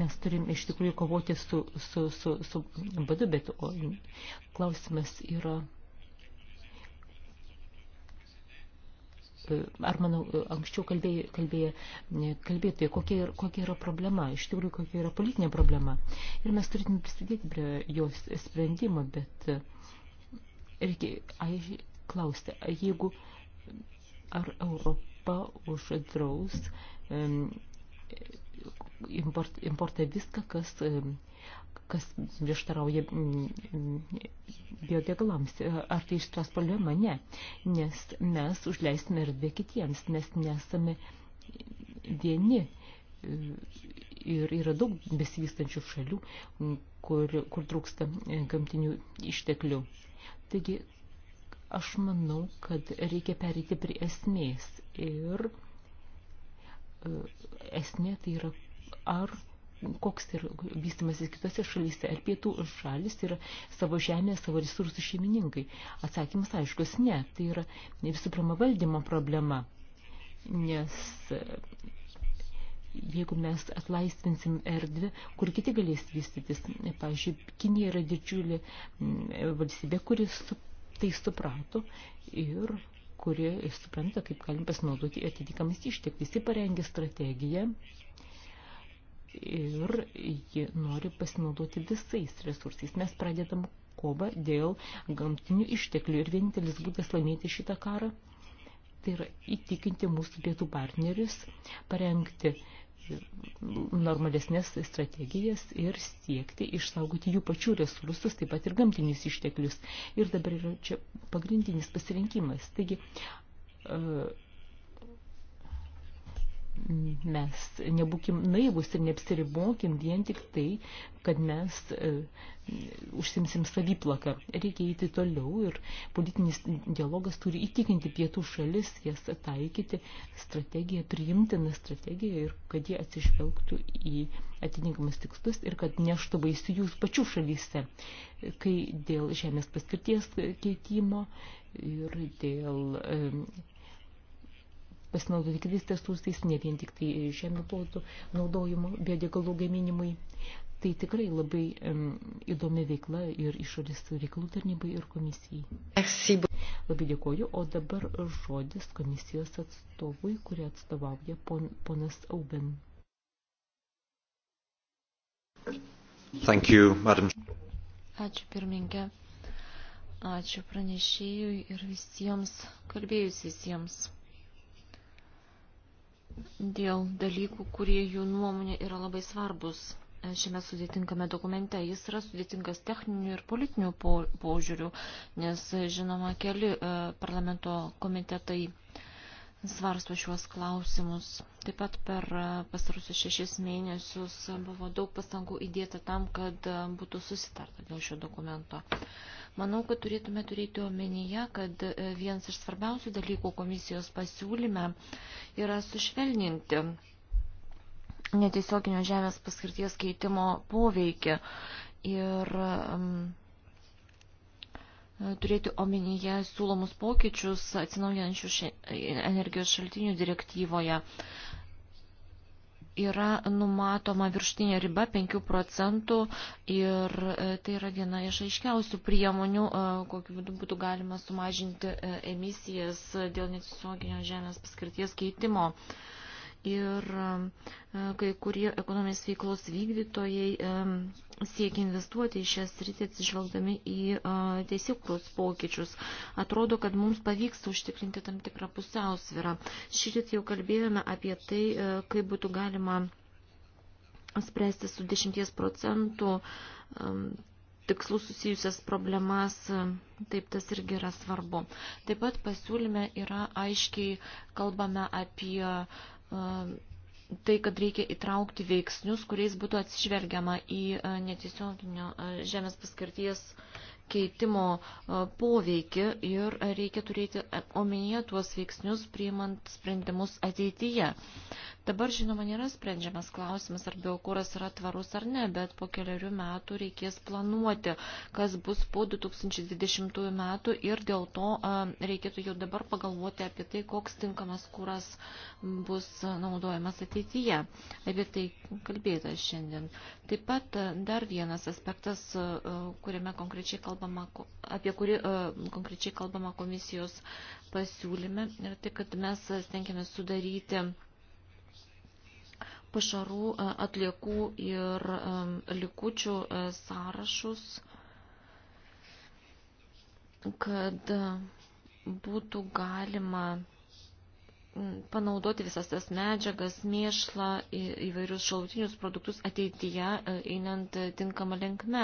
mes turim iš tikrųjų kovoti su, su, su, su badu, bet o, klausimas yra ar manau, e, anksčiau kalbėjo, kalbėjo kalbėtojai, kokia, ir, kokia yra problema, iš tikrųjų, kokia yra politinė problema. Ir mes turėtume prisidėti prie jos sprendimo, bet e, reikia aiš, klausti, jeigu ar Europa uždraus import, importą viską, kas kas prieštarauja mm, mm, biodegalams. Ar tai išspręs problemą? Ne, nes mes užleisime erdvę kitiems, mes nesame vieni. Ir yra daug besivystančių šalių, kur, kur trūksta gamtinių išteklių. Taigi, aš manau, kad reikia pereiti prie esmės. Ir e, esmė tai yra, ar koks ir vystimasis kitose šalyse, ar pietų šalis yra savo žemė, savo resursų šeimininkai. Atsakymas aiškus ne, tai yra visų pirma valdymo problema, nes jeigu mes atlaisvinsim erdvę, kur kiti galės vystytis. Pavyzdžiui, Kinija yra didžiulė mm, valstybė, kuris tai suprato ir kuri supranta, kaip galim pasinaudoti atitinkamas išteklius. Jis parengė strategiją ir ji nori pasinaudoti visais resursais. Mes pradedam kovą dėl gamtinių išteklių ir vienintelis būdas laimėti šitą karą tai yra įtikinti mūsų pietų partnerius, parengti normalesnės strategijas ir siekti išsaugoti jų pačių resursus, taip pat ir gamtinius išteklius. Ir dabar yra čia pagrindinis pasirinkimas. Taigi, e, mes nebūkim naivus ir neapsiribokim vien tik tai, kad mes e, užsimsim saviplaką. Reikia eiti toliau ir politinis dialogas turi įtikinti pietų šalis, jas taikyti strategiją, priimtiną strategiją ir kad jie atsižvelgtų į atitinkamus tikslus ir kad neštų vaisių jūs pačių šalyse, kai dėl žemės paskirties keitimo ir dėl e, pasinaudoti kitais resursais, ne vien tik tai žemė plotų naudojimo biodegalų gaminimui. Tai tikrai labai um, įdomi veikla ir išorės reikalų tarnybai ir komisijai. Labai dėkoju, o dabar žodis komisijos atstovui, kurį atstovauja pon, ponas Auben. Thank you, madam. Ačiū pirmininkė. Ačiū pranešėjui ir visiems kalbėjusiems dėl dalykų, kurie jų nuomonė yra labai svarbus šiame sudėtingame dokumente. Jis yra sudėtingas techninių ir politinių požiūrių, nes, žinoma, keli e, parlamento komitetai svarsto šiuos klausimus. Taip pat per e, pasarusius šešis mėnesius buvo daug pastangų įdėta tam, kad e, būtų susitarta dėl šio dokumento. Manau, kad turėtume turėti omenyje, kad e, vienas iš svarbiausių dalykų komisijos pasiūlyme yra sušvelninti netiesioginio žemės paskirties keitimo poveikį ir um, turėti omenyje siūlomus pokyčius atsinaujančių energijos šaltinių direktyvoje yra numatoma virštinė riba 5 procentų ir e, tai yra viena iš aiškiausių priemonių, e, kokiu būdu būtų galima sumažinti e, emisijas dėl netiesioginio žemės paskirties keitimo. Ir kai kurie ekonomės veiklos vykdytojai siekia investuoti į šias rytį atsižvelgdami į teisėkūros pokyčius. Atrodo, kad mums pavyks užtikrinti tam tikrą pusiausvyrą. Šį rytį jau kalbėjome apie tai, kaip būtų galima spręsti su 10 procentų tikslų susijusias problemas, taip tas irgi yra svarbu. Taip pat pasiūlyme yra aiškiai kalbame apie tai, kad reikia įtraukti veiksnius, kuriais būtų atsižvelgiama į e, netiesioginio e, žemės paskirties uh, keitimo poveikį ir reikia turėti omenyje tuos veiksnius priimant sprendimus ateityje. Dabar, žinoma, nėra sprendžiamas klausimas, ar biokuras yra tvarus ar ne, bet po keliarių metų reikės planuoti, kas bus po 2020 metų ir dėl to reikėtų jau dabar pagalvoti apie tai, koks tinkamas kuras bus naudojamas ateityje. Apie tai kalbėta šiandien. Taip pat dar vienas aspektas, kuriame konkrečiai kalbame, kalbama, apie kurį e, konkrečiai kalbama komisijos pasiūlyme, yra tai, kad mes stengiamės sudaryti pašarų e, atliekų ir e, likučių sąrašus, kad būtų galima panaudoti visas tas medžiagas, mėšlą, įvairius šalutinius produktus ateityje, e, einant tinkamą linkme.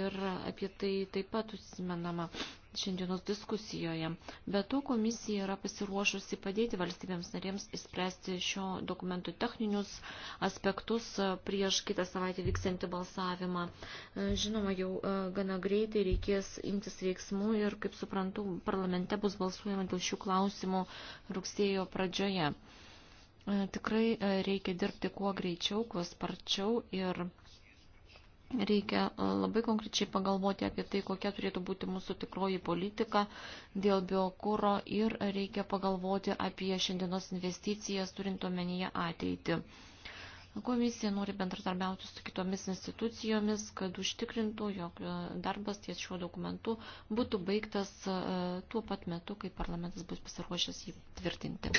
Ir apie tai taip pat užsimenama šiandienos diskusijoje. Be to, komisija yra pasiruošusi padėti valstybėms narėms įspręsti šio dokumento techninius aspektus prieš kitą savaitę vyksiantį balsavimą. E, žinoma, jau e, gana greitai reikės imtis veiksmų ir, kaip suprantu, parlamente bus balsuojama dėl šių klausimų rugsėjo pradžioje. E, tikrai reikia dirbti kuo greičiau, kuo sparčiau ir Reikia e, labai konkrečiai pagalvoti apie tai, kokia turėtų būti mūsų tikroji politika dėl biokūro ir reikia pagalvoti apie šiandienos investicijas turint omenyje ateitį. Komisija nori bendradarbiauti su kitomis institucijomis, kad užtikrintų, jog e, darbas ties šiuo dokumentu būtų baigtas e, tuo pat metu, kai parlamentas bus pasiruošęs jį tvirtinti.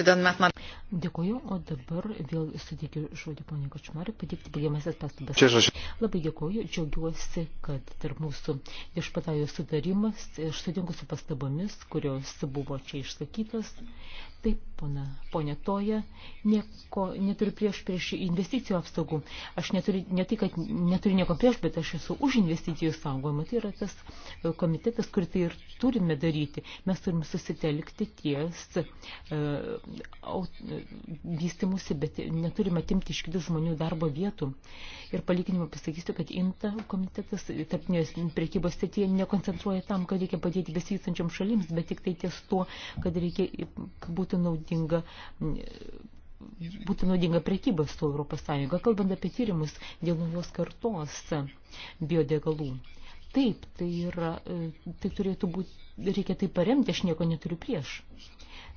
Dėkuoju, o dabar vėl suteikiu žodį ponė Kočmarį pateikti baigiamasis pastabas. Labai dėkuoju, džiaugiuosi, kad tarp mūsų viešpatavio sutarimas, aš sutinku su pastabomis, kurios buvo čia išsakytos. Taip, pona, ponė Toja, nieko neturiu prieš prieš investicijų apsaugų. Aš neturiu, ne tai, kad neturiu nieko prieš, bet aš esu už investicijų saugojimą. Tai yra tas e, komitetas, kurį tai ir turime daryti. Mes turime susitelkti ties e, e vystimusi, bet neturime atimti iš kitų žmonių darbo vietų. Ir palikinimą pasakysiu, kad INTA komitetas tarpinės priekybos srityje nekoncentruoja tam, kad reikia padėti besivystančiam šalims, bet tik tai ties tuo, kad reikia būti būtų naudinga būtų naudinga prekyba su Europos Sąjunga, kalbant apie tyrimus dėl naujos kartos biodegalų. Taip, tai yra, e, tai turėtų būti, reikia tai paremti, aš nieko neturiu prieš.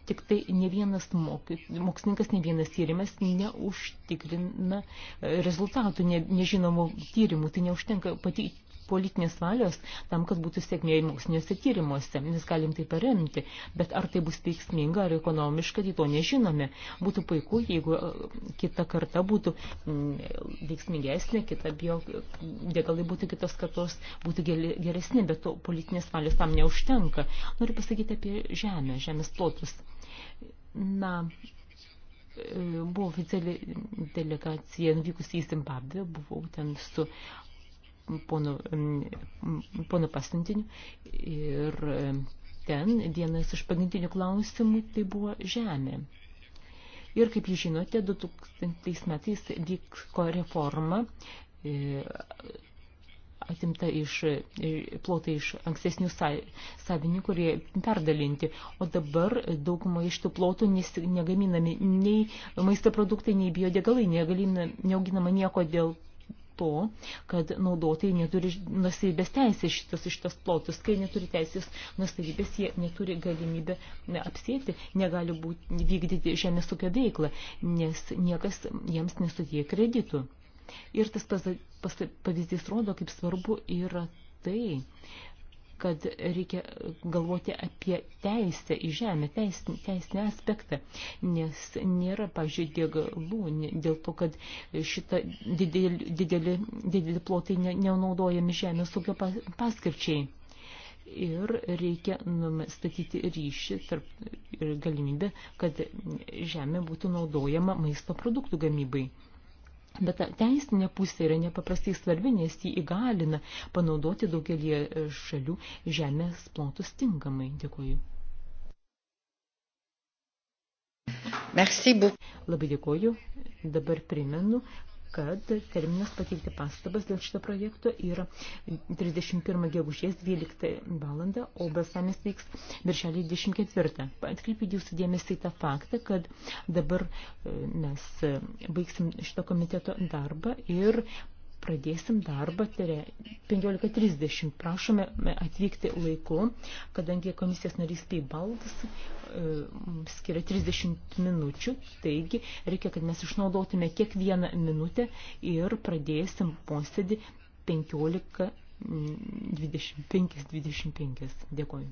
Tik tai ne vienas moky, mokslininkas, ne vienas tyrimas neužtikrina e, rezultatų ne, nežinomų tyrimų. Tai neužtenka pati, politinės valios tam, kad būtų sėkmė moksliniuose tyrimuose. Mes galim tai paremti, bet ar tai bus veiksminga ar ekonomiška, tai to nežinome. Būtų puiku, jeigu e, kita karta būtų veiksmingesnė, kita biodegalai būtų kitos kartos, būtų geresnė, bet to politinės valios tam neužtenka. Noriu pasakyti apie žemę, žemės plotus. Na, e, buvo oficiali delegacija nuvykusi į Zimbabvę, buvau ten su ponu, mm, ponu Pastantiniu ir e, ten vienas iš pagrindinių klausimų tai buvo žemė. Ir kaip jūs žinote, 2000 metais vyko reforma e, atimta iš e, plotai iš ankstesnių savininkų, kurie perdalinti. O dabar dauguma iš tų plotų negaminami nei maisto produktai, nei biodegalai, negaminama nieko dėl to, kad naudotojai neturi nusavybės teisės šitas, šitas plotus. Kai neturi teisės nusavybės, jie neturi galimybę apsėti, negali būti vykdyti žemės ūkio veiklą, nes niekas jiems nesudėjo kreditų. Ir tas pavyzdys rodo, kaip svarbu yra tai, kad reikia galvoti apie teisę į žemę, teisinį, teisinį aspektą, nes nėra, pavyzdžiui, dėgalų, dėl to, kad šita didelį, didelį, didelį plotai ne, nenaudojami žemės ūkio paskirčiai ir reikia nustatyti ryšį tarp, ir galimybę, kad žemė būtų naudojama maisto produktų gamybai. Bet ta teisinė pusė yra nepaprastai svarbi, nes jį įgalina panaudoti daugelį e, šalių žemės plotus tinkamai. Dėkuoju. Merci beaucoup. Labai dėkuoju. Dabar primenu, kad terminas pateikti pastabas dėl šito projekto yra 31 gegužės 12 valandą, o balsamis vyks viršelį 24. Atkreipiu jūsų dėmesį į tą faktą, kad dabar e, mes e, baigsim šito komiteto darbą ir pradėsim darbą, tai yra 15.30. Prašome atvykti laiku, kadangi komisijos narys Peibaldas e, skiria 30 minučių, taigi reikia, kad mes išnaudotume kiekvieną minutę ir pradėsim posėdį 15.25. Dėkuoju.